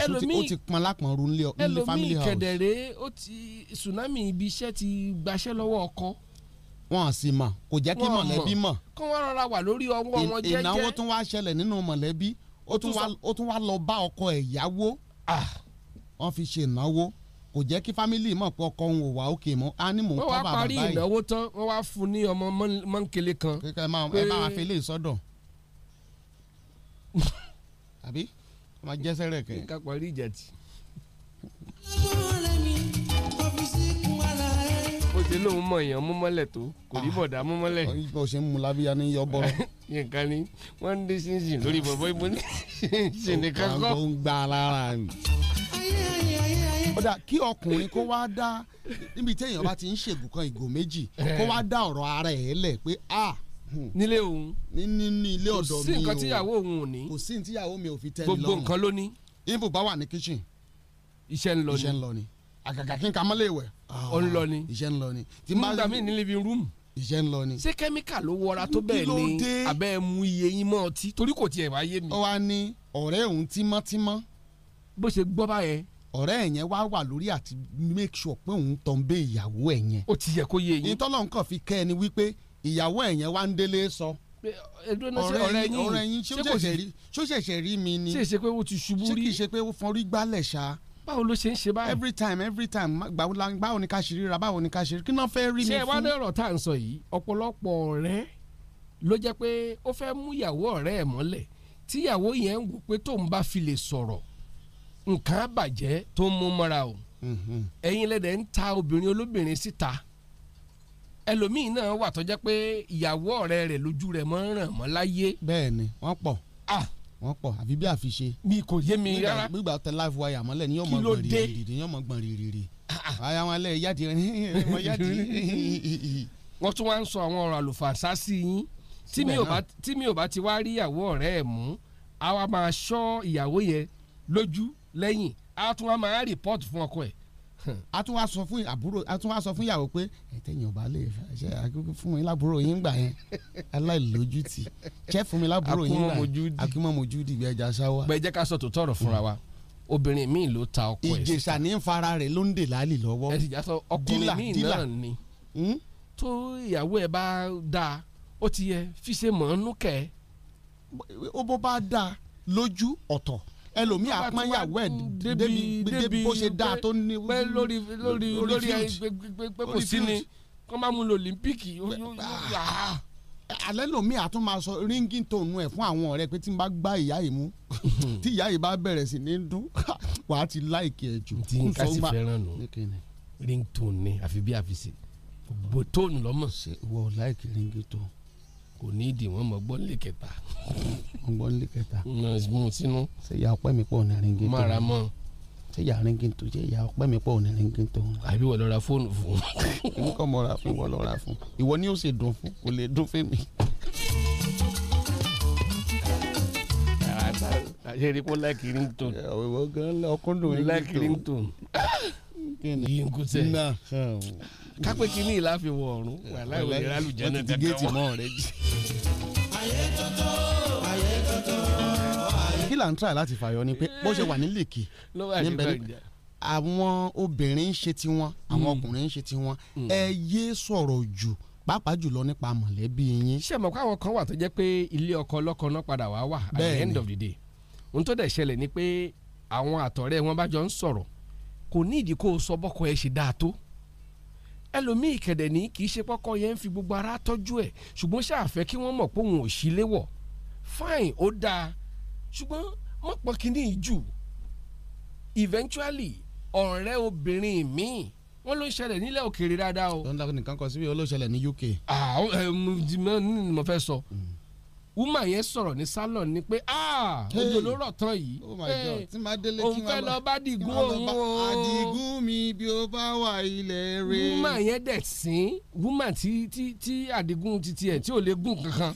ẹlòmíì ó ti pọn lápọn ru nílé family house. ẹlòmíì kẹ̀dẹ̀rẹ́ ó ti tsunami ibi iṣẹ́ ti gbaṣẹ́ lọ́wọ́ ọkọ. wọn sì mọ kò jẹ́ kí mọ̀lẹ́bí mọ̀. kó wọ́n rọra wà lórí ọwọ́ wọn jẹ́jẹ́. ìnáwó tún wá ṣẹlẹ̀ nínú mọ̀lẹ́bí ó tún wá lọ bá ọkọ ẹ̀ yáwó ah. wọ́n fi ṣe ìnáwó kò jẹ́ kí fámìlì mọ̀ pé ọkọ òun ò wá òkè mọ́ a ní mò ń kọ́ bàbá báyìí. wọ́n wá parí ìnáwó tán wọ́n wá fún ní ọmọ má jẹ́sẹ̀ rẹ̀ kẹ́. ká parí ìjà tì. bó ṣe lóun mọ èèyàn mú mọ́lẹ̀ tó kò rí ah. bọ̀dá mú mọ́lẹ̀. bó ṣe ń mu lábíyá ní yọ bọ́rọ̀. nǹkan ni wọ́n ń dín ṣinṣin lórí bọ̀bọ̀ ibo ní ṣìnì kankan. ó ń gba ara mi. ó kí ọkùnrin kó wá dá níbi téèyàn bá ti ń ṣègùn kan ìgò méjì kó eh. wá dá ọ̀rọ̀ ara ẹ̀ lẹ̀ pé ah Hmm. nílé òun nínú ilé ọ̀dọ̀ mi o kò sí nǹkan tíyàwó òun ò ní kò sí tíyàwó mi ò fi tẹ́ mi lọ́rùn gbogbo nǹkan ló ní. ibù bá wà ní kitchen. iṣẹ́ ń lọ ni iṣẹ́ ń lọ ni àgàgà kí n ka mọ́lẹ̀ ìwẹ̀. Ah. ó ń lọ ni iṣẹ́ ń lọ ni. nígbà míì ní living room. iṣẹ́ ń lọ ni. ṣé kẹ́míkà ló wọra tó bẹ́ẹ̀ ni abẹ́ mu iye yín mọ́ ọtí torí kò tiẹ̀ wá yé mi. ó wá bó ṣe gbọ́ báyẹn ọ̀rẹ́ ẹ̀ yẹn wá wà lórí àti make sure pé òun tọ́ ń bẹ ìyàwó ẹ̀ yẹn. ó ti yẹ kó yé yín. ìtọ́lọ́nkàn fi kẹ́ ẹni wípé ìyàwó ẹ̀ yẹn wá ń délé sọ ọ̀rẹ́ yín ọ̀rẹ́ yín ṣó rí mi ni ṣé kì í ṣe pé ó fọ́n gbálẹ̀ ṣá báwo ló ṣe ń ṣe báyìí. every time every time báwo ni ká ṣe ríra báwo ni ká ṣe rí kí náà fẹ́ rí mi fún. ṣé ẹ wá ní ọ̀rọ̀ tá à ń sọ yìí ọ̀pọ̀lọpọ̀ ọ̀rẹ́ ló jẹ́ pé ó fẹ́ mú ìyàwó ọ̀rẹ́ ẹ̀ mọ́lẹ̀ tíyàwó yẹn ń wò pé tóun bá fi lè sọ̀rọ̀ nǹkan àbàjẹ́ tó ń mú mọ́ra o mhm. ẹ̀yin lẹ́dẹ̀ ń ta obìnrin olóbìnrin síta ẹlòmíín náà wà tó pé ìyàwó ọ̀rẹ́ rẹ̀ lójú rẹ̀ mọ́ ràn mọ́ láyé. bẹ́ẹ̀ni wọ́n pọ̀ ah! wọ́n pọ̀ àfi bí àfiṣe. mi kò yé mi rárá. gbígbà tẹ láìfọ àyà mọ́lẹ̀ ní yóò mọ gbọ̀n rìrìrì ah, ah. yóò mọ gbọ̀n rìrìrì. àyà wọn alẹ́ yáàdì wọn yáàdì. wọ́n tún wá ń sọ àwọn ọ̀rọ̀ àlùfàṣà sí yín tí mi ò bá ti wá rí ìyàwó ọ̀rẹ́ ẹ̀ mú àwa máa ṣọ́ ìyàwó yẹn lójú lẹ́yìn a tún wá máa rìpọ́ọ̀tù fún ọkọ ẹ̀ a tún wá sọ fún àbúrò a tún wá sọ fún ìyàwó pé ẹtẹyìn ọba lè ṣe àkókò fún mi lábúrò yín gbà yẹn aláìlójútì ṣẹ fún mi lábúrò yín gbà yẹn akímọ̀mọ̀jú di gbẹjà ṣáwá. gbẹjẹ ká sọ tòótọ́ ọ̀rọ̀ fúnra wa obìnrin míì ló ta ọkọ ẹ̀. ìjèṣà ní fara rẹ̀ ló ń dè láàlì lọ́wọ́. ẹ sì já sọ ọkùnrin míì náà ni hmm? tó ìyàwó ẹ bá dáa ó ti yẹ fi ṣe mọ̀ọ́nú kẹ́ ẹlòmíì àpọ́nyàwó ẹ̀ débi débi bó ṣe dáa tó ní. pé lórí lórí lórí pé kò sí ni kọ́ máa mú lò olímpíìkì. Ah, alẹ́ lòmíì àtún máa sọ ringing tone ẹ̀ fún àwọn ọ̀rẹ́ pé tí n bá gbá ìyá yìí mú tí ìyá yìí bá bẹ̀rẹ̀ sí ní dún wàá ti láìkì ẹ̀ jù. tí n kásì fẹ́ràn nù ringtone ni àfi bí àfi ṣe bò tóònù lọ́mọ̀. ṣe wọ́n láìkì ringtone kò ní ìdí wọn mọ gbọ́n lè kẹta. gbọ́n lè kẹta. mo sínú. ṣe ìyá ọpẹ́ mi pọ̀ ní ringi tó. mara mọ́. ṣe ìyá ringi tó ṣe ìyá ọpẹ́ mi pọ̀ ní ringi tó. àbí wọ́n lọ ra fóònù fún. èmi kọ́ mọ́ ra fún ìwọ lọ ra fún ìwọ ni yóò ṣe dùn fún kò lè dùn fún mi. ṣe é rí pé ó láìkì ringtone. ọkùnrin ló ń láìkì ringtone. yínkúsẹ kápẹ́ kínní ìláfi wọ ọ̀run wàhálà ìwé ìrálù jẹ́ náà kankan wọ́n. kí là ń try láti fàyọ ni pé bó ṣe wà ní lèkì níbẹ̀ àwọn obìnrin ń ṣe tiwọn àwọn hmm. ọkùnrin ń ṣe tiwọn hmm. ẹ yé sọ̀rọ̀ jù pàápàá jùlọ nípa mọ̀lẹ́bí yín. ṣé mọ̀ pé àwọn kan wà tó jẹ́ pé ilé ọkọ ọlọ́kọ náà padà wá wà at the end of the day ohun tó dẹ̀ ṣẹlẹ̀ ni pé àwọn àtọ̀rẹ́ wọn bá jọ ń sọ̀rọ̀ kò ní ìdí kó o sọ bọ́kọ ẹ ṣe dáa tó ẹlòmíì kẹ̀dẹ̀ ní kì í ṣe pọ́kọ yẹn ń fi gbogbo ara tọ́jú ẹ̀ ṣùgbọ́n ṣàfẹ́ kí wọ́n mọ̀ pé òun ò sí léwọ̀ fine ó dáa ṣùgbọ́n mọ̀pọ̀ kìíní jù eventually ọ̀rẹ́ obìnrin míì wọ́n ló ń ṣẹlẹ̀ nílẹ̀ òkèèrè dáadáa o. lọ́nà nìkan kan síbi ó ló ṣẹlẹ̀ ní UK. ah mo fẹ́ sọ mm wúmà yẹn sọ̀rọ̀ ní salon ni pé ah, ojú ló rọ̀ tán yìí oh òun fẹ́ lọ bá dìgún òun o àdìgún mi bí ó bá wà ilẹ̀ rẹ̀. wúmà yẹn dẹ̀ sín wúmà tí tí tí àdìgún ti tiẹ̀ tí ò lè gùn kankan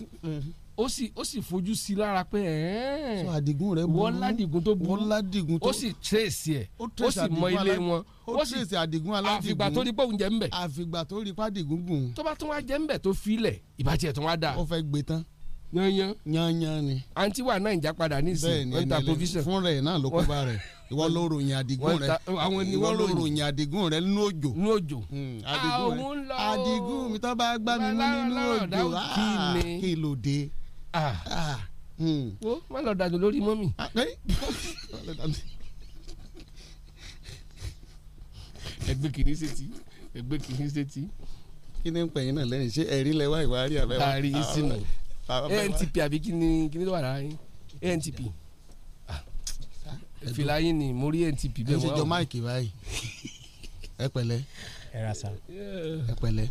ó sì ó sì fojú sí lára pé ẹ̀ẹ́n àdìgún rẹ̀ burú wọ́n ládìgún tó burú wọ́n ládìgún tó ó sì tírèsì ẹ̀ ó sì mọ ilé wọn ó tírèsì àdìgún aládìgún àfìgbà tó rí pọ́ùn jẹ́ ń bẹ̀. àfìgbà tó rí pàdìgún gùn. tó bá tún wá jẹ́ ń bẹ̀ tó filẹ̀ ìbàjẹ́ tó wá dáa. ó fẹ́ gbé tán yanyan. yanyan ni. àǹtí wa náà ìjà padà ní ìsìn wọ́n ta provision. fún rẹ̀ náà ló kó bá rẹ̀ ìwọ ló ròyìn àdìgún rẹ̀ àwọn ni wọ́n ròyìn àdìgún rẹ̀ nínú òjò. nínú òjò. àdìgún hmm, rẹ̀ àdìgún mi tó bá gbá mi mú nínú òjò ah, kí ló dé. Ah. Ah, hmm. wo má lọ dàdú lórí mọ́mì. Eh? ẹgbẹ́ kìíní sétí ẹgbẹ́ kìíní sétí. kí ni ń pẹ̀yìn náà lẹ́yìn ṣé ẹ̀rí lẹ́wà ìwà àbẹ̀wò. àárí sínú antp àbí kíni kíni tó wà lára yín antp ah, fìlà yín ni mo rí antp bẹ́ẹ̀ wọ́n. ẹ ṣe jọ máìkì báyìí ẹ pẹ̀lẹ́ ẹ ra sa ẹ pẹ̀lẹ́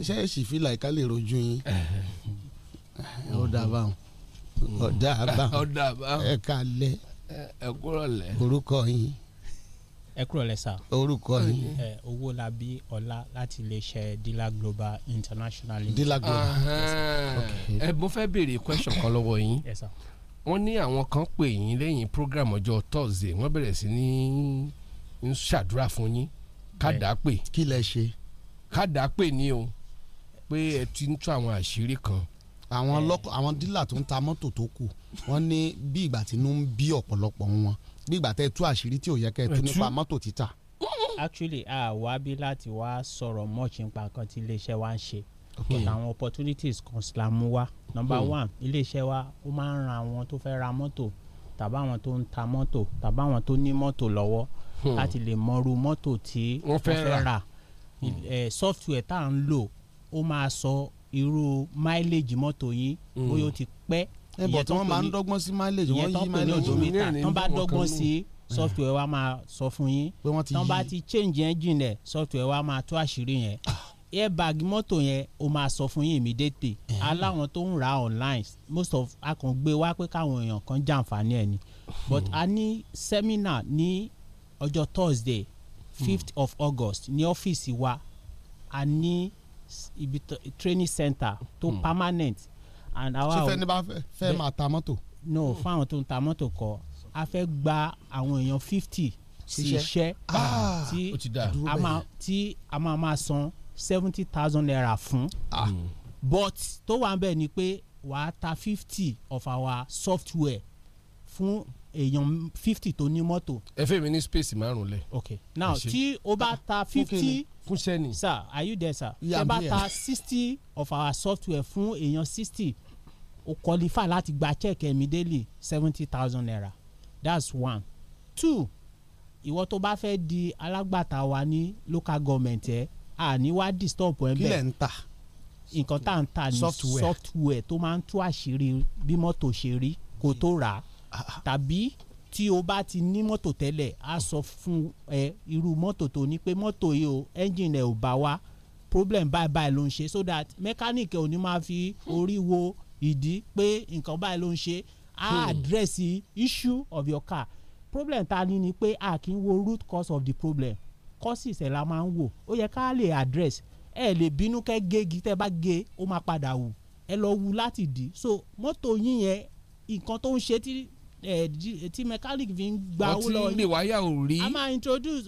iṣẹ́ ẹ̀ sì fìlà ìka lè rojú yín ọ̀dà àbáwọn ọ̀dà àbáwọn ẹ̀ka lẹ orúkọ yín ẹ kúrò lẹ́sà. orúkọ yìí. ẹ owó la bí ọlá láti iléeṣẹ́ dila global international. dila global. ẹ mo fẹ́ béèrè question kan lọ́wọ́ yín. wọ́n ní àwọn kan pè yín lẹ́yìn program ọjọ́ thursday wọ́n bẹ̀rẹ̀ sí ní ń ṣàdúrà fún yín kádà pè. kí lẹ ṣe. kádà pè ní o pé ẹ ti ń tú àwọn àṣírí kan àwọn dílà tó ń ta mọ́tò tó kù wọ́n ní bí ìgbà tí inú ń bí ọ̀pọ̀lọpọ̀ wọn bí ìgbà tẹ́ tú àṣírí tí ò yẹ kẹ́ tú nípa mọ́tò títà. actually a wá bí láti wá sọ̀rọ̀ much nípa nǹkan tí iléeṣẹ́ wa ń ṣe but àwọn opportunities kan la mú wá number hmm. one iléeṣẹ́ wa ó máa ń ran àwọn tó fẹ́ ra mọ́tò tàbí àwọn tó ń ta mọ́tò tàbí àwọn tó ní mọ́tò lọ́wọ́ hmm. láti lè mọrú mọ́tò tí wọ́n fẹ́ rà hmm. eh, software tá à ń lò ó máa sọ irú mileage mọ́tò yín bóyá ó ti pẹ́ ẹ bọ̀ tí wọ́n máa ń dọ́gbọ́n sí mileage wọ́n yí mileage omi ta tán bá dọ́gbọ́n sí software wa máa sọ fún yín tán bá ti change engine rẹ̀ software wa máa tú àṣírí yẹn airbag mọ́tò yẹn o máa sọ fún yín immediately aláwọn tó ń ra online most of akàngbé wa pé káwọn èèyàn kan jàǹfààní ẹ̀ ni hmm. but a ní seminar ní ọjọ́ Thursday hmm. fifth of August ní ọ́fíìsì wa a ní ibi training center tó hmm. permanent and our o ṣe fẹ́ni bá fẹ́ máa ta mọ́tò. no fáwọn tó ń ta mọ́tò kọ́ a fẹ́ gba àwọn èèyàn fifty sí iṣẹ́ ah, tí a máa máa san seventy thousand naira fún ah. mm. but tó wà ń bẹ̀ ni pé wàá ta fifty of our software fún èèyàn fifty tó ní mọ́tò. ẹ fẹ́ mi ní space márùn lẹ. ok now tí o bá ta fifty kúnṣẹ́ ni sir are you there sir tẹ bá ta sixty of our software fún èèyàn sixty o qualify láti gba check ẹ̀mí daily seventy thousand naira that's one two ìwọ tó bá fẹ́ di alágbàtà wa ní local government ẹ̀ àní wá disturb ẹ̀ bẹ́ẹ̀ kílẹ̀ ń ta nǹkan tá à ń ta ni software tó máa ń tú àṣírí bí mọ́tò ṣe rí kó tó rà á tàbí tí o bá ti ní mọ́tò tẹ́lẹ̀ á sọ fún ẹ irú mọ́tò tó ní pé mọ́tò yìí o ẹ́ńjìnì ẹ̀ ò bá wa problem báyìí báyìí ló ń ṣe so that mẹkáníìkì ò ní máa fi orí wo ìdí pé nǹkan báyìí ló ń ṣe á hmm. address issue of your car problem ta ni ni pé a kì í wo root cause of the problem causes ẹ̀ la máa ń wò ó yẹ ká lè address ẹ lè bínú kẹ́ gégi tẹ́ bá gé ó máa padà wù ẹ lọ wù láti dì so mọ́tò yín yẹn nǹkan tó ń ṣe tí tí mechanic fi ń gba owó lọ ọtí lè wáyà ò rí a máa introduce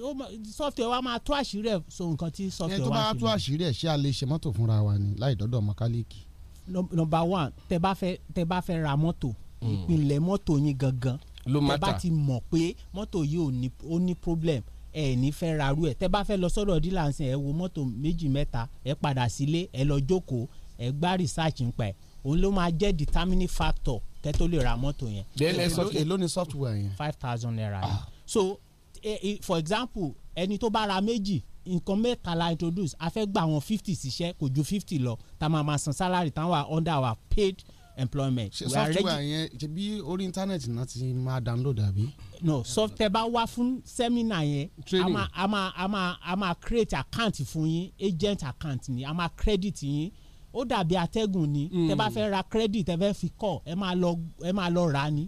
software wa máa tó àṣírí ẹ̀ so nǹkan tí software wa ṣe. ẹ tó bá tó àṣírí ẹ̀ ṣé a lè ṣe mọ́tò fúnra wa ni láì dọ́dọ̀ mẹkáníìkì. nọ́mbà one tẹ bá fẹ́ tẹ bá fẹ́ ra mọ́tò hmm. ìpìlẹ̀ mọ́tò yín gangan tẹ bá ti mọ̀ pé mọ́tò yìí ò ní problem ẹ ní fẹ́ ra rú ẹ̀ tẹ́ bá fẹ́ lọ sọ́dọ̀ dílànsìn ẹ wo mọ́tò méjì mẹ́ta ẹ padà sílé ẹ lọ jókòó ẹ gbá research nípa ẹ̀ òun ló máa jẹ́ determining factor kẹ́ lè ra mọ́tò yẹn. èló ni software yẹn. five thousand naira yẹn ah. so e, e, for example ẹni tó bá ra méjì nǹkan mẹ́ta la introduce a fẹ́ gba àwọn fifty ṣiṣẹ́ kò ju fifty lọ tá a máa ma san salary tán wà under our paid employment. ṣe software yẹn ṣe bí orí íńtánẹ́ẹ̀tì náà ti máa download àbí. no software bá wá fún seminar yẹn a máa a máa a máa a máa create account fún yín agent account ni a máa credit yín ó dàbí atẹ́gùn ni tẹ bá hmm. fẹ́ ra credit ẹ fẹ́ fi kọ́ ẹ máa lọ ẹ máa lọ rà á ni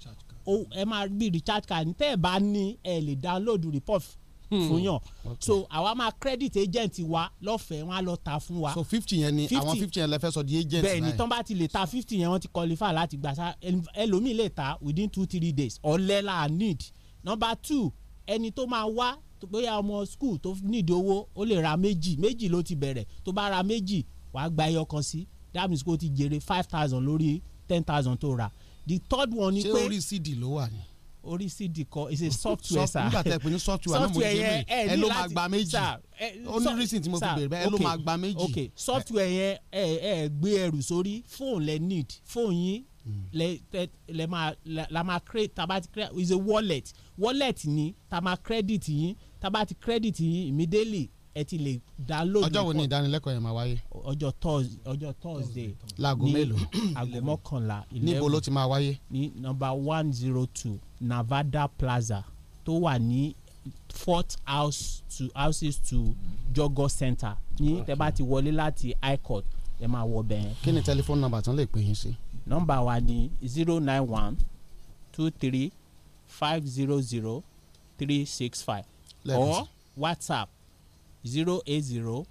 ẹ máa bí recharge card ni tẹ́ ẹ bá ní ẹ lè download report hmm. fún yàn so àwa máa credit agent wa lọ́fẹ̀ẹ́ wọn á lọ ta fún wa. so fifty yẹn ni àwọn fifty yẹn lè fẹ́ sọ di agent náà. bẹ́ẹ̀ni tán bá ti lè ta fifty yẹn wọ́n ti qualify láti gbà sá ẹlòmíì lè ta within two three days ọ̀lẹ́ la need number two ẹni tó máa wá bóyá ọmọ school tó need owó ó lè ra méjì méjì ló ti bẹ̀rẹ̀ tó bá ra méjì wàá gba ẹyọ kan sí that means kó ti jèrè five thousand lórí ten thousand tó rà the third one ni pé ṣé orí cd ló wà ní orí cd kọ is a software sa nígbà tẹ pé ní software náà mo ṣe bèrè ẹ ló máa gba méjì ó reason tí mo fi bèrè bẹ́ẹ̀ ẹ ló máa gba méjì. ok software yẹn ẹ ẹ gbé ẹrù sórí fóònù lẹ need Phone. yín hmm. lẹ tẹ lẹ máa la ma create taba ti create is a wallet wallet ni ta máa credit yín taba ti credit yín immediately ẹ ti lè dá lóòdù. ọjọ́ wo ni ìdánilẹ́kọ̀ọ́ yẹn máa wáyé. ọjọ́ thursday ọjọ́ thursday. laago mélòó. aago mọ́kànlá. níbo ló ti máa wáyé. ní nọ́mbà one zero two Nevada Plaza tó wà ní fourth house to houses to Jogo Center ní tẹ́ bá ti wọlé láti high court ẹ máa wọ bẹ́ẹ̀. kí ni tẹlifóònù nọ́mbà tán lè pè yín sí. nọ́mbà wa ni zero nine one two three five zero zero three six five or WhatsApp zero eight zero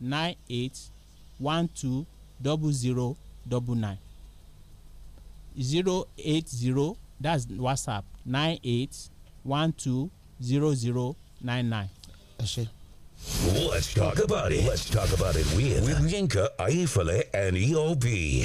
nine eight one two double zero double nine zero eight zero that's whatsapp nine eight one two zero zero nine nine. ẹ ṣe. Let's talk about it. Let's talk about it with, with Yinka, Aifale, and EOB.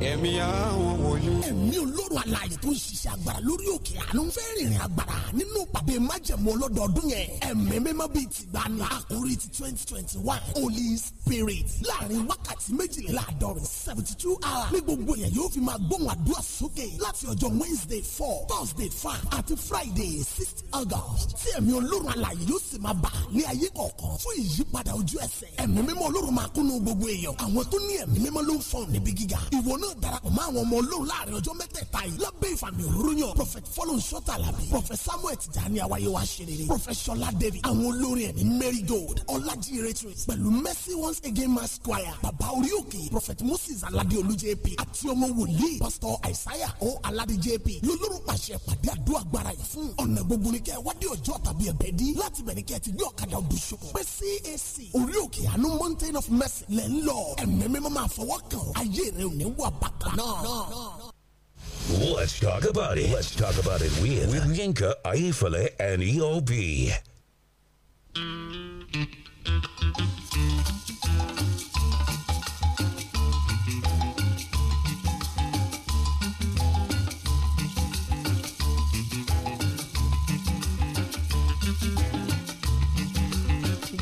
Ẹ̀mí àwọn wòlíì. Ẹ̀mí olóró alààyè tó ń ṣiṣẹ́ agbára lórí òkè àánú fẹ́ rìnrìn agbára nínú pàdé májẹ̀mú ọlọ́dọọdún yẹn. Ẹ̀mí mímọ́ bíi tìgbàanì àkórí ti twenty twenty one Holy Spirit láàrin wákàtí méjìléláàádọ́rin seventy two hours ní gbogbo yẹn yóò fi máa gbóhùn àdúrà sókè láti ọjọ́ Wednesday four Thursday five àti Friday six August tí ẹ̀mí olóró alààyè yìí yóò sì máa bà ní ayé kọ̀ọ̀kan fún ìyípadà ojú ẹsẹ̀ ẹ̀mí mímọ́ ọlọ́run máa kúnnú gbogbo èèyàn àwọn tó ní ẹ̀mí mímọ́ ló ń fọ́n níbi gíga ìwọ náà darapọ̀ mọ́ àwọn ọmọ ọlọ́run láàrin ọjọ́ mẹ́tẹ̀ẹ̀ta yìí lábẹ́ ìfàmì òróró yàn prophet fọlọ́n ṣọ́tà làbí prophet samuel tìjàní awáyé wa ṣerere prophet ṣọlá david àwọn olórin ẹ̀mí mary gold ọlájí retreat pẹ̀lú mercy once again mass choir bàbá prophet moses aládé olú jp àti ọmọ wòlíì pastor isaiah o aládé jp lọ́lọ́run pàṣẹ pàdé àdúrà gbára yìí fún ọ̀nà gbogbo ní kẹ́ wádìí ọjọ́ tàbí ẹ̀bẹ̀ dín láti bẹ̀rẹ̀ ẹ ti ọ̀kadà òdùṣọ pé CAC orí òkè àánú mountain of mercy lẹ́ ń lọ ẹ̀mí mímọ́ máa fọwọ́ kàn ayé rẹ ò ní bàkà náà. Let's talk about it. Let's talk about it with, with Yinka, Ifele and EOB.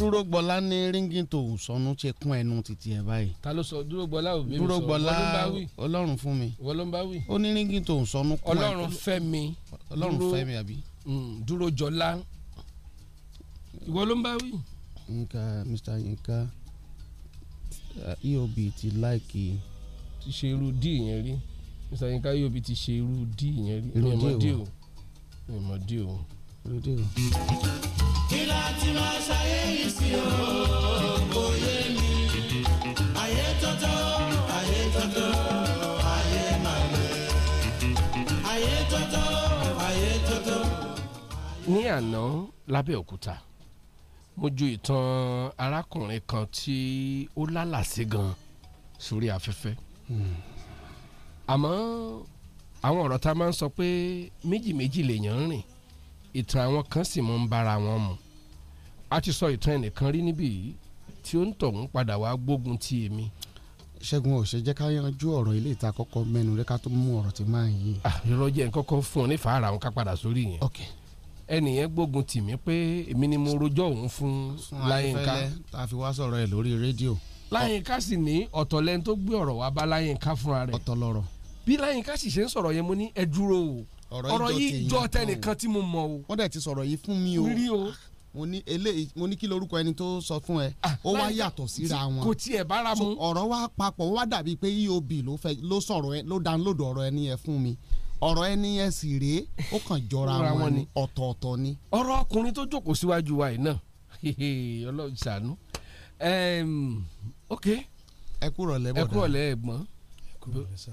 dúrógbọlá ní ríngìntò sọnù ṣe kún ẹnu títí ẹ báyìí. ta ló sọ dúrógbọlá ò bí mi sọ dúrógbọlá ọlọ́run fún mi. ọlọ́run bá wí. ó ní ríngìntò sọnù kún ẹnu. ọlọ́run fẹ́ mi. ọlọ́run fẹ́ mi àbí. Mm, dúrójọlá ìwọ ló ń bá wí. Yínká Mr. Yínká uh, EOB ti láìkì. ti ṣe irú d yẹn rí Mr. Yínká EOB ti ṣe irú d yẹn rí. irú d o irú d o kí láti máa ṣayé yìí sí o kò yé mi ayé tọ́tọ́ ayé tọ́tọ́ ayé màlẹ́ ayé tọ́tọ́ ayé tọ́tọ́. ní àná lábẹ́òkúta mo ju ìtàn arákùnrin kan tí ó lálàsí gan sórí afẹ́fẹ́ hmm. àmọ́ àwọn ọ̀rọ̀ tá máa ń sọ pé méjì méjì lèèyàn ń rìn ìtàn àwọn kan sì mọ̀ ń bára wọn mu a ti sọ ìtàn ẹnìkan rí níbí yìí tí ó ń tọ̀hún padà wá gbógun ti èmi. ṣẹ́gun ò ṣe jẹ́ ká yanjú ọ̀rọ̀ ilé ìta kọ́kọ́ mẹ́nu rẹ́ ká tó mú ọ̀rọ̀ tí máa ń yí. Ah, irọ́ jẹ́ kọ́kọ́ fún ọ ní fàárà òun ká padà sórí yẹn. ẹnìyẹn gbógun tì mí pé èmi ni mo rojọ́ òun fún láyínká. a fi wá sọ̀rọ̀ ẹ̀ lórí rédíò. láyínká sì ní ọ̀tọ̀ lẹ́ni tó gbé ọ̀rọ̀ wá bá láyínká fúnra rẹ̀. ọ̀tọ̀ lọ̀rọ̀. bí láyínká sì ṣe ń sọ̀rọ̀ yẹn mo ní ẹ dúró o ọ̀rọ̀ yìí jọ tẹnìkan tí mo mọ̀ o. wọ́n dẹ̀ ti sọ̀rọ̀ yìí fún mi o. rí o mo ní eléyìí mo ní kí lorúkọ ẹni tó sọ fún ẹ ah, ó wá yàtọ̀ síra wọn kò tiẹ̀ bára mu ọ̀rọ̀ wa papọ̀ wá dàbí pé eob ló fẹ́ ló sọ̀rọ̀ ẹ ló download ọ̀rọ̀ ẹni yẹn fún mi ọ̀rọ̀ ẹni yẹn sì rèé ó kàn jọra wọn ni ọ̀tọ̀ọ̀tọ̀ ni. ọ̀rọ̀ ọkùnrin tó jókòó síwájú wa yìí náà ọlọ́run ṣàánú ok. ẹ kúrọ̀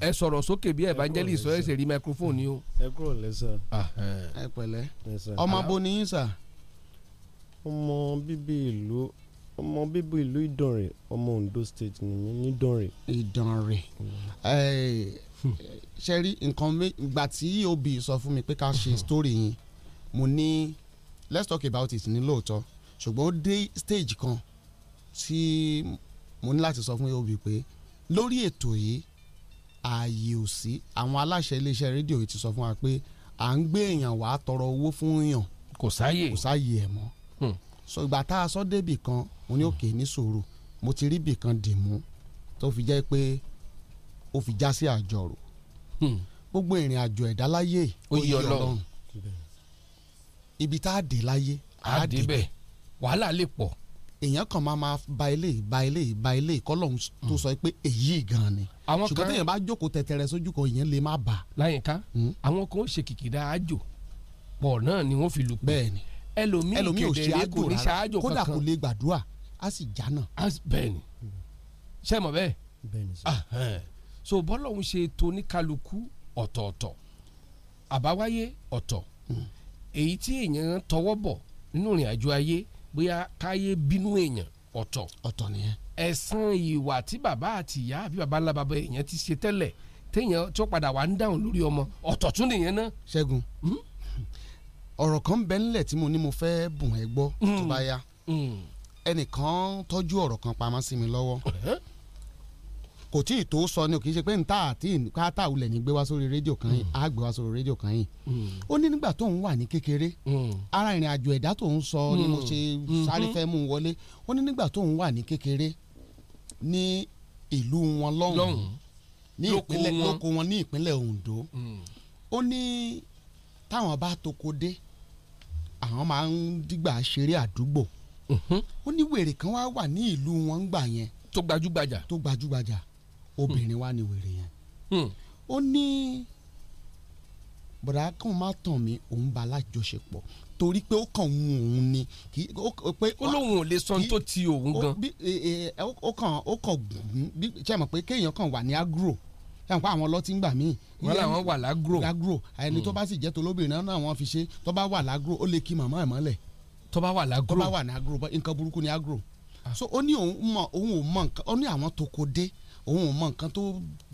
ẹ sọ̀rọ̀ sókè bí evangelist sọ ẹ sì rí microphone ni o. ẹ kúrọ̀ lẹ́sà. Ah, ẹ pẹ̀lẹ́ ọmọ bo ni yín sà ọmọ bíbí ìlú ọmọ bíbí ìlú ìdànrè ọmọ Ondo state ni mí nídànrè. ìdànrè mm. ṣe rí nǹkan ìgbà tí òbí sọ fún mi pé ká ṣe story yín mo ní let's talk about it ní lóòótọ́ ṣùgbọ́n ó dé stage kan tí mo ní láti sọ fún òbí pé lórí ètò yìí ààyè ò sí àwọn aláṣẹ iléeṣẹ́ rédíò yìí ti sọ fún wa pé à ń gbé èèyàn wàá tọrọ owó fún èèyàn kò sáàyè kò sáàyè ẹ̀ mọ́ Hmm. so ìgbà tá a sọ débì kan mo hmm. ní òkè ní sòrò mo ti rí bì kan dì mú tó fi jẹ́ pé ó fi já sí àjọrò hmm. gbogbo ìrìn àjò ẹ̀dá láyé ó yí ọlọ́run ibi tá a dé láyé a dé bẹ̀ wàhálà lè pọ̀. èèyàn kan máa ma ba ilé ba ilé ba ilé kọ́lọ́hún tó sọ pé èyí gan ni ṣùgbọ́n téèyàn bá jókòó tẹ̀tẹ̀rẹ̀ sójú kan èèyàn lè má bà. láyìnká àwọn kan ó ṣe kìkìdá àjò pọ̀ náà ni wọ́n fi lù pọ̀. bẹ́ẹ̀ni ẹlòmíì kẹdẹrẹ kò ní ṣáájò kankan kódà kò lè gbàdúrà á sì jánà. bẹ́ẹ̀ni ṣe mọ bẹ́ẹ̀ so bọ́lọ́hún ṣe toníkálukú ọ̀tọ̀ọ̀tọ̀ àbáwáyé ọ̀tọ̀ hmm. èyí tí èèyàn tọwọ́ bọ̀ nínú ìrìn àjò ayé bóyá káyé bínú èèyàn ọ̀tọ̀ ọ̀tọ̀ nìyẹn ẹ̀san ìwà tí bàbá àti ìyá àbí bàbá ńlá bàbá èèyàn ti ṣe tẹ́lẹ̀ téèyàn tó padà wà ń dáhùn lórí ọmọ ọ̀tọ̀ tún nìyẹn náà. ṣẹ́gun. Hmm? ọ̀rọ̀ kan bẹ nílẹ̀ tí mo ní mo fẹ́ bùn ẹ gbọ́ hmm. tó bá yá hmm. ẹnìkan tọ́jú ọ̀rọ̀ kan pamọ́ sí mi lọ́wọ́ eh? kò tí ì tó sọ ni kì í ṣe pé nta àti káàtà ulẹ̀ ní gbé wá sórí rédíò kan yìí hmm. á gbé wá sórí rédíò kan yìí ó ní nígbà tóun wà ní kékeré ara ìrìn àjò ẹ̀dá tóun sọ ni mo ṣe sáré fẹ́ mú un wọlé ó ní nígbà tóun wà ní kékeré ní ìlú wọn lọ́hùn ní ìpínlẹ̀ lóko wọn ní ìpínlẹ̀ Ondo ó ní táwọn bá toko dé àwọn máa ń dìgbà ṣeré àdúgbò mhm. ó ní wèrè kan wá wà ní ìlú wọn ń gbà yẹn tó gbajúgbajà tó gbajúgbajà obìnrin wá ní wèrè yẹn hmm. ó ní bọ̀dá kan má tàn mí òun bá lájọṣepọ̀ torí pé ó kàn ń òun ni kì í pé. ó lóun ò lè sọ tó ti òun gan. E, e, e, ó kàn ó kàn gùn bí ṣe mọ̀ pé kéèyàn kàn wà ní agro ẹ̀ ń pa àwọn ọlọ́tí ń gbà míì. wọ́n làwọn wà lágro. lágro ẹni hmm. tó bá sì jẹ́ tolóbìnrin náà wọ́n fi ṣe tó bá wà lágro ó lè kí màmá ẹ̀ mọ́lẹ̀. tó bá wà lágro tó bá wà ní agro nǹkan burúkú ni agro. Ah. so ó ní òun mọ òun ò mọ nǹkan ó ní àwọn tó kó dé òun ò mọ nǹkan tó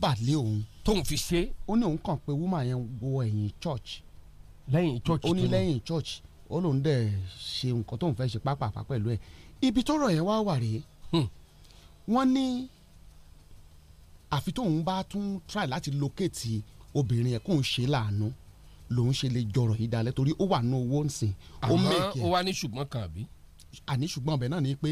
bà lé òun. tóun fi ṣe. ó ní òun kàn pé woman yẹn wọ ẹ̀yìn church. lẹ́yìn church tó ní. ó ní lẹ́yìn church ó lóun dẹ̀ ṣe nǹkan tóun fẹ́ ṣe pápápá pẹ̀lú ẹ̀ ibi tọ́rọ̀ yẹn wá wà rèé. Hmm. wọ́n ní àfi tóun bá tún try láti locate obìnrin yẹn kóun ṣe láàánú lòun ṣe lè jọrọ̀ yìí dalẹ̀ torí ó wà nù owó nsìn. àmọ́ ó wá ní ṣùgbọ́n kan àbí. àní ṣùgbọ́n ọbẹ̀ náà ni pé